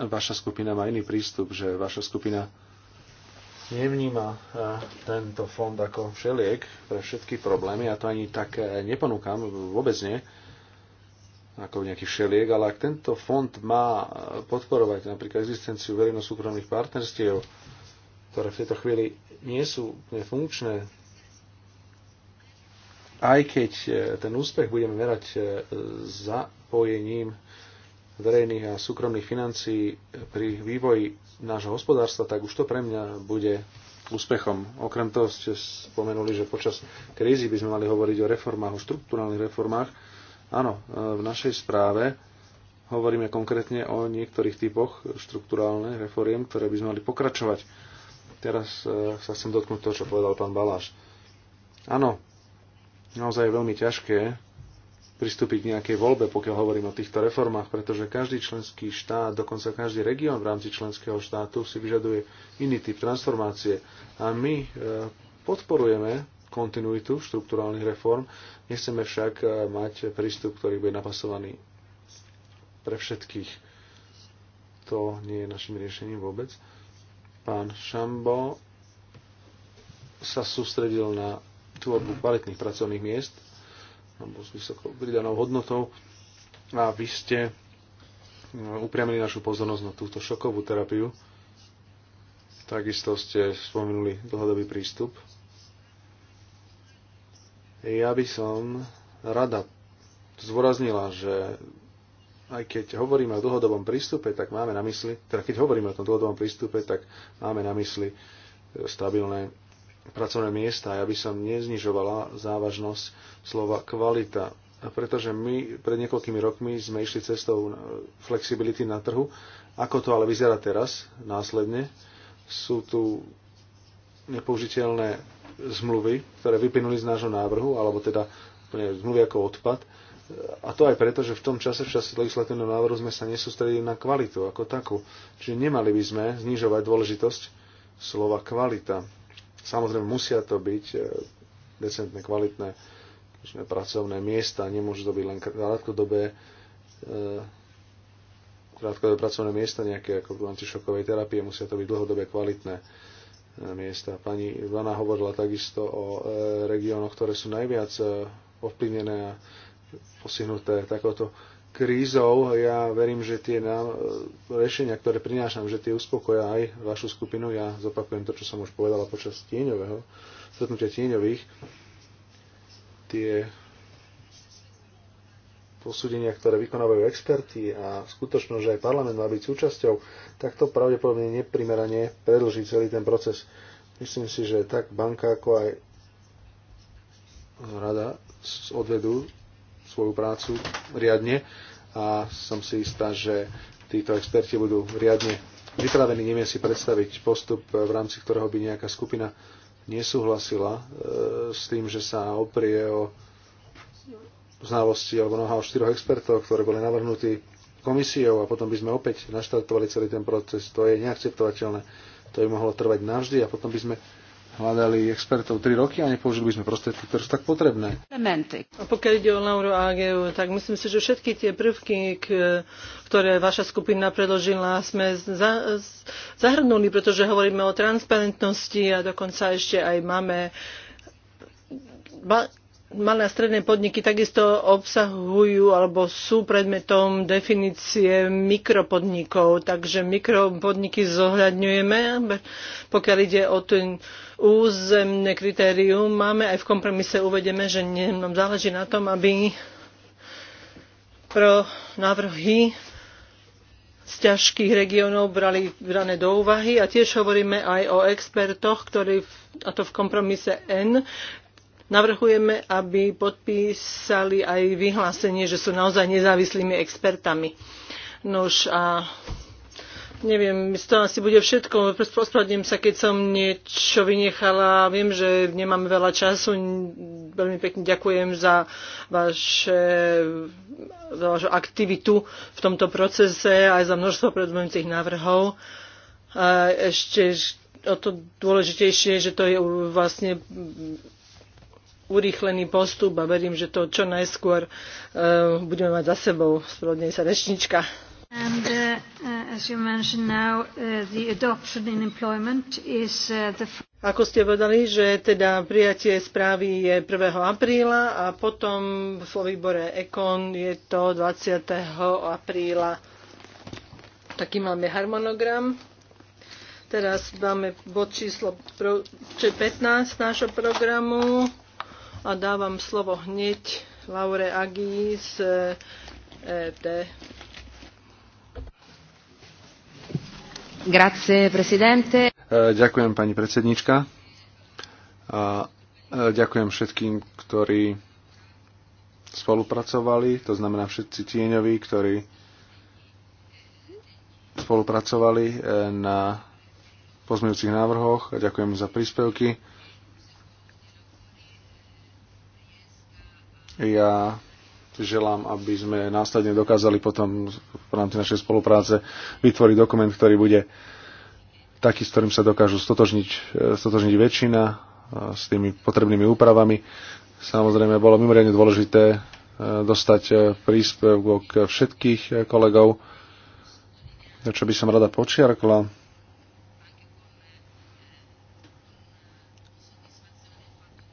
vaša skupina má iný prístup, že vaša skupina nevníma e, tento fond ako všeliek pre všetky problémy. Ja to ani tak e, neponúkam, vôbec nie, ako nejaký všeliek, ale ak tento fond má e, podporovať napríklad existenciu verejno-súkromných partnerstiev, ktoré v tejto chvíli nie sú funkčné, aj keď ten úspech budeme merať zapojením verejných a súkromných financií pri vývoji nášho hospodárstva, tak už to pre mňa bude úspechom. Okrem toho ste spomenuli, že počas krízy by sme mali hovoriť o reformách, o štruktúrálnych reformách. Áno, e, v našej správe hovoríme konkrétne o niektorých typoch štruktúrálnych reforiem, ktoré by sme mali pokračovať. Teraz e, sa chcem dotknúť toho, čo povedal pán Baláš. Áno, naozaj je veľmi ťažké pristúpiť k nejakej voľbe, pokiaľ hovorím o týchto reformách, pretože každý členský štát, dokonca každý región v rámci členského štátu si vyžaduje iný typ transformácie. A my e, podporujeme kontinuitu štruktúrálnych reform, nechceme však e, mať prístup, ktorý bude napasovaný pre všetkých. To nie je našim riešením vôbec. Pán Šambo sa sústredil na tvorbu kvalitných pracovných miest, alebo s vysokou pridanou hodnotou. A vy ste mm, upriamili našu pozornosť na túto šokovú terapiu. Takisto ste spomenuli dlhodobý prístup. Ja by som rada zdôraznila, že aj keď hovoríme o dlhodobom prístupe, tak máme na mysli, teda keď hovoríme o tom dlhodobom prístupe, tak máme na mysli stabilné pracovné miesta. Ja by som neznižovala závažnosť slova kvalita, pretože my pred niekoľkými rokmi sme išli cestou flexibility na trhu. Ako to ale vyzerá teraz, následne? Sú tu nepoužiteľné zmluvy, ktoré vypinuli z nášho návrhu, alebo teda zmluvy ako odpad. A to aj preto, že v tom čase, v čase legislatívneho návrhu sme sa nesústredili na kvalitu ako takú. Čiže nemali by sme znižovať dôležitosť slova kvalita. Samozrejme, musia to byť e, decentné, kvalitné pracovné miesta, nemôžu to byť len krátkodobé e, krátkodobé pracovné miesta nejaké ako v antišokovej terapie, musia to byť dlhodobé kvalitné e, miesta. Pani Ivana hovorila takisto o regiónoch, ktoré sú najviac ovplyvnené a posihnuté takouto krízou. Ja verím, že tie nám, e, riešenia, ktoré prinášam, že tie uspokoja aj vašu skupinu. Ja zopakujem to, čo som už povedala počas tieňového, stretnutia tieňových. Tie posúdenia, ktoré vykonávajú experti a skutočnosť, že aj parlament má byť súčasťou, tak to pravdepodobne neprimerane predlží celý ten proces. Myslím si, že tak banka ako aj rada odvedú svoju prácu riadne a som si istá, že títo experti budú riadne pripravení. Neviem si predstaviť postup, eh, v rámci ktorého by nejaká skupina nesúhlasila eh, s tým, že sa oprie o znalosti alebo noha o štyroch expertov, ktoré boli navrhnutí komisiou a potom by sme opäť naštartovali celý ten proces. To je neakceptovateľné. To by mohlo trvať navždy a potom by sme hľadali expertov 3 roky a nepoužili by sme prostriedky, ktoré sú tak potrebné. A pokiaľ ide o Lauru AGU, tak myslím si, že všetky tie prvky, ktoré vaša skupina predložila, sme za, zahrnuli, pretože hovoríme o transparentnosti a dokonca ešte aj máme malé a stredné podniky takisto obsahujú alebo sú predmetom definície mikropodnikov, takže mikropodniky zohľadňujeme, pokiaľ ide o ten územné kritérium. Máme aj v kompromise uvedeme, že nie, nám záleží na tom, aby pro návrhy z ťažkých regiónov brali brané do úvahy a tiež hovoríme aj o expertoch, ktorí, a to v kompromise N, Navrhujeme, aby podpísali aj vyhlásenie, že sú naozaj nezávislými expertami. Nož a neviem, to asi bude všetko. Ospravedlňujem sa, keď som niečo vynechala. Viem, že nemáme veľa času. Veľmi pekne ďakujem za, vaše, za vašu aktivitu v tomto procese aj za množstvo predmojúcich návrhov. A ešte o to dôležitejšie, že to je vlastne urýchlený postup a verím, že to čo najskôr uh, budeme mať za sebou. Spravodne sa rečnička. And uh, uh, as you mentioned now, uh, the adoption in employment is uh, the ako ste povedali, že teda prijatie správy je 1. apríla a potom vo výbore EKON je to 20. apríla. Taký máme harmonogram. Teraz máme bod číslo 15 nášho programu a dávam slovo hneď Laure Agi z EFD. Eh, e Grazie, presidente. Eh, ďakujem, pani predsednička. A eh, ďakujem všetkým, ktorí spolupracovali, to znamená všetci tieňoví, ktorí spolupracovali na pozmejúcich návrhoch. Ďakujem za príspevky. Ja želám, aby sme následne dokázali potom v rámci našej spolupráce vytvoriť dokument, ktorý bude taký, s ktorým sa dokážu stotožniť, e, stotožniť väčšina e, s tými potrebnými úpravami. Samozrejme, bolo mimoriadne dôležité e, dostať príspevok všetkých kolegov, čo by som rada počiarkla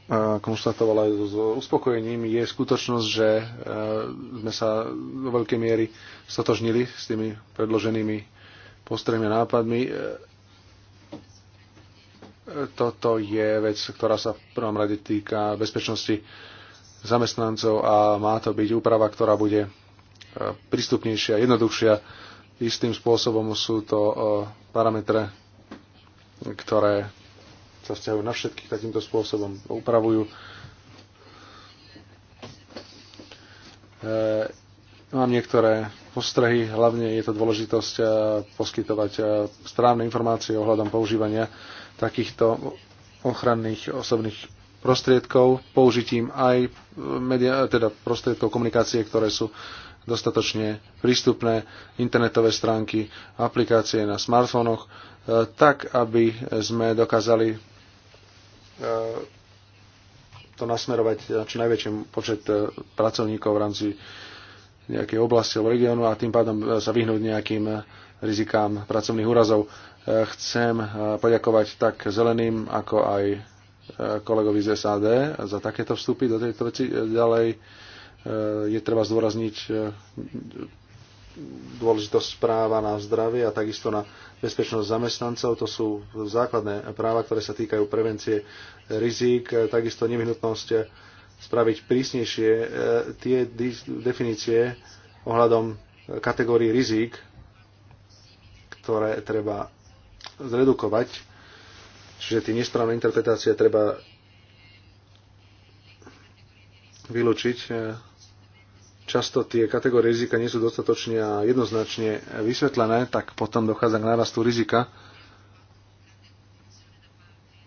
aj s uspokojením, je skutočnosť, že e, sme sa do veľkej miery stotožnili s tými predloženými postrehmi a nápadmi. E, toto je vec, ktorá sa v prvom rade týka bezpečnosti zamestnancov a má to byť úprava, ktorá bude e, prístupnejšia, jednoduchšia. Istým spôsobom sú to parametre, ktoré sa vzťahujú na všetkých takýmto spôsobom, upravujú. E, mám niektoré postrehy, hlavne je to dôležitosť e, poskytovať e, správne informácie ohľadom používania takýchto ochranných osobných prostriedkov, použitím aj media, teda prostriedkov komunikácie, ktoré sú dostatočne prístupné, internetové stránky, aplikácie na smartfónoch, tak aby sme dokázali to nasmerovať na čo najväčší počet e, pracovníkov v rámci nejakej oblasti alebo regiónu a tým pádom e, sa vyhnúť nejakým e, rizikám pracovných úrazov. Chcem poďakovať tak zeleným, ako aj kolegovi z SAD za takéto vstupy do tejto veci. Ďalej je treba zdôrazniť dôležitosť práva na zdravie a takisto na bezpečnosť zamestnancov. To sú základné práva, ktoré sa týkajú prevencie rizík, takisto nevyhnutnosť spraviť prísnejšie e, tie definície ohľadom kategórií rizík, ktoré treba zredukovať. Čiže tie nesprávne interpretácie treba vylúčiť e, často tie kategórie rizika nie sú dostatočne a jednoznačne vysvetlené, tak potom dochádza k nárastu rizika.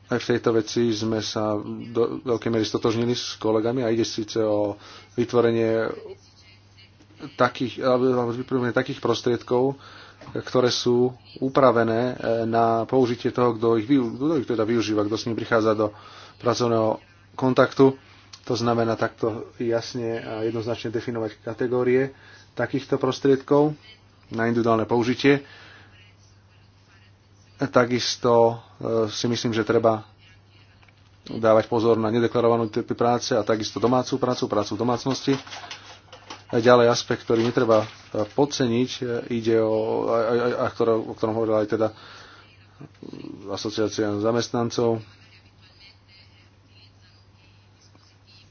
Aj v tejto veci sme sa do veľkej miery stotožnili s kolegami a ide síce o vytvorenie takých, vytvorenie takých prostriedkov, ktoré sú upravené e, na použitie toho, kto ich, kto ich teda využíva, kto s ním prichádza do pracovného kontaktu to znamená takto jasne a jednoznačne definovať kategórie takýchto prostriedkov na individuálne použitie. Takisto e, si myslím, že treba dávať pozor na nedeklarovanú typy práce a takisto domácu prácu, prácu v domácnosti. A ďalej aspekt, ktorý netreba e, podceniť, e, ide o, a, a, a, o ktorom hovorila aj teda asociácia zamestnancov,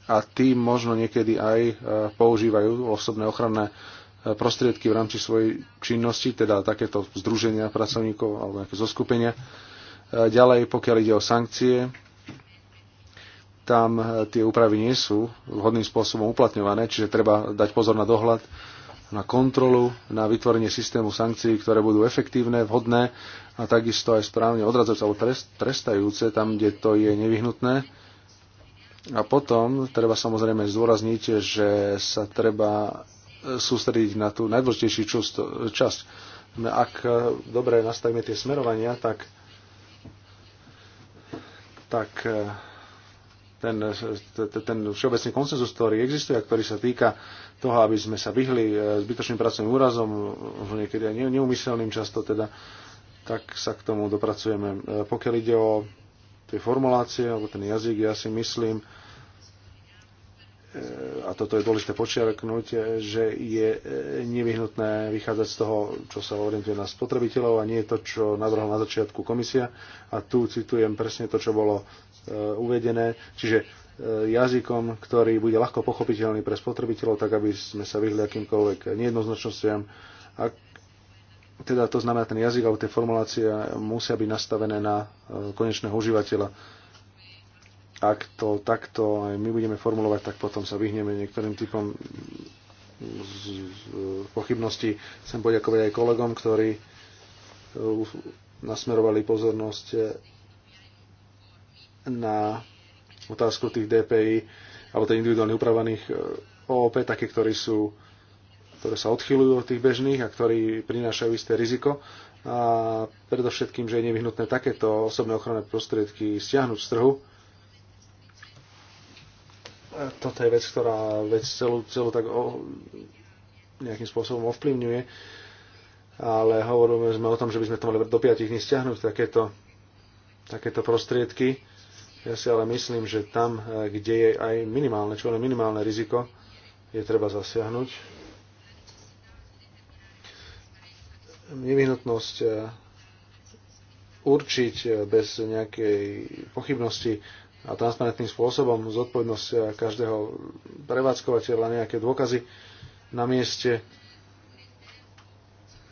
a tým možno niekedy aj e, používajú osobné ochranné e, prostriedky v rámci svojej činnosti, teda takéto združenia pracovníkov alebo nejaké zoskupenia. E, ďalej, pokiaľ ide o sankcie, tam tie úpravy nie sú vhodným spôsobom uplatňované, čiže treba dať pozor na dohľad, na kontrolu, na vytvorenie systému sankcií, ktoré budú efektívne, vhodné a takisto aj správne odradzajúce alebo trestajúce tam, kde to je nevyhnutné a potom treba samozrejme zdôrazniť, že sa treba sústrediť na tú najdôležitejšiu časť. No ak e, dobre nastavíme tie smerovania, tak, tak e, ten, ten všeobecný konsenzus, ktorý existuje a ktorý sa týka toho, aby sme sa vyhli e, zbytočným pracovným úrazom, niekedy aj neumyselným často teda, tak sa k tomu dopracujeme. Pokiaľ ide o Tej formulácie alebo ten jazyk, ja si myslím, e, a toto je dôležité počiarknúť, e, že je e, nevyhnutné vychádzať z toho, čo sa orientuje na spotrebiteľov a nie to, čo navrhla na začiatku komisia. A tu citujem presne to, čo bolo uvedené. Čiže jazykom, ktorý bude ľahko pochopiteľný pre spotrebiteľov, tak aby sme sa vyhli akýmkoľvek nejednoznačnostiam. Ak teda to znamená, ten jazyk alebo tie formulácie musia byť nastavené na e, konečného užívateľa. Ak to takto aj my budeme formulovať, tak potom sa vyhneme niektorým typom z, e, pochybností. Chcem poďakovať aj kolegom, ktorí e, nasmerovali pozornosť na otázku tých DPI alebo tých individuálne upravených OOP, také, ktorí sú ktoré sa odchylujú od tých bežných a ktorí prinášajú isté riziko. A predovšetkým, že je nevyhnutné takéto osobné ochranné prostriedky stiahnuť z trhu. Toto je vec, ktorá vec celú, celú tak o, nejakým spôsobom ovplyvňuje. Ale hovoríme sme o tom, že by sme to mali do 5 dní stiahnuť takéto, takéto prostriedky. Ja si ale myslím, že tam, eh, kde je aj minimálne, čo len minimálne riziko, je treba zasiahnuť nevyhnutnosť eh, určiť eh, bez nejakej pochybnosti a transparentným spôsobom zodpovednosť eh, každého prevádzkovateľa, nejaké dôkazy na mieste.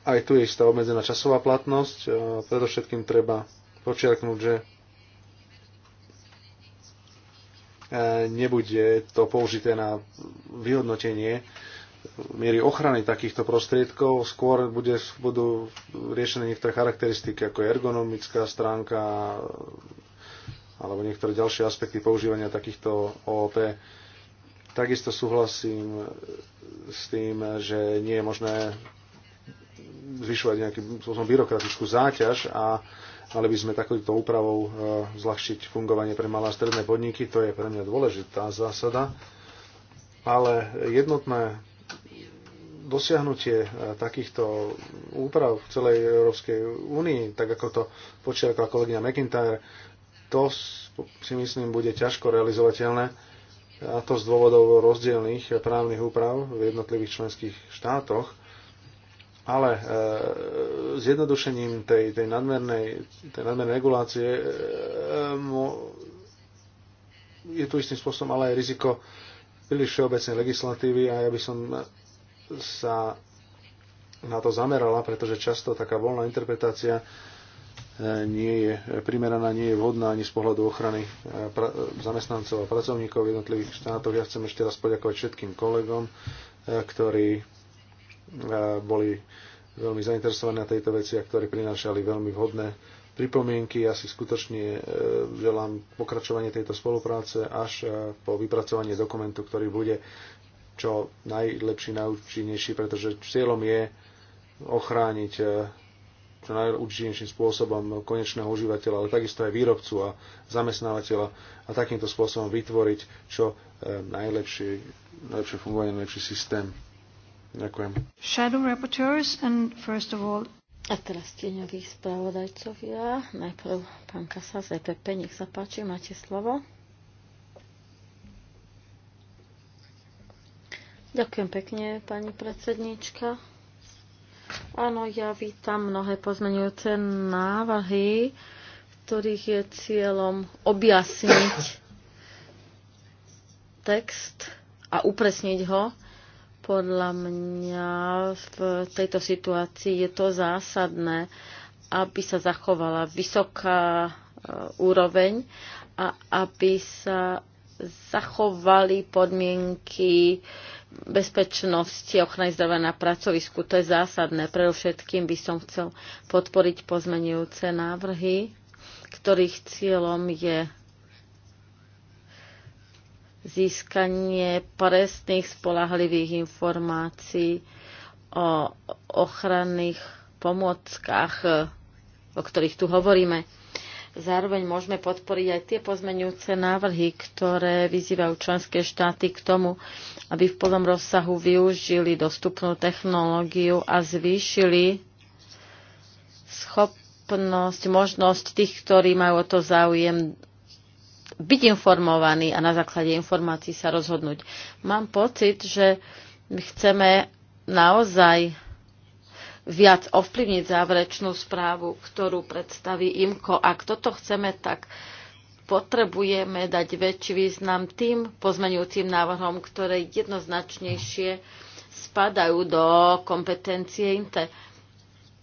Aj tu je istá obmedzená časová platnosť. Predovšetkým treba počiarknúť, že nebude to použité na vyhodnotenie miery ochrany takýchto prostriedkov. Skôr bude, budú riešené niektoré charakteristiky, ako je ergonomická stránka alebo niektoré ďalšie aspekty používania takýchto OOP. Takisto súhlasím s tým, že nie je možné zvyšovať nejakým spôsobom byrokratickú záťaž a mali by sme takouto úpravou e, zľahčiť fungovanie pre malé a stredné podniky. To je pre mňa dôležitá zásada. Ale jednotné dosiahnutie e, takýchto úprav v celej Európskej únii, tak ako to počiarkala kolegyňa McIntyre, to si myslím bude ťažko realizovateľné a to z dôvodov rozdielných právnych úprav v jednotlivých členských štátoch. Ale e, zjednodušením tej, tej, nadmernej, tej nadmernej regulácie e, mo, je tu istým spôsobom ale aj riziko príliš všeobecnej legislatívy a ja by som sa na to zamerala, pretože často taká voľná interpretácia eh, nie je primeraná, nie je vhodná ani z pohľadu ochrany eh, zamestnancov a pracovníkov v jednotlivých štátoch. Ja chcem ešte raz poďakovať všetkým kolegom, eh, ktorí boli veľmi zainteresovaní na tejto veci a ktorí prinášali veľmi vhodné pripomienky. Ja si skutočne želám pokračovanie tejto spolupráce až po vypracovanie dokumentu, ktorý bude čo najlepší, najúčinnejší, pretože cieľom je ochrániť e, čo najúčinnejším spôsobom konečného užívateľa, ale takisto aj výrobcu a zamestnávateľa a takýmto spôsobom vytvoriť čo e, najlepšie, najlepšie fungovanie, najlepší systém. Ďakujem. Shadow rapporteurs and first of all... A teraz tieňových spravodajcovia. Najprv pán Kasa z EPP, nech sa páči, máte slovo. Ďakujem pekne, pani predsednička. Áno, ja vítam mnohé pozmenujúce návrhy, ktorých je cieľom objasniť text a upresniť ho. Podľa mňa v tejto situácii je to zásadné, aby sa zachovala vysoká e, úroveň a aby sa zachovali podmienky bezpečnosti a ochrany zdravia na pracovisku. To je zásadné. Predovšetkým by som chcel podporiť pozmenujúce návrhy, ktorých cieľom je získanie presných spolahlivých informácií o ochranných pomockách, o ktorých tu hovoríme. Zároveň môžeme podporiť aj tie pozmenujúce návrhy, ktoré vyzývajú členské štáty k tomu, aby v plnom rozsahu využili dostupnú technológiu a zvýšili schopnosť, možnosť tých, ktorí majú o to záujem, byť informovaní a na základe informácií sa rozhodnúť. Mám pocit, že chceme naozaj viac ovplyvniť záverečnú správu, ktorú predstaví IMKO. Ak toto chceme, tak potrebujeme dať väčší význam tým pozmenujúcim návrhom, ktoré jednoznačnejšie spadajú do kompetencie INTE.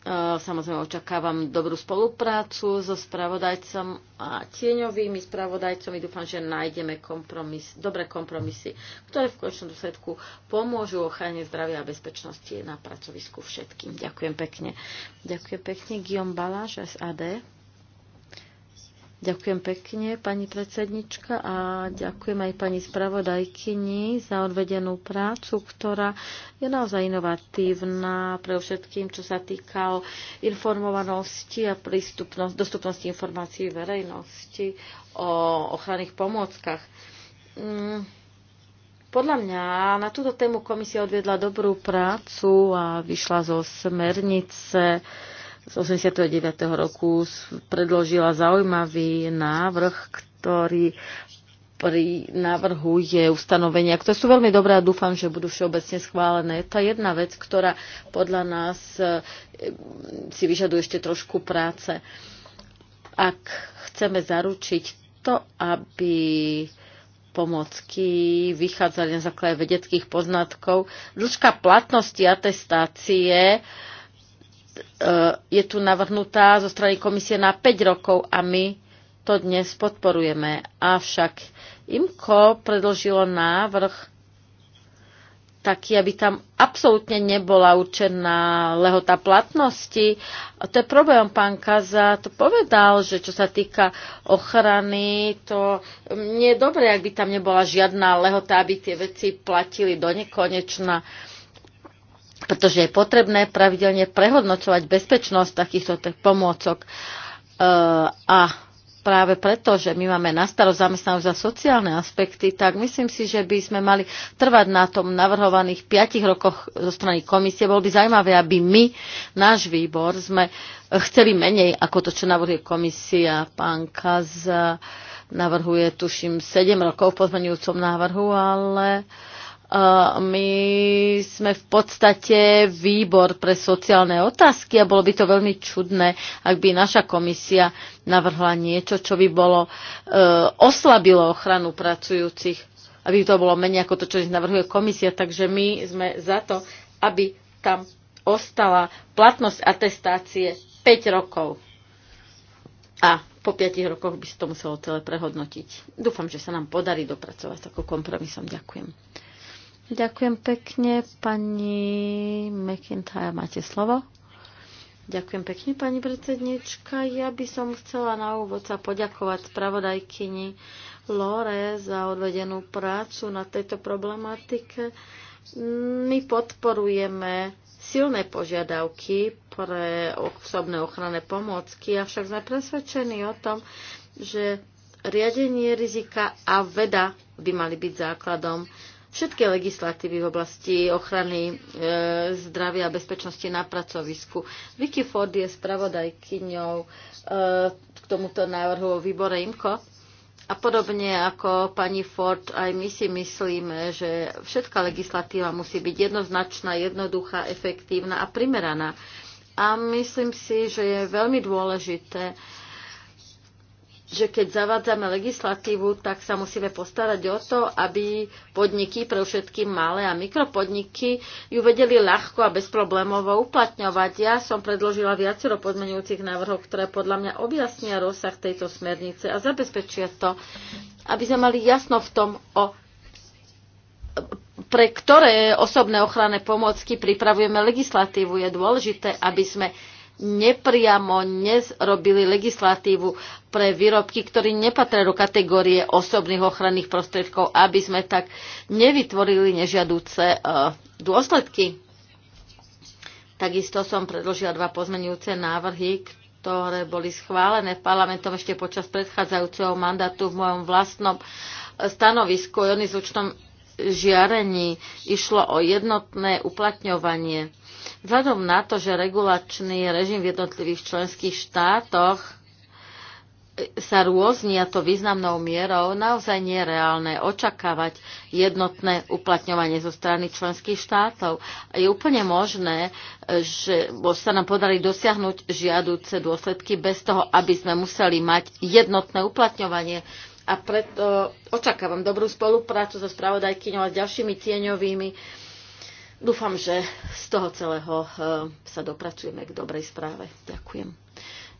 Eh, samozrejme očakávam dobrú spoluprácu so spravodajcom a tieňovými spravodajcami. Dúfam, že nájdeme kompromis, dobré kompromisy, ktoré v konečnom dôsledku pomôžu ochrane zdravia a bezpečnosti na pracovisku všetkým. Ďakujem pekne. Ďakujem pekne. Guillaume Baláš, SAD. Ďakujem pekne, pani predsednička, a ďakujem aj pani spravodajkyni za odvedenú prácu, ktorá je naozaj inovatívna pre všetkým, čo sa týka o informovanosti a prístupnosti dostupnosti informácií verejnosti o ochranných pomôckach. Mm, podľa mňa na túto tému komisia odviedla dobrú prácu a vyšla zo smernice z 89. roku predložila zaujímavý návrh, ktorý pri návrhu je ustanovenia, ktoré sú veľmi dobré a dúfam, že budú všeobecne schválené. Je to jedna vec, ktorá podľa nás e, si vyžaduje ešte trošku práce. Ak chceme zaručiť to, aby pomocky vychádzali na základe vedeckých poznatkov, dĺžka platnosti atestácie Eh, je tu navrhnutá zo strany komisie na 5 rokov a my to dnes podporujeme. Avšak IMKO predložilo návrh taký, aby tam absolútne nebola určená lehota platnosti. A to je problém, pán Kaza to povedal, že čo sa týka ochrany, to nie je dobré, ak by tam nebola žiadna lehota, aby tie veci platili do nekonečna pretože je potrebné pravidelne prehodnočovať bezpečnosť takýchto pomôcok. E, a práve preto, že my máme na starost zamestnanosť za sociálne aspekty, tak myslím si, že by sme mali trvať na tom navrhovaných 5 rokoch zo strany komisie. Bolo by zaujímavé, aby my, náš výbor, sme chceli menej ako to, čo navrhuje komisia. Pán Kaz navrhuje, tuším, 7 rokov v pozmenujúcom návrhu, ale uh, my sme v podstate výbor pre sociálne otázky a bolo by to veľmi čudné, ak by naša komisia navrhla niečo, čo by bolo e, oslabilo ochranu pracujúcich, aby to bolo menej ako to, čo navrhuje komisia. Takže my sme za to, aby tam ostala platnosť atestácie 5 rokov. A po 5 rokoch by si to muselo celé prehodnotiť. Dúfam, že sa nám podarí dopracovať ako kompromisom. Ďakujem. Ďakujem pekne, pani McIntyre, máte slovo. Ďakujem pekne, pani predsednička. Ja by som chcela na úvod sa poďakovať spravodajkyni Lore za odvedenú prácu na tejto problematike. My podporujeme silné požiadavky pre osobné ochranné pomôcky, avšak sme presvedčení o tom, že riadenie rizika a veda by mali byť základom všetky legislatívy v oblasti ochrany e, zdravia a bezpečnosti na pracovisku. Vicky Ford je spravodajkyňou e, k tomuto návrhu o výbore IMCO. A podobne ako pani Ford, aj my si myslíme, že všetká legislatíva musí byť jednoznačná, jednoduchá, efektívna a primeraná. A myslím si, že je veľmi dôležité, že keď zavádzame legislatívu, tak sa musíme postarať o to, aby podniky, pre všetkým malé a mikropodniky, ju vedeli ľahko a bezproblémovo uplatňovať. Ja som predložila viacero podmenujúcich návrhov, ktoré podľa mňa objasnia rozsah tejto smernice a zabezpečia to, aby sme mali jasno v tom, o pre ktoré osobné ochranné pomôcky pripravujeme legislatívu. Je dôležité, aby sme nepriamo nerobili legislatívu pre výrobky, ktorí nepatria do kategórie osobných ochranných prostriedkov, aby sme tak nevytvorili nežiadúce e, dôsledky. Takisto som predložila dva pozmenujúce návrhy, ktoré boli schválené parlamentom ešte počas predchádzajúceho mandátu v mojom vlastnom e, stanovisku o ionizučnom žiarení. Išlo o jednotné uplatňovanie Vzhľadom na to, že regulačný režim v jednotlivých členských štátoch sa rôzni a to významnou mierou, naozaj nie je reálne očakávať jednotné uplatňovanie zo strany členských štátov. Je úplne možné, že sa nám podarí dosiahnuť žiaduce dôsledky bez toho, aby sme museli mať jednotné uplatňovanie. A preto očakávam dobrú spoluprácu so spravodajkyňou a s ďalšími tieňovými Dúfam, že z toho celého eh, sa dopracujeme k dobrej správe. Ďakujem.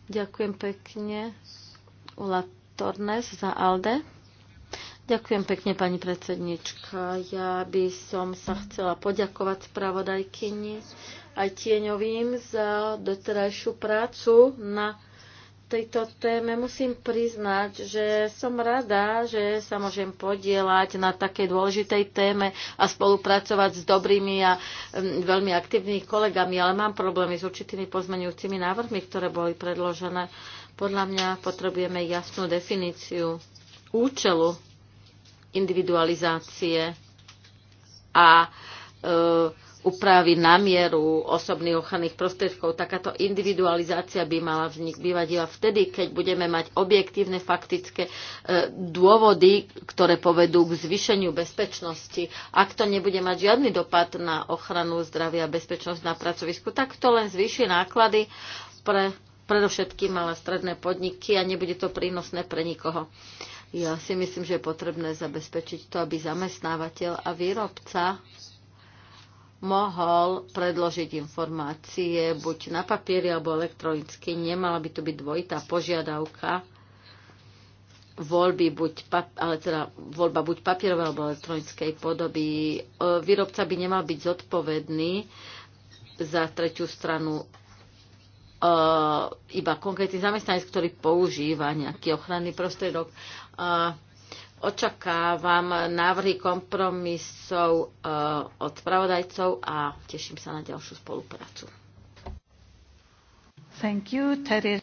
Ďakujem pekne. Ula Tornes za ALDE. Ďakujem pekne, pani predsednička. Ja by som sa chcela poďakovať spravodajkyni aj tieňovým za doterajšiu prácu na tejto téme musím priznať, že som rada, že sa môžem podielať na takej dôležitej téme a spolupracovať s dobrými a veľmi aktívnymi kolegami, ale mám problémy s určitými pozmenujúcimi návrhmi, ktoré boli predložené. Podľa mňa potrebujeme jasnú definíciu účelu individualizácie a e, úpravy na mieru osobných ochranných prostriedkov. Takáto individualizácia by mala vznik bývať iba vtedy, keď budeme mať objektívne faktické e, dôvody, ktoré povedú k zvýšeniu bezpečnosti. Ak to nebude mať žiadny dopad na ochranu zdravia a bezpečnosť na pracovisku, tak to len zvýši náklady pre predovšetkým malé stredné podniky a nebude to prínosné pre nikoho. Ja si myslím, že je potrebné zabezpečiť to, aby zamestnávateľ a výrobca mohol predložiť informácie buď na papieri alebo elektronicky. Nemala by tu byť dvojitá požiadavka voľby buď, ale teda voľba buď papierovej alebo elektronickej podoby. E, výrobca by nemal byť zodpovedný za tretiu stranu e, iba konkrétny zamestnanec, ktorý používa nejaký ochranný prostriedok. Očakávam návrhy kompromisov eh, od spravodajcov a teším sa na ďalšiu spoluprácu. Thank you, Terry.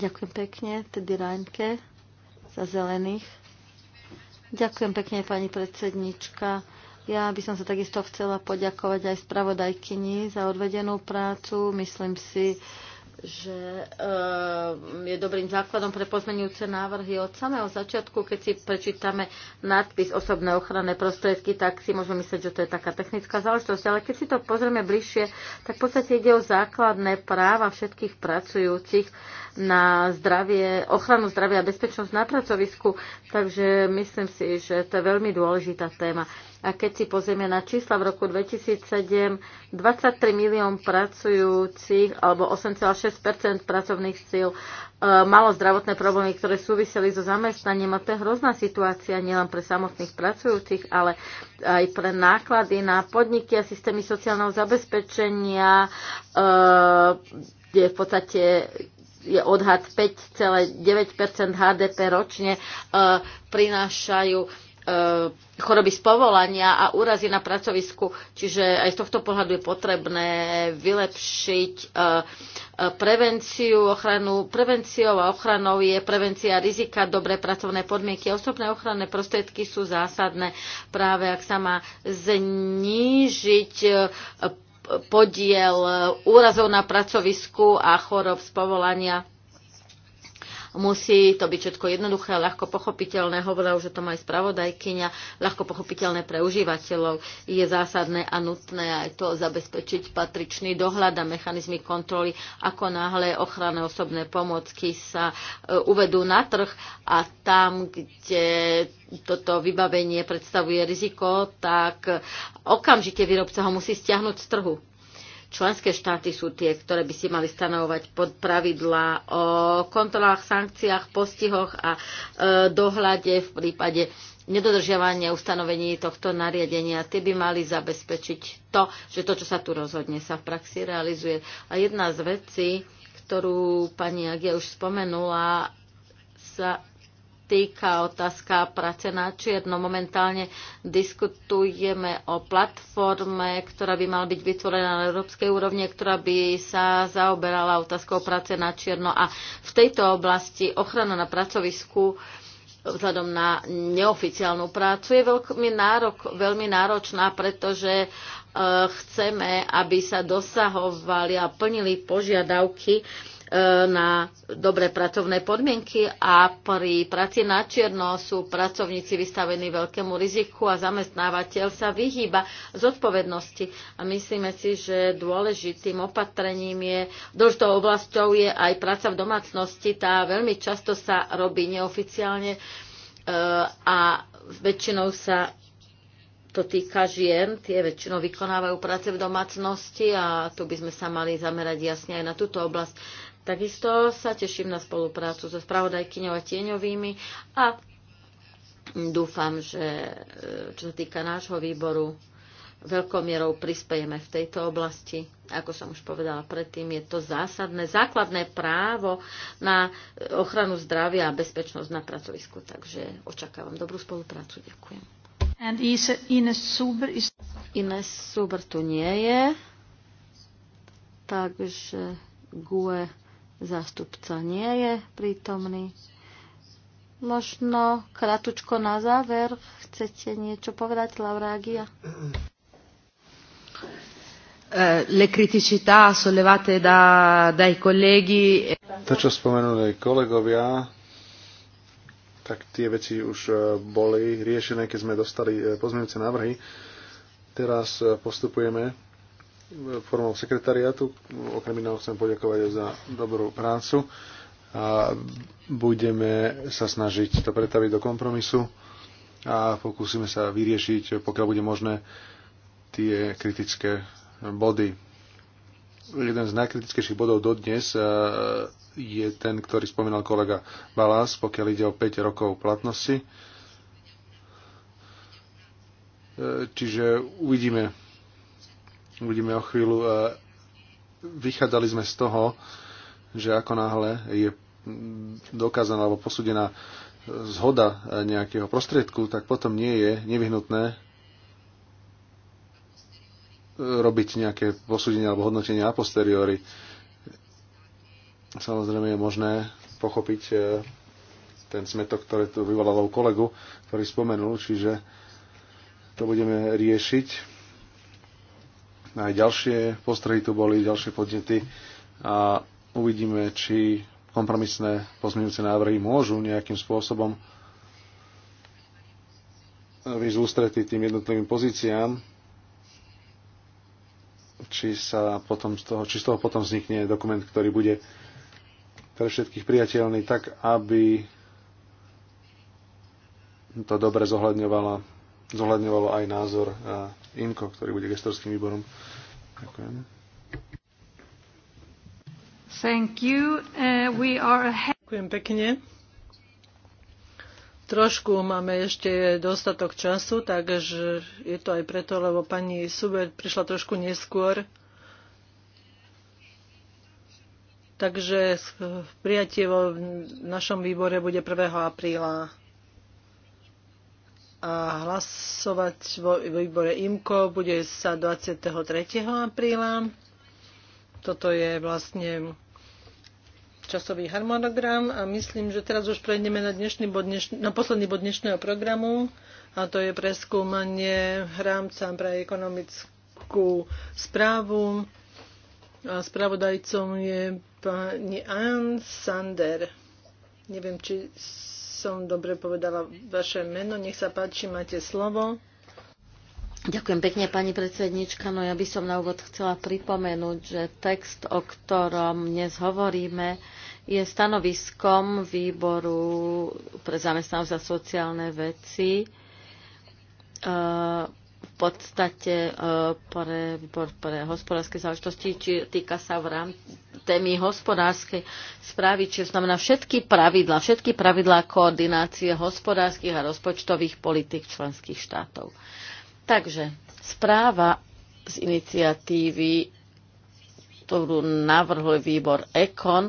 Ďakujem pekne, Teddy Rajnke, za zelených. Ďakujem pekne, pani predsednička. Ja by som sa takisto chcela poďakovať aj spravodajkyni za odvedenú prácu. Myslím si, že eh, je dobrým základom pre pozmenujúce návrhy od samého začiatku, keď si prečítame nadpis osobné ochranné prostriedky, tak si môžeme myslieť, že to je taká technická záležitosť. Ale keď si to pozrieme bližšie, tak v podstate ide o základné práva všetkých pracujúcich na zdravie, ochranu zdravia a bezpečnosť na pracovisku. Takže myslím si, že to je veľmi dôležitá téma. A keď si pozrieme na čísla v roku 2007, 23 milión pracujúcich alebo 8,6 pracovných síl e, malo zdravotné problémy, ktoré súviseli so zamestnaním. A to je hrozná situácia nielen pre samotných pracujúcich, ale aj pre náklady na podniky a systémy sociálneho zabezpečenia, e, kde v podstate je odhad 5,9 HDP ročne e, prinášajú E, choroby z povolania a úrazy na pracovisku. Čiže aj z tohto pohľadu je potrebné vylepšiť e, e, prevenciu, ochranu. Prevenciou a ochranou je prevencia rizika, dobré pracovné podmienky. Osobné ochranné prostriedky sú zásadné práve, ak sa má znížiť podiel úrazov na pracovisku a chorob z povolania Musí to byť všetko jednoduché, ľahko pochopiteľné, hovorila už o tom aj spravodajkyňa, ľahko pochopiteľné pre užívateľov. Je zásadné a nutné aj to zabezpečiť patričný dohľad a mechanizmy kontroly, ako náhle ochranné osobné pomocky sa e, uvedú na trh a tam, kde toto vybavenie predstavuje riziko, tak okamžite výrobca ho musí stiahnuť z trhu Členské štáty sú tie, ktoré by si mali stanovovať pod pravidlá o kontrolách, sankciách, postihoch a e, dohľade v prípade nedodržiavania ustanovení tohto nariadenia. Tie by mali zabezpečiť to, že to, čo sa tu rozhodne, sa v praxi realizuje. A jedna z vecí, ktorú pani Agia už spomenula, sa týka otázka práce na čierno. Momentálne diskutujeme o platforme, ktorá by mala byť vytvorená na európskej úrovne, ktorá by sa zaoberala otázkou práce na čierno. A v tejto oblasti ochrana na pracovisku vzhľadom na neoficiálnu prácu je veľmi, nárok, veľmi náročná, pretože e, chceme, aby sa dosahovali a plnili požiadavky E, na dobré pracovné podmienky a pri práci na čierno sú pracovníci vystavení veľkému riziku a zamestnávateľ sa vyhýba z odpovednosti. A myslíme si, že dôležitým opatrením je, dôležitou oblasťou je aj práca v domácnosti. Tá veľmi často sa robí neoficiálne e, a väčšinou sa to týka žien, tie väčšinou vykonávajú práce v domácnosti a tu by sme sa mali zamerať jasne aj na túto oblasť. Takisto sa teším na spoluprácu so spravodajkyňou a tieňovými a dúfam, že e, čo sa týka nášho výboru, veľkou mierou prispejeme v tejto oblasti. Ako som už povedala predtým, je to zásadné, základné právo na ochranu zdravia a bezpečnosť na pracovisku. Takže očakávam dobrú spoluprácu. Ďakujem. And Ines Suber, is... Ines Suber tu nie je, takže GUE Zástupca nie je prítomný. Možno kratučko na záver. Chcete niečo povedať, Laura Agia? Eh, le criticità sollevate da, dai colleghi. E- to, čo spomenuli kolegovia, tak tie veci už eh, boli riešené, keď sme dostali eh, pozmeňujúce návrhy. Teraz postupujeme formou sekretariátu. Okrem iného chcem poďakovať za dobrú prácu a budeme sa snažiť to pretaviť do kompromisu a pokúsime sa vyriešiť, pokiaľ bude možné, tie kritické body. Jeden z najkritickejších bodov dodnes je ten, ktorý spomínal kolega Balás, pokiaľ ide o 5 rokov platnosti. E, čiže uvidíme, Uvidíme o chvíľu. E, vychádzali sme z toho, že ako náhle je dokázaná alebo posúdená e, zhoda e, nejakého prostriedku, tak potom nie je nevyhnutné robiť nejaké posúdenie alebo hodnotenie a posteriori. Samozrejme je možné pochopiť ten smetok, ktoré tu vyvolalo kolegu, ktorý spomenul, čiže to budeme riešiť No aj ďalšie postrehy tu boli, ďalšie podnety a uvidíme, či kompromisné pozmeňujúce návrhy môžu nejakým spôsobom výsť ústrety tým jednotlivým pozíciám, či, sa potom z toho, či z toho potom vznikne dokument, ktorý bude pre všetkých priateľný, tak aby to dobre zohľadňovalo, zohľadňovalo aj názor Inko, ktorý bude gestorským výborom. Ďakujem. Thank you. Uh, we are ahead. Ďakujem pekne. Trošku máme ešte dostatok času, takže je to aj preto, lebo pani Suber prišla trošku neskôr. Takže prijatie vo našom výbore bude 1. apríla a hlasovať vo výbore IMKO bude sa 23. apríla. Toto je vlastne časový harmonogram a myslím, že teraz už prejdeme na, dnešný bod, dnešný, na posledný bod dnešného programu a to je preskúmanie rámca pre ekonomickú správu. A spravodajcom je pani Anne Sander. Neviem, či som dobre povedala vaše meno. Nech sa páči, máte slovo. Ďakujem pekne, pani predsednička. No ja by som na úvod chcela pripomenúť, že text, o ktorom dnes hovoríme, je stanoviskom výboru pre zamestnanosť a sociálne veci. E, podstate e, pre pre, pre hospodárske záležitosti, či týka sa v rámci témy hospodárskej správy, čiže znamená všetky pravidla, všetky pravidlá koordinácie hospodárskych a rozpočtových politik členských štátov. Takže správa z iniciatívy, ktorú navrhol výbor EKON,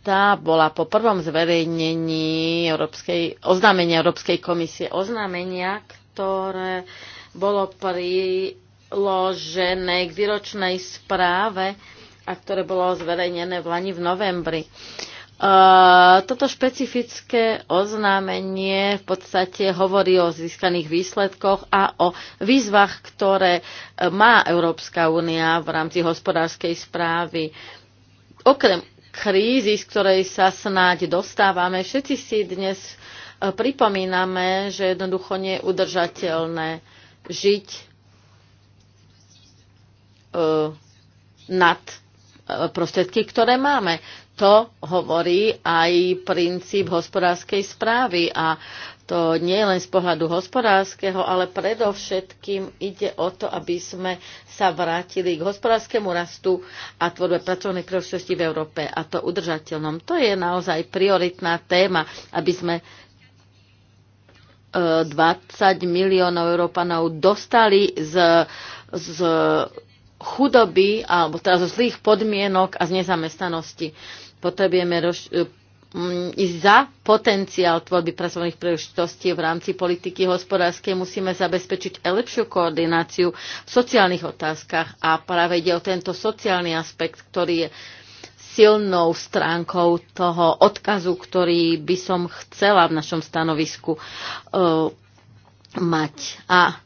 tá bola po prvom zverejnení Európskej, oznámenia Európskej komisie, oznámenia, ktoré bolo priložené k výročnej správe a ktoré bolo zverejnené v Lani v novembri. E, toto špecifické oznámenie v podstate hovorí o získaných výsledkoch a o výzvach, ktoré má Európska únia v rámci hospodárskej správy. Okrem krízy, z ktorej sa snáď dostávame, všetci si dnes uh, E, pripomíname, že jednoducho nie je udržateľné žiť e, nad e, prostriedky, ktoré máme. To hovorí aj princíp hospodárskej správy a to nie len z pohľadu hospodárskeho, ale predovšetkým ide o to, aby sme sa vrátili k hospodárskému rastu a tvorbe pracovnej príležitosti v Európe a to udržateľnom. To je naozaj prioritná téma, aby sme 20 miliónov Európanov dostali z, z chudoby alebo teda zo zlých podmienok a z nezamestnanosti. Potrebujeme roš- e, mm, ísť za potenciál tvorby pracovných príležitostí v rámci politiky hospodárskej musíme zabezpečiť lepšiu koordináciu v sociálnych otázkach a práve ide o tento sociálny aspekt, ktorý je silnou stránkou toho odkazu, ktorý by som chcela v našom stanovisku uh, mať. A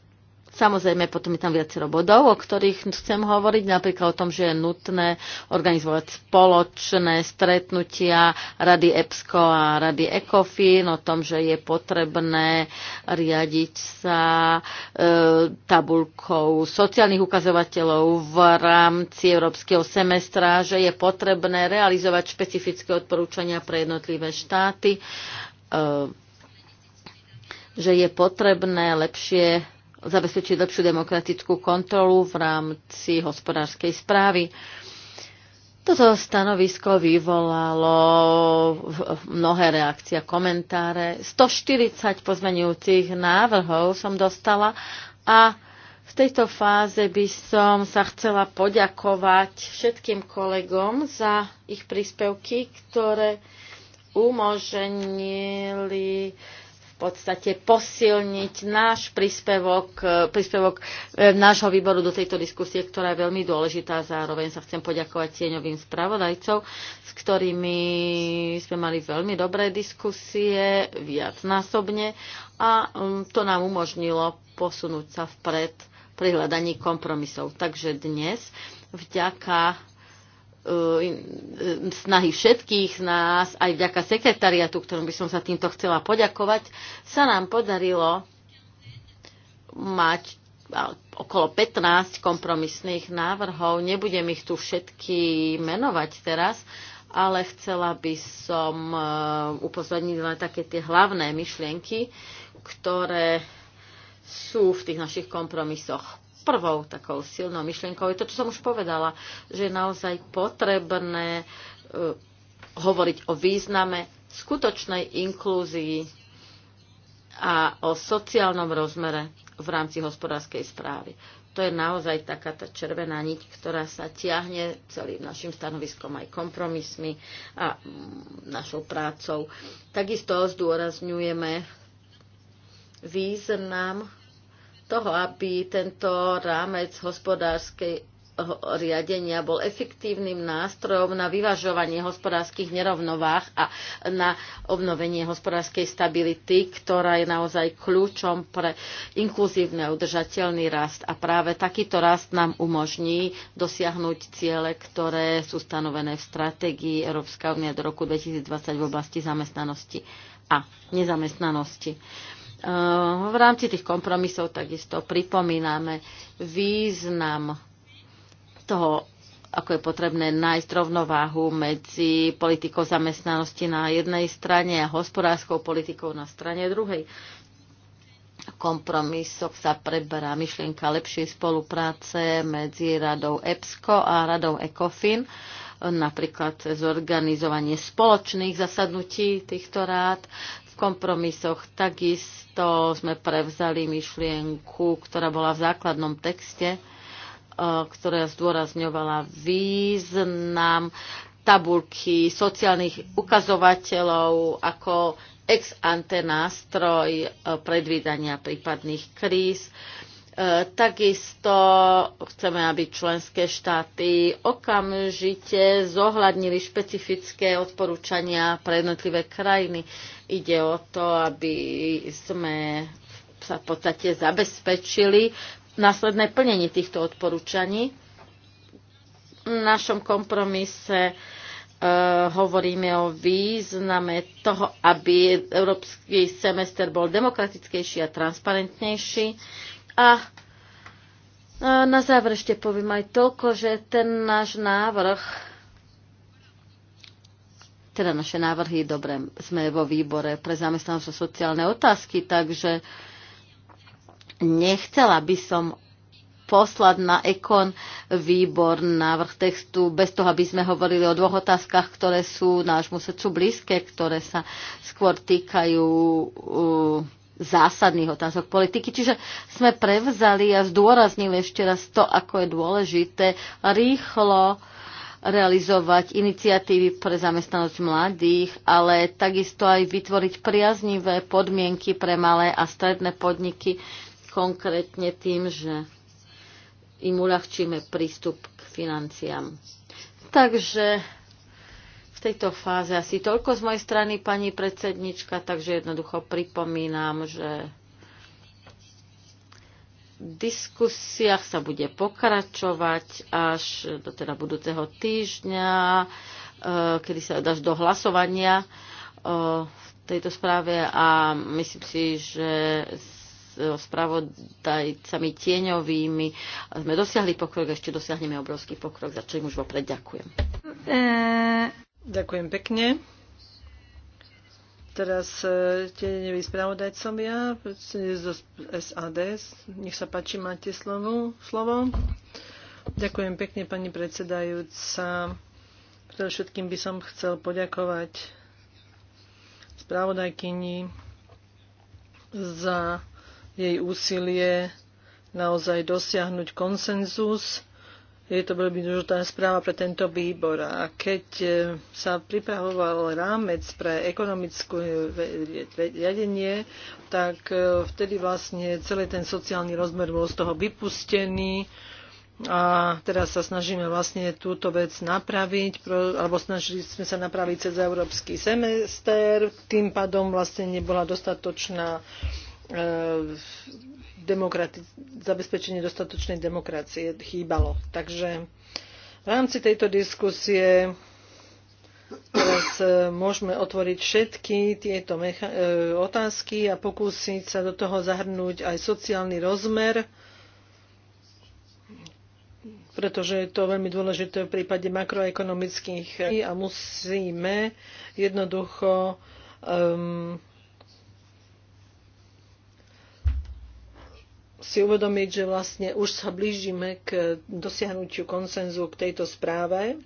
Samozrejme, potom je tam viacero bodov, o ktorých chcem hovoriť, napríklad o tom, že je nutné organizovať spoločné stretnutia Rady EPSCO a Rady ECOFIN, o tom, že je potrebné riadiť sa e, tabulkou sociálnych ukazovateľov v rámci európskeho semestra, že je potrebné realizovať špecifické odporúčania pre jednotlivé štáty, e, že je potrebné lepšie zabezpečiť lepšiu demokratickú kontrolu v rámci hospodárskej správy. Toto stanovisko vyvolalo mnohé reakcie a komentáre. 140 pozmenujúcich návrhov som dostala a v tejto fáze by som sa chcela poďakovať všetkým kolegom za ich príspevky, ktoré umožnili uh, podstate posilniť náš príspevok, e, príspevok e, nášho výboru do tejto diskusie, ktorá je veľmi dôležitá. Zároveň sa chcem poďakovať tieňovým spravodajcov, s ktorými sme mali veľmi dobré diskusie, viacnásobne a mm, to nám umožnilo posunúť sa vpred pri hľadaní kompromisov. Takže dnes vďaka E, e, snahy všetkých z nás, aj vďaka sekretariatu, ktorom by som sa týmto chcela poďakovať, sa nám podarilo mať e, okolo 15 kompromisných návrhov. Nebudem ich tu všetky menovať teraz, ale chcela by som upozorniť na také tie hlavné myšlienky, ktoré sú v tých našich kompromisoch. Prvou takou silnou myšlienkou je to, čo som už povedala, že je naozaj potrebné e, hovoriť o význame skutočnej inklúzii a o sociálnom rozmere v rámci hospodárskej správy. To je naozaj taká tá červená niť, ktorá sa tiahne celým našim stanoviskom aj kompromismi a mm, našou prácou. Takisto zdôrazňujeme význam toho, aby tento rámec hospodárskej riadenia bol efektívnym nástrojom na vyvažovanie hospodárskych nerovnovách a na obnovenie hospodárskej stability, ktorá je naozaj kľúčom pre inkluzívny a udržateľný rast. A práve takýto rast nám umožní dosiahnuť ciele, ktoré sú stanovené v stratégii Európska únia do roku 2020 v oblasti zamestnanosti a nezamestnanosti Eh, v rámci tých kompromisov takisto pripomíname význam toho, ako je potrebné nájsť rovnováhu medzi politikou zamestnanosti na jednej strane a hospodárskou politikou na strane druhej. Kompromisoch sa preberá myšlienka lepšej spolupráce medzi radou EPSCO a radou ECOFIN, napríklad zorganizovanie spoločných zasadnutí týchto rád, kompromisoch takisto sme prevzali myšlienku, ktorá bola v základnom texte, e, ktorá zdôrazňovala význam tabulky sociálnych ukazovateľov ako ex ante nástroj e, predvídania prípadných kríz. E, takisto chceme, aby členské štáty okamžite zohľadnili špecifické odporúčania pre jednotlivé krajiny. Ide o to, aby sme sa v podstate zabezpečili následné plnenie týchto odporúčaní. V našom kompromise e, hovoríme o význame toho, aby európsky semester bol demokratickejší a transparentnejší a na záver ešte poviem aj toľko, že ten náš návrh, teda naše návrhy, dobre, sme vo výbore pre zamestnanosť a sociálne otázky, takže nechcela by som poslať na ekon výbor návrh textu, bez toho, aby sme hovorili o dvoch otázkach, ktoré sú nášmu srdcu blízke, ktoré sa skôr týkajú uh, zásadných otázok politiky. Čiže sme prevzali a zdôraznili ešte raz to, ako je dôležité rýchlo realizovať iniciatívy pre zamestnanosť mladých, ale takisto aj vytvoriť priaznivé podmienky pre malé a stredné podniky, konkrétne tým, že im uľahčíme prístup k financiám. Takže tejto fáze asi toľko z mojej strany, pani predsednička, takže jednoducho pripomínam, že v diskusiách sa bude pokračovať až do teda budúceho týždňa, e, kedy sa dáš do hlasovania e, v tejto správe a myslím si, že so e, spravodajcami tieňovými. Sme dosiahli pokrok, ešte dosiahneme obrovský pokrok, za čo im už vopred ďakujem. Ďakujem pekne. Teraz e, tenevý som ja, zo SAD. Nech sa páči, máte slovo. slovo. Ďakujem pekne, pani predsedajúca. Pre všetkým by som chcel poďakovať spravodajkyni za jej úsilie naozaj dosiahnuť konsenzus je to veľmi dôležitá správa pre tento výbor. A keď e, sa pripravoval rámec pre ekonomické e, riadenie, tak e, vtedy vlastne celý ten sociálny rozmer bol z toho vypustený. A teraz sa snažíme vlastne túto vec napraviť, alebo snažili sme sa napraviť cez európsky semester. Tým pádom vlastne nebola dostatočná zabezpečenie dostatočnej demokracie chýbalo. Takže v rámci tejto diskusie teraz e, môžeme otvoriť všetky tieto e, otázky a pokúsiť sa do toho zahrnúť aj sociálny rozmer, pretože je to veľmi dôležité v prípade makroekonomických a musíme jednoducho um, si uvedomiť, že vlastne už sa blížime k dosiahnutiu konsenzu k tejto správe.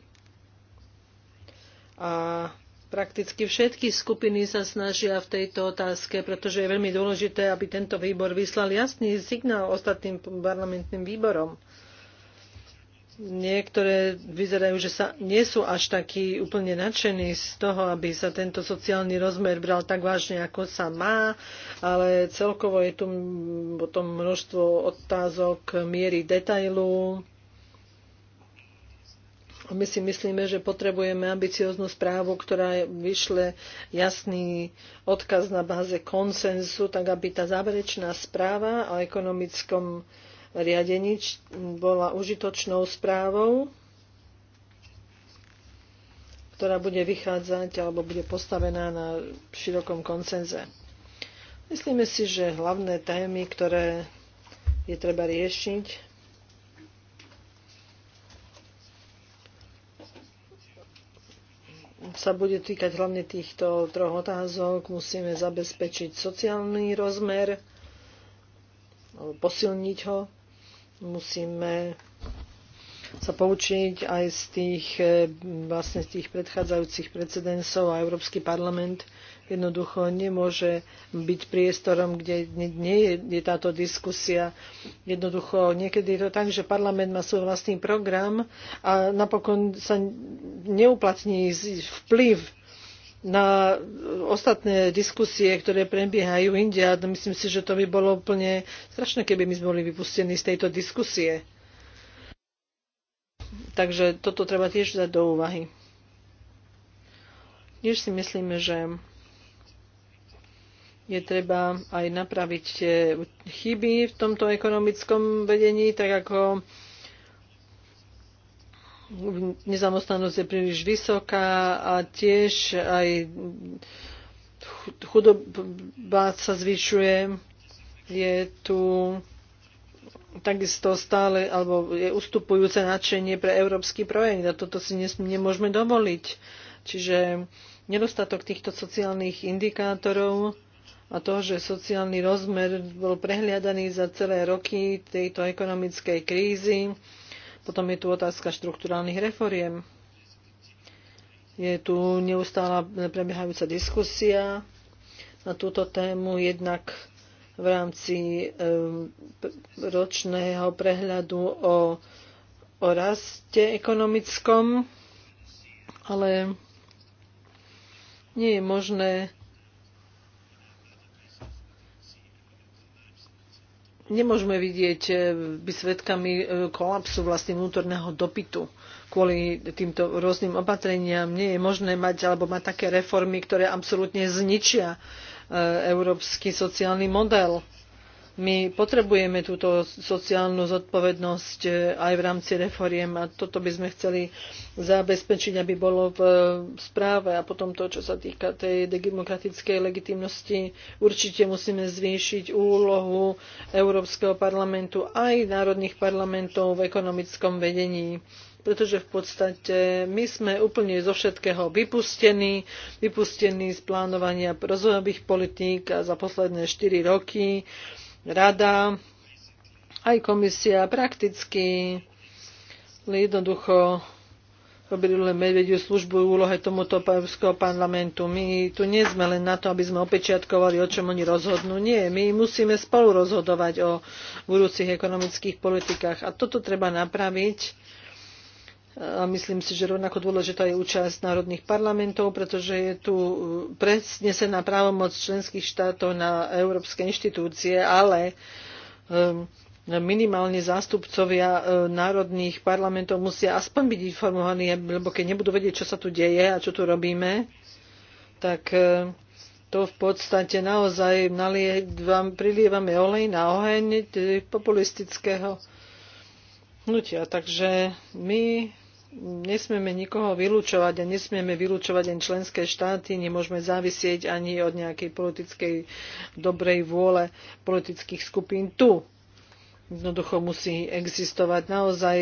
A prakticky všetky skupiny sa snažia v tejto otázke, pretože je veľmi dôležité, aby tento výbor vyslal jasný signál ostatným parlamentným výborom niektoré vyzerajú, že sa, nie sú až takí úplne nadšení z toho, aby sa tento sociálny rozmer bral tak vážne, ako sa má, ale celkovo je tu potom množstvo otázok miery detailu. A my si myslíme, že potrebujeme ambicióznu správu, ktorá vyšle jasný odkaz na báze konsenzu, tak aby tá záverečná správa o ekonomickom riadení bola užitočnou správou, ktorá bude vychádzať alebo bude postavená na širokom koncenze. Myslíme si, že hlavné témy, ktoré je treba riešiť, sa bude týkať hlavne týchto troch otázok. Musíme zabezpečiť sociálny rozmer, posilniť ho musíme sa poučiť aj z tých, e, vlastne z tých predchádzajúcich precedensov a Európsky parlament jednoducho nemôže byť priestorom, kde nie je, je táto diskusia. Jednoducho niekedy je to tak, že parlament má svoj vlastný program a napokon sa neuplatní vplyv na ostatné diskusie, ktoré prebiehajú india. No myslím si, že to by bolo úplne strašné, keby my sme boli vypustení z tejto diskusie. Takže toto treba tiež dať do úvahy. Tiež si myslíme, že je treba aj napraviť chyby v tomto ekonomickom vedení, tak ako nezamestnanosť je príliš vysoká a tiež aj chudoba sa zvyšuje. Je tu takisto stále, alebo je ustupujúce nadšenie pre európsky projekt a toto si nemôžeme dovoliť. Čiže nedostatok týchto sociálnych indikátorov a to, že sociálny rozmer bol prehliadaný za celé roky tejto ekonomickej krízy, potom je tu otázka štruktúrálnych reforiem. Je tu neustála prebiehajúca diskusia na túto tému, jednak v rámci eh, ročného prehľadu o, o raste ekonomickom, ale nie je možné nemôžeme vidieť e, by svetkami e, kolapsu vlastne vnútorného dopytu kvôli týmto rôznym opatreniam. Nie je možné mať alebo mať také reformy, ktoré absolútne zničia e, európsky sociálny model. My potrebujeme túto sociálnu zodpovednosť eh, aj v rámci reforiem a toto by sme chceli zabezpečiť, aby bolo v eh, správe. A potom to, čo sa týka tej demokratickej legitimnosti, určite musíme zvýšiť úlohu Európskeho parlamentu aj národných parlamentov v ekonomickom vedení pretože v podstate my sme úplne zo všetkého vypustení, vypustení z plánovania rozvojových politík a za posledné 4 roky rada, aj komisia prakticky jednoducho robili len medvediu službu úlohe tomuto Európskeho parlamentu. My tu nie sme len na to, aby sme opečiatkovali, o čom oni rozhodnú. Nie, my musíme spolu rozhodovať o budúcich ekonomických politikách. A toto treba napraviť a myslím si, že rovnako dôležitá je účasť národných parlamentov, pretože je tu e, presnesená právomoc členských štátov na európske inštitúcie, ale minimálne zástupcovia e, národných parlamentov musia aspoň byť informovaní, lebo keď nebudú vedieť, čo sa tu deje a čo tu robíme, tak e, to v podstate naozaj vám prilievame olej na oheň populistického hnutia. Takže my nesmieme nikoho vylúčovať a nesmieme vylúčovať ani členské štáty, nemôžeme závisieť ani od nejakej politickej dobrej vôle politických skupín tu. Jednoducho musí existovať naozaj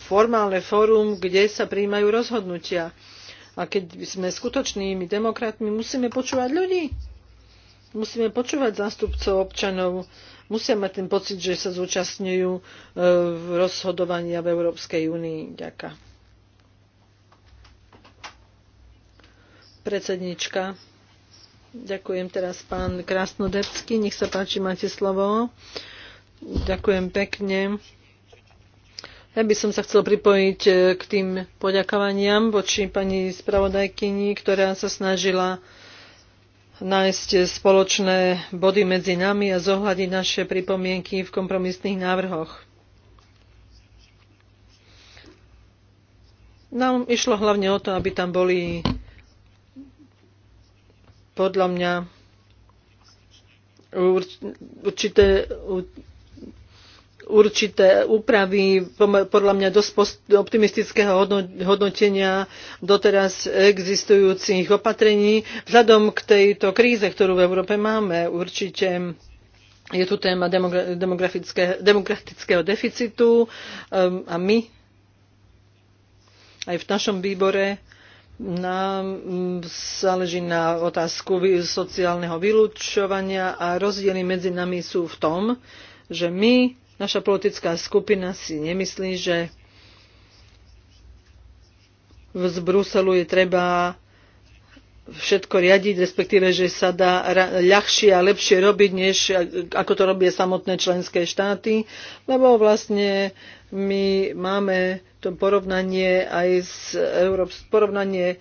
formálne fórum, kde sa príjmajú rozhodnutia. A keď sme skutočnými demokratmi, musíme počúvať ľudí. Musíme počúvať zástupcov občanov, musia mať ten pocit, že sa zúčastňujú e, v rozhodovania v Európskej únii. Ďaká. Predsednička. Ďakujem teraz pán Krasnodebský. Nech sa páči, máte slovo. Ďakujem pekne. Ja by som sa chcel pripojiť e, k tým poďakovaniam voči pani spravodajkyni, ktorá sa snažila nájsť spoločné body medzi nami a zohľadiť naše pripomienky v kompromisných návrhoch. Nám išlo hlavne o to, aby tam boli podľa mňa určité určité úpravy, podľa mňa dosť optimistického hodnotenia doteraz existujúcich opatrení. Vzhľadom k tejto kríze, ktorú v Európe máme, určite je tu téma demokratického deficitu ehm, a my aj v našom výbore nám záleží na otázku sociálneho vylúčovania a rozdiely medzi nami sú v tom, že my Naša politická skupina si nemyslí, že z Bruselu je treba všetko riadiť, respektíve, že sa dá ľahšie a lepšie robiť, než ako to robia samotné členské štáty, lebo vlastne my máme to porovnanie aj s Európs- porovnanie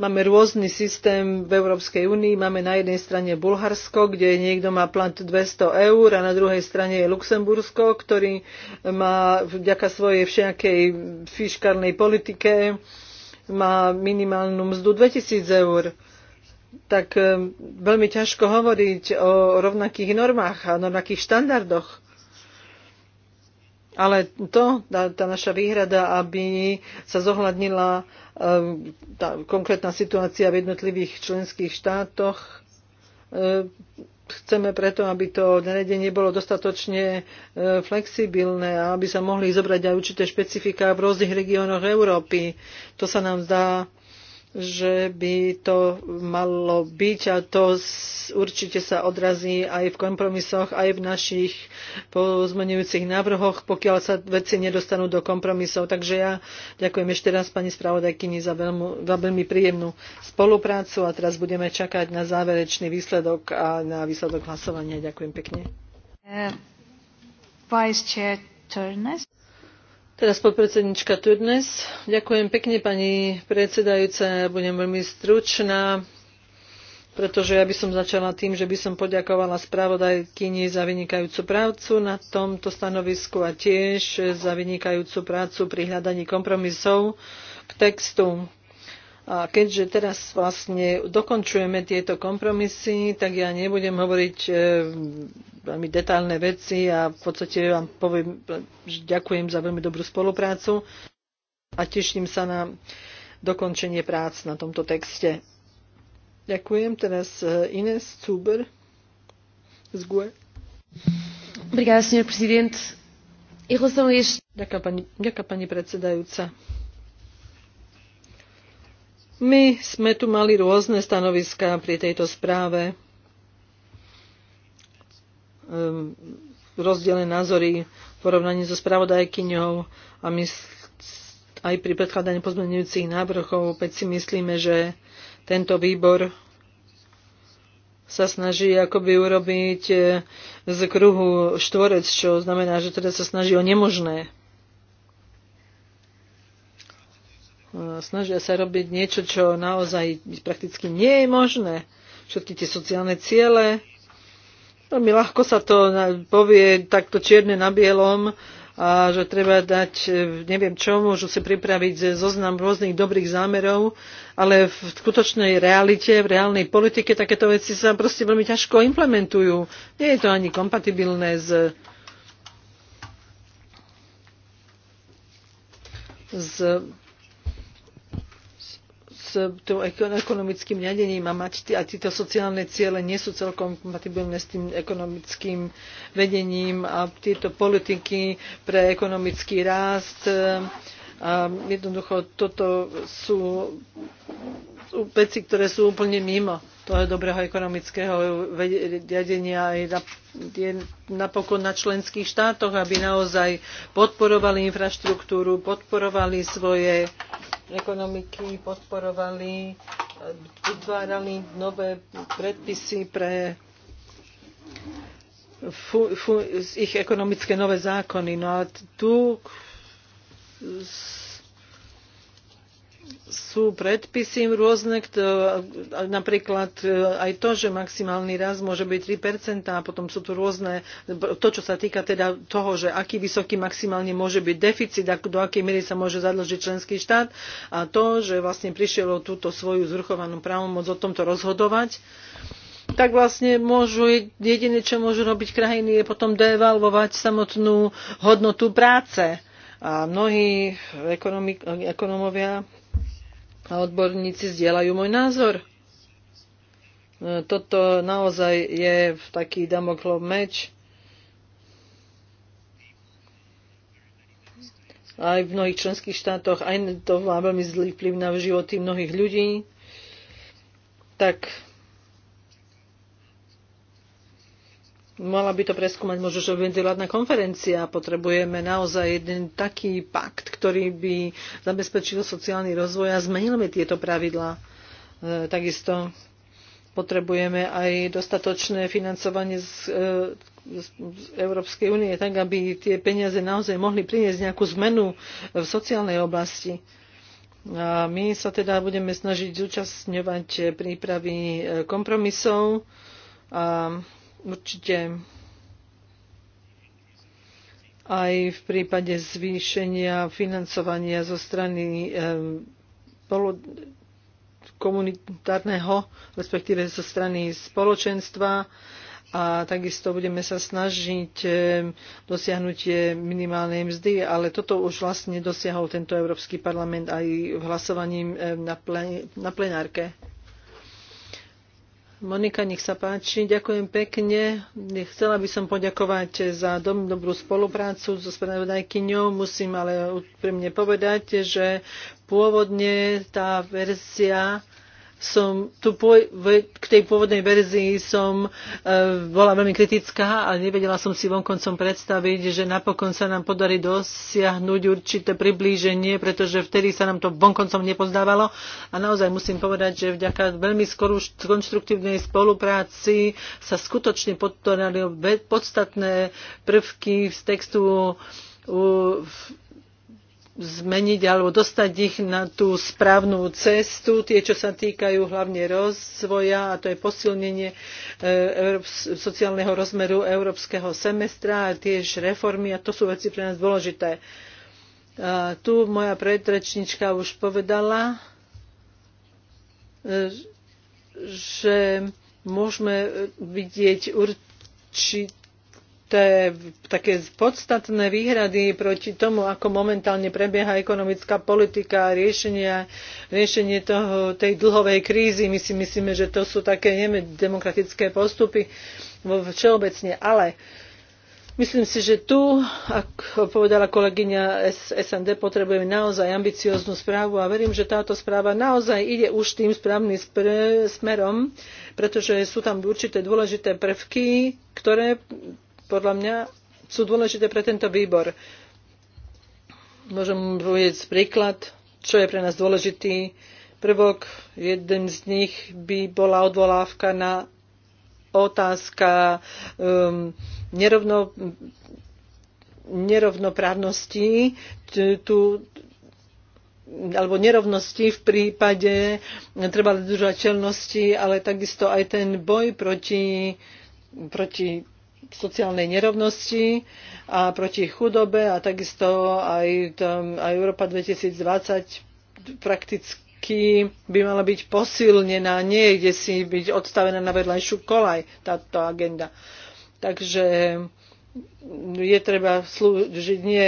Máme rôzny systém v Európskej únii. Máme na jednej strane Bulharsko, kde niekto má plat 200 eur a na druhej strane je Luxembursko, ktorý má vďaka svojej všejakej fiškálnej politike má minimálnu mzdu 2000 eur tak e, veľmi ťažko hovoriť o rovnakých normách a rovnakých štandardoch. Ale to, tá, tá naša výhrada, aby sa zohľadnila Ehm, tá konkrétna situácia v jednotlivých členských štátoch. Ehm, chceme preto, aby to nariadenie bolo dostatočne ehm, flexibilné a aby sa mohli zobrať aj určité špecifiká v rôznych regiónoch Európy. To sa nám zdá že by to malo byť a to určite sa odrazí aj v kompromisoch, aj v našich pozmenujúcich návrhoch, pokiaľ sa veci nedostanú do kompromisov. Takže ja ďakujem ešte raz pani spravodajkyni za veľmi, za veľmi príjemnú spoluprácu a teraz budeme čakať na záverečný výsledok a na výsledok hlasovania. Ďakujem pekne. Uh, Vice Chair Teraz Ďakujem pekne, pani predsedajúca. Ja budem veľmi stručná, pretože ja by som začala tým, že by som poďakovala spravodajkyni za vynikajúcu prácu na tomto stanovisku a tiež za vynikajúcu prácu pri hľadaní kompromisov k textu. A keďže teraz vlastne dokončujeme tieto kompromisy, tak ja nebudem hovoriť e, veľmi detálne veci a v podstate vám poviem, že ďakujem za veľmi dobrú spoluprácu a teším sa na dokončenie prác na tomto texte. Ďakujem. Teraz eh, Ines Zuber z GUE. Obrigada, Presidente. Em relação a este... pani, ďakujem, pani predsedajúca. My sme tu mali rôzne stanoviská pri tejto správe. Um, rozdielne názory v porovnaní so spravodajkyňou a my aj pri predkladaní pozmeňujúcich návrhov opäť si myslíme, že tento výbor sa snaží akoby urobiť e, z kruhu štvorec, čo znamená, že teda sa snaží o nemožné. E, snažia sa robiť niečo, čo naozaj prakticky nie je možné. Všetky tie sociálne ciele, Veľmi no, ľahko sa to povie takto čierne na bielom, a že treba dať, e, neviem čo, môžu si pripraviť zoznam rôznych dobrých zámerov, ale v skutočnej realite, v reálnej politike takéto veci sa proste veľmi ťažko implementujú. Nie je to ani kompatibilné s s tým ekonomickým riadením a mať tí, a títo sociálne ciele nie sú celkom kompatibilné s tým ekonomickým vedením a tieto politiky pre ekonomický rást e, a jednoducho toto sú veci, ktoré sú úplne mimo toho dobrého ekonomického riadenia aj na, je napokon na členských štátoch, aby naozaj podporovali infraštruktúru, podporovali svoje ekonomiky, podporovali, vytvárali nové predpisy pre fu, fu, ich ekonomické nové zákony. No a tu sú predpisy rôzne, napríklad e, aj to, že maximálny raz môže byť 3% a potom sú tu rôzne, to čo sa týka teda toho, že aký vysoký maximálne môže byť deficit, do akej miery sa môže zadlžiť členský štát a to, že vlastne prišiel o túto svoju zruchovanú právomoc o tomto rozhodovať tak vlastne môžu, jediné, čo môžu robiť krajiny, je potom devalvovať samotnú hodnotu práce. A mnohí ekonomi, ekonomovia a odborníci zdieľajú môj názor. E, toto naozaj je taký damoklov meč. Aj v mnohých členských štátoch, aj to má veľmi zlý vplyv na životy mnohých ľudí. Tak mala by to preskúmať možno, že medzivládna konferencia. Potrebujeme naozaj jeden taký pakt, ktorý by zabezpečil sociálny rozvoj a by tieto pravidlá. E, takisto potrebujeme aj dostatočné financovanie z, e, z, z Európskej únie, tak aby tie peniaze naozaj mohli priniesť nejakú zmenu v sociálnej oblasti. A my sa teda budeme snažiť zúčastňovať prípravy e, kompromisov a určite aj v prípade zvýšenia financovania zo strany eh, komunitárneho, respektíve zo strany spoločenstva a takisto budeme sa snažiť eh, dosiahnutie minimálnej mzdy, ale toto už vlastne dosiahol tento Európsky parlament aj hlasovaním eh, na plenárke. Monika, nech sa páči. Ďakujem pekne. Chcela by som poďakovať za dom, dobrú spoluprácu so spravodajkyňou. Musím ale úprimne povedať, že pôvodne tá verzia som tu k tej pôvodnej verzii som e, bola veľmi kritická, ale nevedela som si vonkoncom predstaviť, že napokon sa nám podarí dosiahnuť určité priblíženie, pretože vtedy sa nám to vonkoncom nepozdávalo. A naozaj musím povedať, že vďaka veľmi skorú konštruktívnej spolupráci sa skutočne podporali podstatné prvky z textu zmeniť alebo dostať ich na tú správnu cestu, tie, čo sa týkajú hlavne rozvoja, a to je posilnenie e, sociálneho rozmeru európskeho semestra a tiež reformy, a to sú veci pre nás dôležité. A tu moja predrečnička už povedala, e, že môžeme vidieť určité určité také podstatné výhrady proti tomu, ako momentálne prebieha ekonomická politika a riešenia, riešenie toho, tej dlhovej krízy. My si myslíme, že to sú také neviem, demokratické postupy všeobecne. Ale Myslím si, že tu, ako povedala kolegyňa SND, potrebujeme naozaj ambicióznu správu a verím, že táto správa naozaj ide už tým správnym smerom, pretože sú tam určité dôležité prvky, ktoré podľa mňa sú dôležité pre tento výbor. Môžem povedať príklad, čo je pre nás dôležitý prvok. Jeden z nich by bola odvolávka na otázka um, nerovno, nerovnoprávnosti tu, alebo nerovnosti v prípade trvalej držateľnosti, ale takisto aj ten boj proti, proti sociálnej nerovnosti a proti chudobe a takisto aj, tam, aj Európa 2020 prakticky by mala byť posilnená, nie kde si byť odstavená na vedľajšiu kolaj táto agenda. Takže je treba slúžiť nie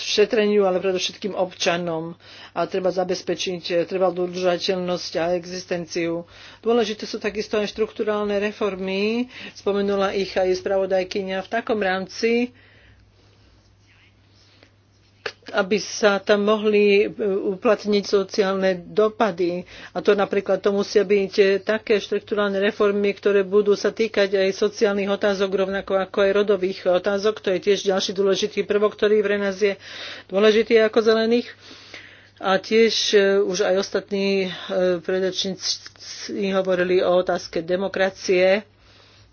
šetreniu, ale predovšetkým občanom a treba zabezpečiť eh, treba dodržateľnosť a existenciu. Dôležité sú takisto aj štruktúrálne reformy, spomenula ich aj spravodajkynia v takom rámci, aby sa tam mohli e, uplatniť sociálne dopady. A to napríklad to musia byť e, také štruktúrálne reformy, ktoré budú sa týkať aj sociálnych otázok, rovnako ako aj rodových otázok. To je tiež ďalší dôležitý prvok, ktorý pre nás je dôležitý ako zelených. A tiež e, už aj ostatní predačníci hovorili o otázke demokracie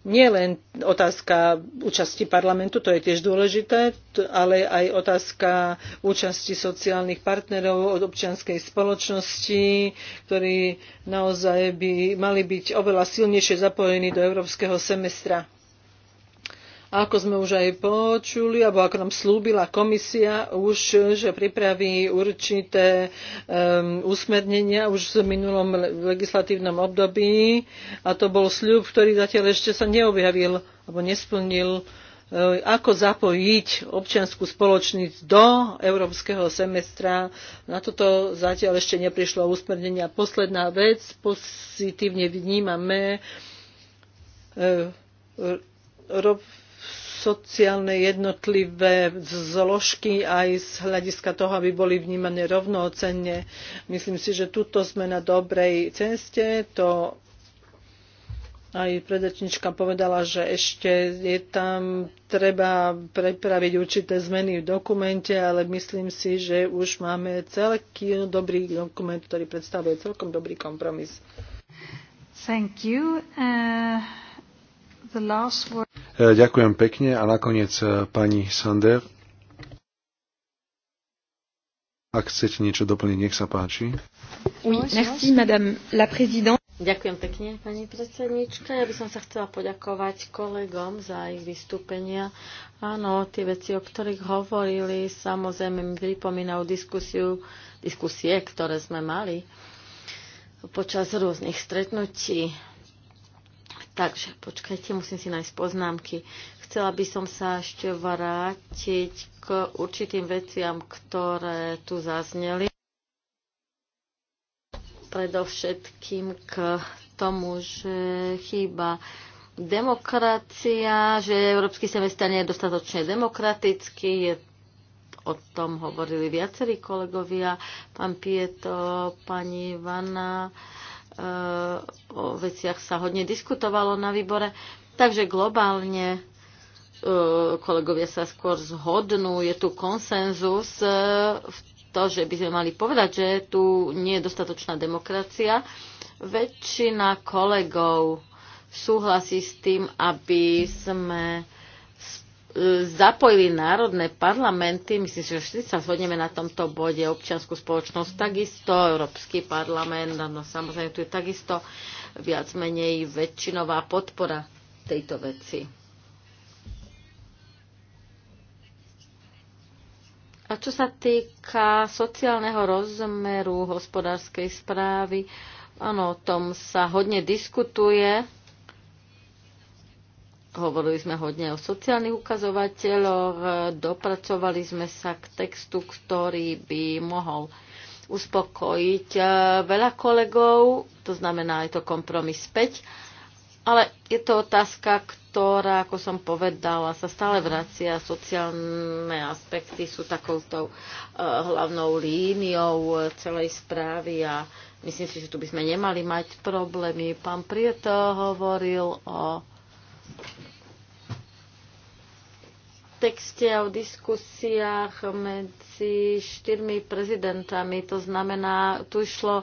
nie len otázka účasti parlamentu, to je tiež dôležité, ale aj otázka účasti sociálnych partnerov od občianskej spoločnosti, ktorí naozaj by mali byť oveľa silnejšie zapojení do európskeho semestra. A ako sme už aj počuli, alebo ako nám slúbila komisia už, že pripraví určité um, usmernenia už v minulom legislatívnom období a to bol sľub, ktorý zatiaľ ešte sa neobjavil alebo nesplnil e, ako zapojiť občianskú spoločnosť do európskeho semestra. Na toto zatiaľ ešte neprišlo usmernenia. Posledná vec, pozitívne vnímame e, sociálne jednotlivé zložky aj z hľadiska toho, aby boli vnímané rovnoocenne. Myslím si, že tuto sme na dobrej ceste. To aj predrečnička povedala, že ešte je tam treba prepraviť určité zmeny v dokumente, ale myslím si, že už máme celký dobrý dokument, ktorý predstavuje celkom dobrý kompromis. Thank you. Uh... Eh, ďakujem pekne a nakoniec eh, pani Sander. Ak chcete niečo doplniť, nech sa páči. Oui, merci, madame la présidente. Ďakujem pekne, pani predsednička. Ja by som sa chcela poďakovať kolegom za ich vystúpenia. Áno, tie veci, o ktorých hovorili, samozrejme mi pripomínajú diskusiu, diskusie, ktoré sme mali počas rôznych stretnutí Takže, počkajte, musím si nájsť poznámky. Chcela by som sa ešte vrátiť k určitým veciam, ktoré tu zazneli. Predovšetkým k tomu, že chýba demokracia, že európsky semestr nie je dostatočne demokratický, je o tom hovorili viacerí kolegovia, pán Pieto, pani Ivana. E, o veciach sa hodne diskutovalo na výbore. Takže globálne e, kolegovia sa skôr zhodnú, je tu konsenzus e, v to, že by sme mali povedať, že tu nie je dostatočná demokracia. Väčšina kolegov súhlasí s tým, aby sme zapojili národné parlamenty, myslím si, že všetci sa zhodneme na tomto bode, občianskú spoločnosť takisto, Európsky parlament, no samozrejme tu je takisto viac menej väčšinová podpora tejto veci. A čo sa týka sociálneho rozmeru hospodárskej správy, áno, o tom sa hodne diskutuje Hovorili sme hodne o sociálnych ukazovateľoch, dopracovali sme sa k textu, ktorý by mohol uspokojiť eh, veľa kolegov, to znamená, je to kompromis 5, ale je to otázka, ktorá, ako som povedala, sa stále vracia. Sociálne aspekty sú takouto eh, hlavnou líniou eh, celej správy a myslím si, že tu by sme nemali mať problémy. Pán Prieto hovoril o texte a o diskusiách medzi štyrmi prezidentami. To znamená, tu išlo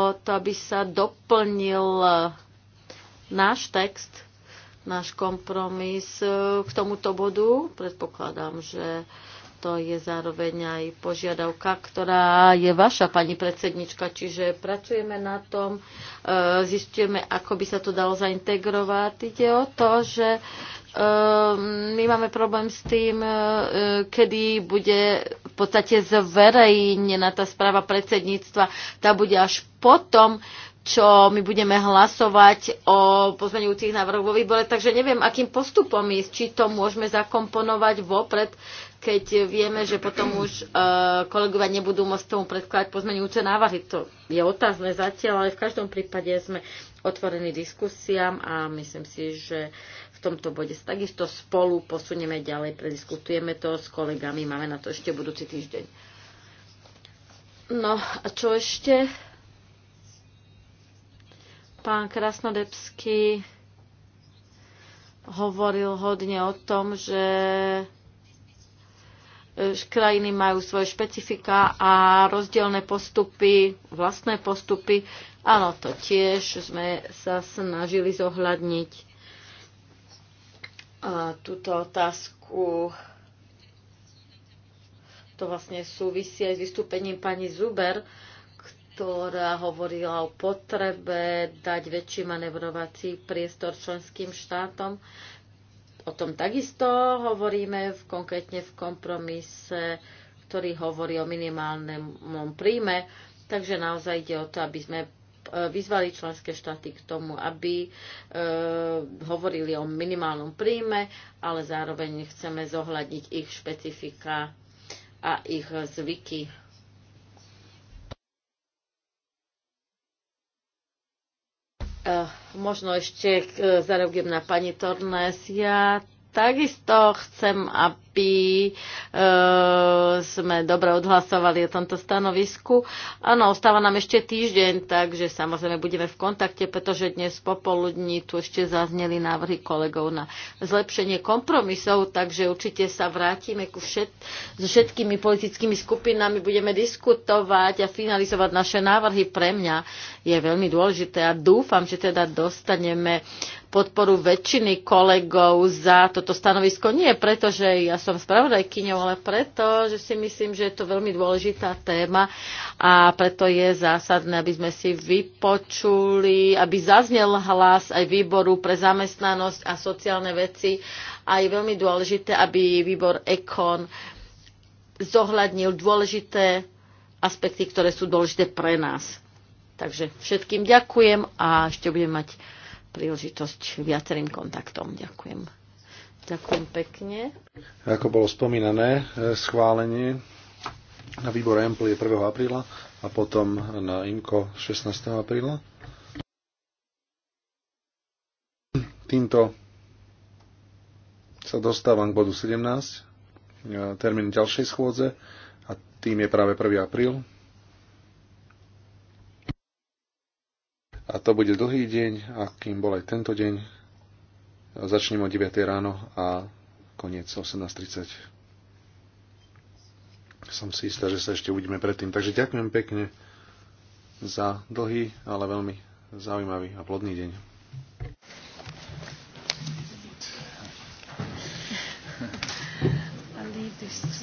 o to, aby sa doplnil náš text, náš kompromis k tomuto bodu. Predpokladám, že to je zároveň aj požiadavka, ktorá je vaša, pani predsednička, čiže pracujeme na tom, e, zistujeme, ako by sa to dalo zaintegrovať. Ide o to, že e, my máme problém s tým, e, kedy bude v podstate zverejnená tá správa predsedníctva, tá bude až potom, čo my budeme hlasovať o pozmeňujúcich návrhoch vo výbore, takže neviem, akým postupom ísť, či to môžeme zakomponovať vopred keď vieme, že potom už e, kolegovia nebudú môcť tomu predkladať pozmeňujúce návrhy. To je otázne zatiaľ, ale v každom prípade sme otvorení diskusiám a myslím si, že v tomto bode sa takisto spolu posunieme ďalej, prediskutujeme to s kolegami, máme na to ešte budúci týždeň. No a čo ešte? Pán Krasnodebský hovoril hodne o tom, že krajiny majú svoje špecifika a rozdielne postupy, vlastné postupy. Áno, to tiež sme sa snažili zohľadniť túto otázku. To vlastne súvisí aj s vystúpením pani Zuber, ktorá hovorila o potrebe dať väčší manevrovací priestor členským štátom O tom takisto hovoríme v, konkrétne v kompromise, ktorý hovorí o minimálnom príjme. Takže naozaj ide o to, aby sme e, vyzvali členské štáty k tomu, aby e, hovorili o minimálnom príjme, ale zároveň chceme zohľadniť ich špecifika a ich zvyky Eh, možno ešte eh, zareagujem na pani Tornes. Ja takisto chcem, aby princípy e, sme dobre odhlasovali o tomto stanovisku. Áno, ostáva nám ešte týždeň, takže samozrejme budeme v kontakte, pretože dnes popoludní tu ešte zazneli návrhy kolegov na zlepšenie kompromisov, takže určite sa vrátime ku všet, so všetkými politickými skupinami, budeme diskutovať a finalizovať naše návrhy. Pre mňa je veľmi dôležité a dúfam, že teda dostaneme podporu väčšiny kolegov za toto stanovisko. Nie preto, že ja som spravodajkyňou, ale preto, že si myslím, že je to veľmi dôležitá téma a preto je zásadné, aby sme si vypočuli, aby zaznel hlas aj výboru pre zamestnanosť a sociálne veci a je veľmi dôležité, aby výbor EKON zohľadnil dôležité aspekty, ktoré sú dôležité pre nás. Takže všetkým ďakujem a ešte budem mať príležitosť viacerým kontaktom. Ďakujem. Ďakujem pekne. Ako bolo spomínané, e, schválenie na výbor EMPL je 1. apríla a potom na IMCO 16. apríla. Týmto sa dostávam k bodu 17, e, termín ďalšej schôdze a tým je práve 1. apríl. A to bude dlhý deň, akým bol aj tento deň, Začnem o 9 ráno a koniec 18.30. Som si istá, že sa ešte uvidíme predtým. Takže ďakujem pekne za dlhý, ale veľmi zaujímavý a plodný deň. I leave this.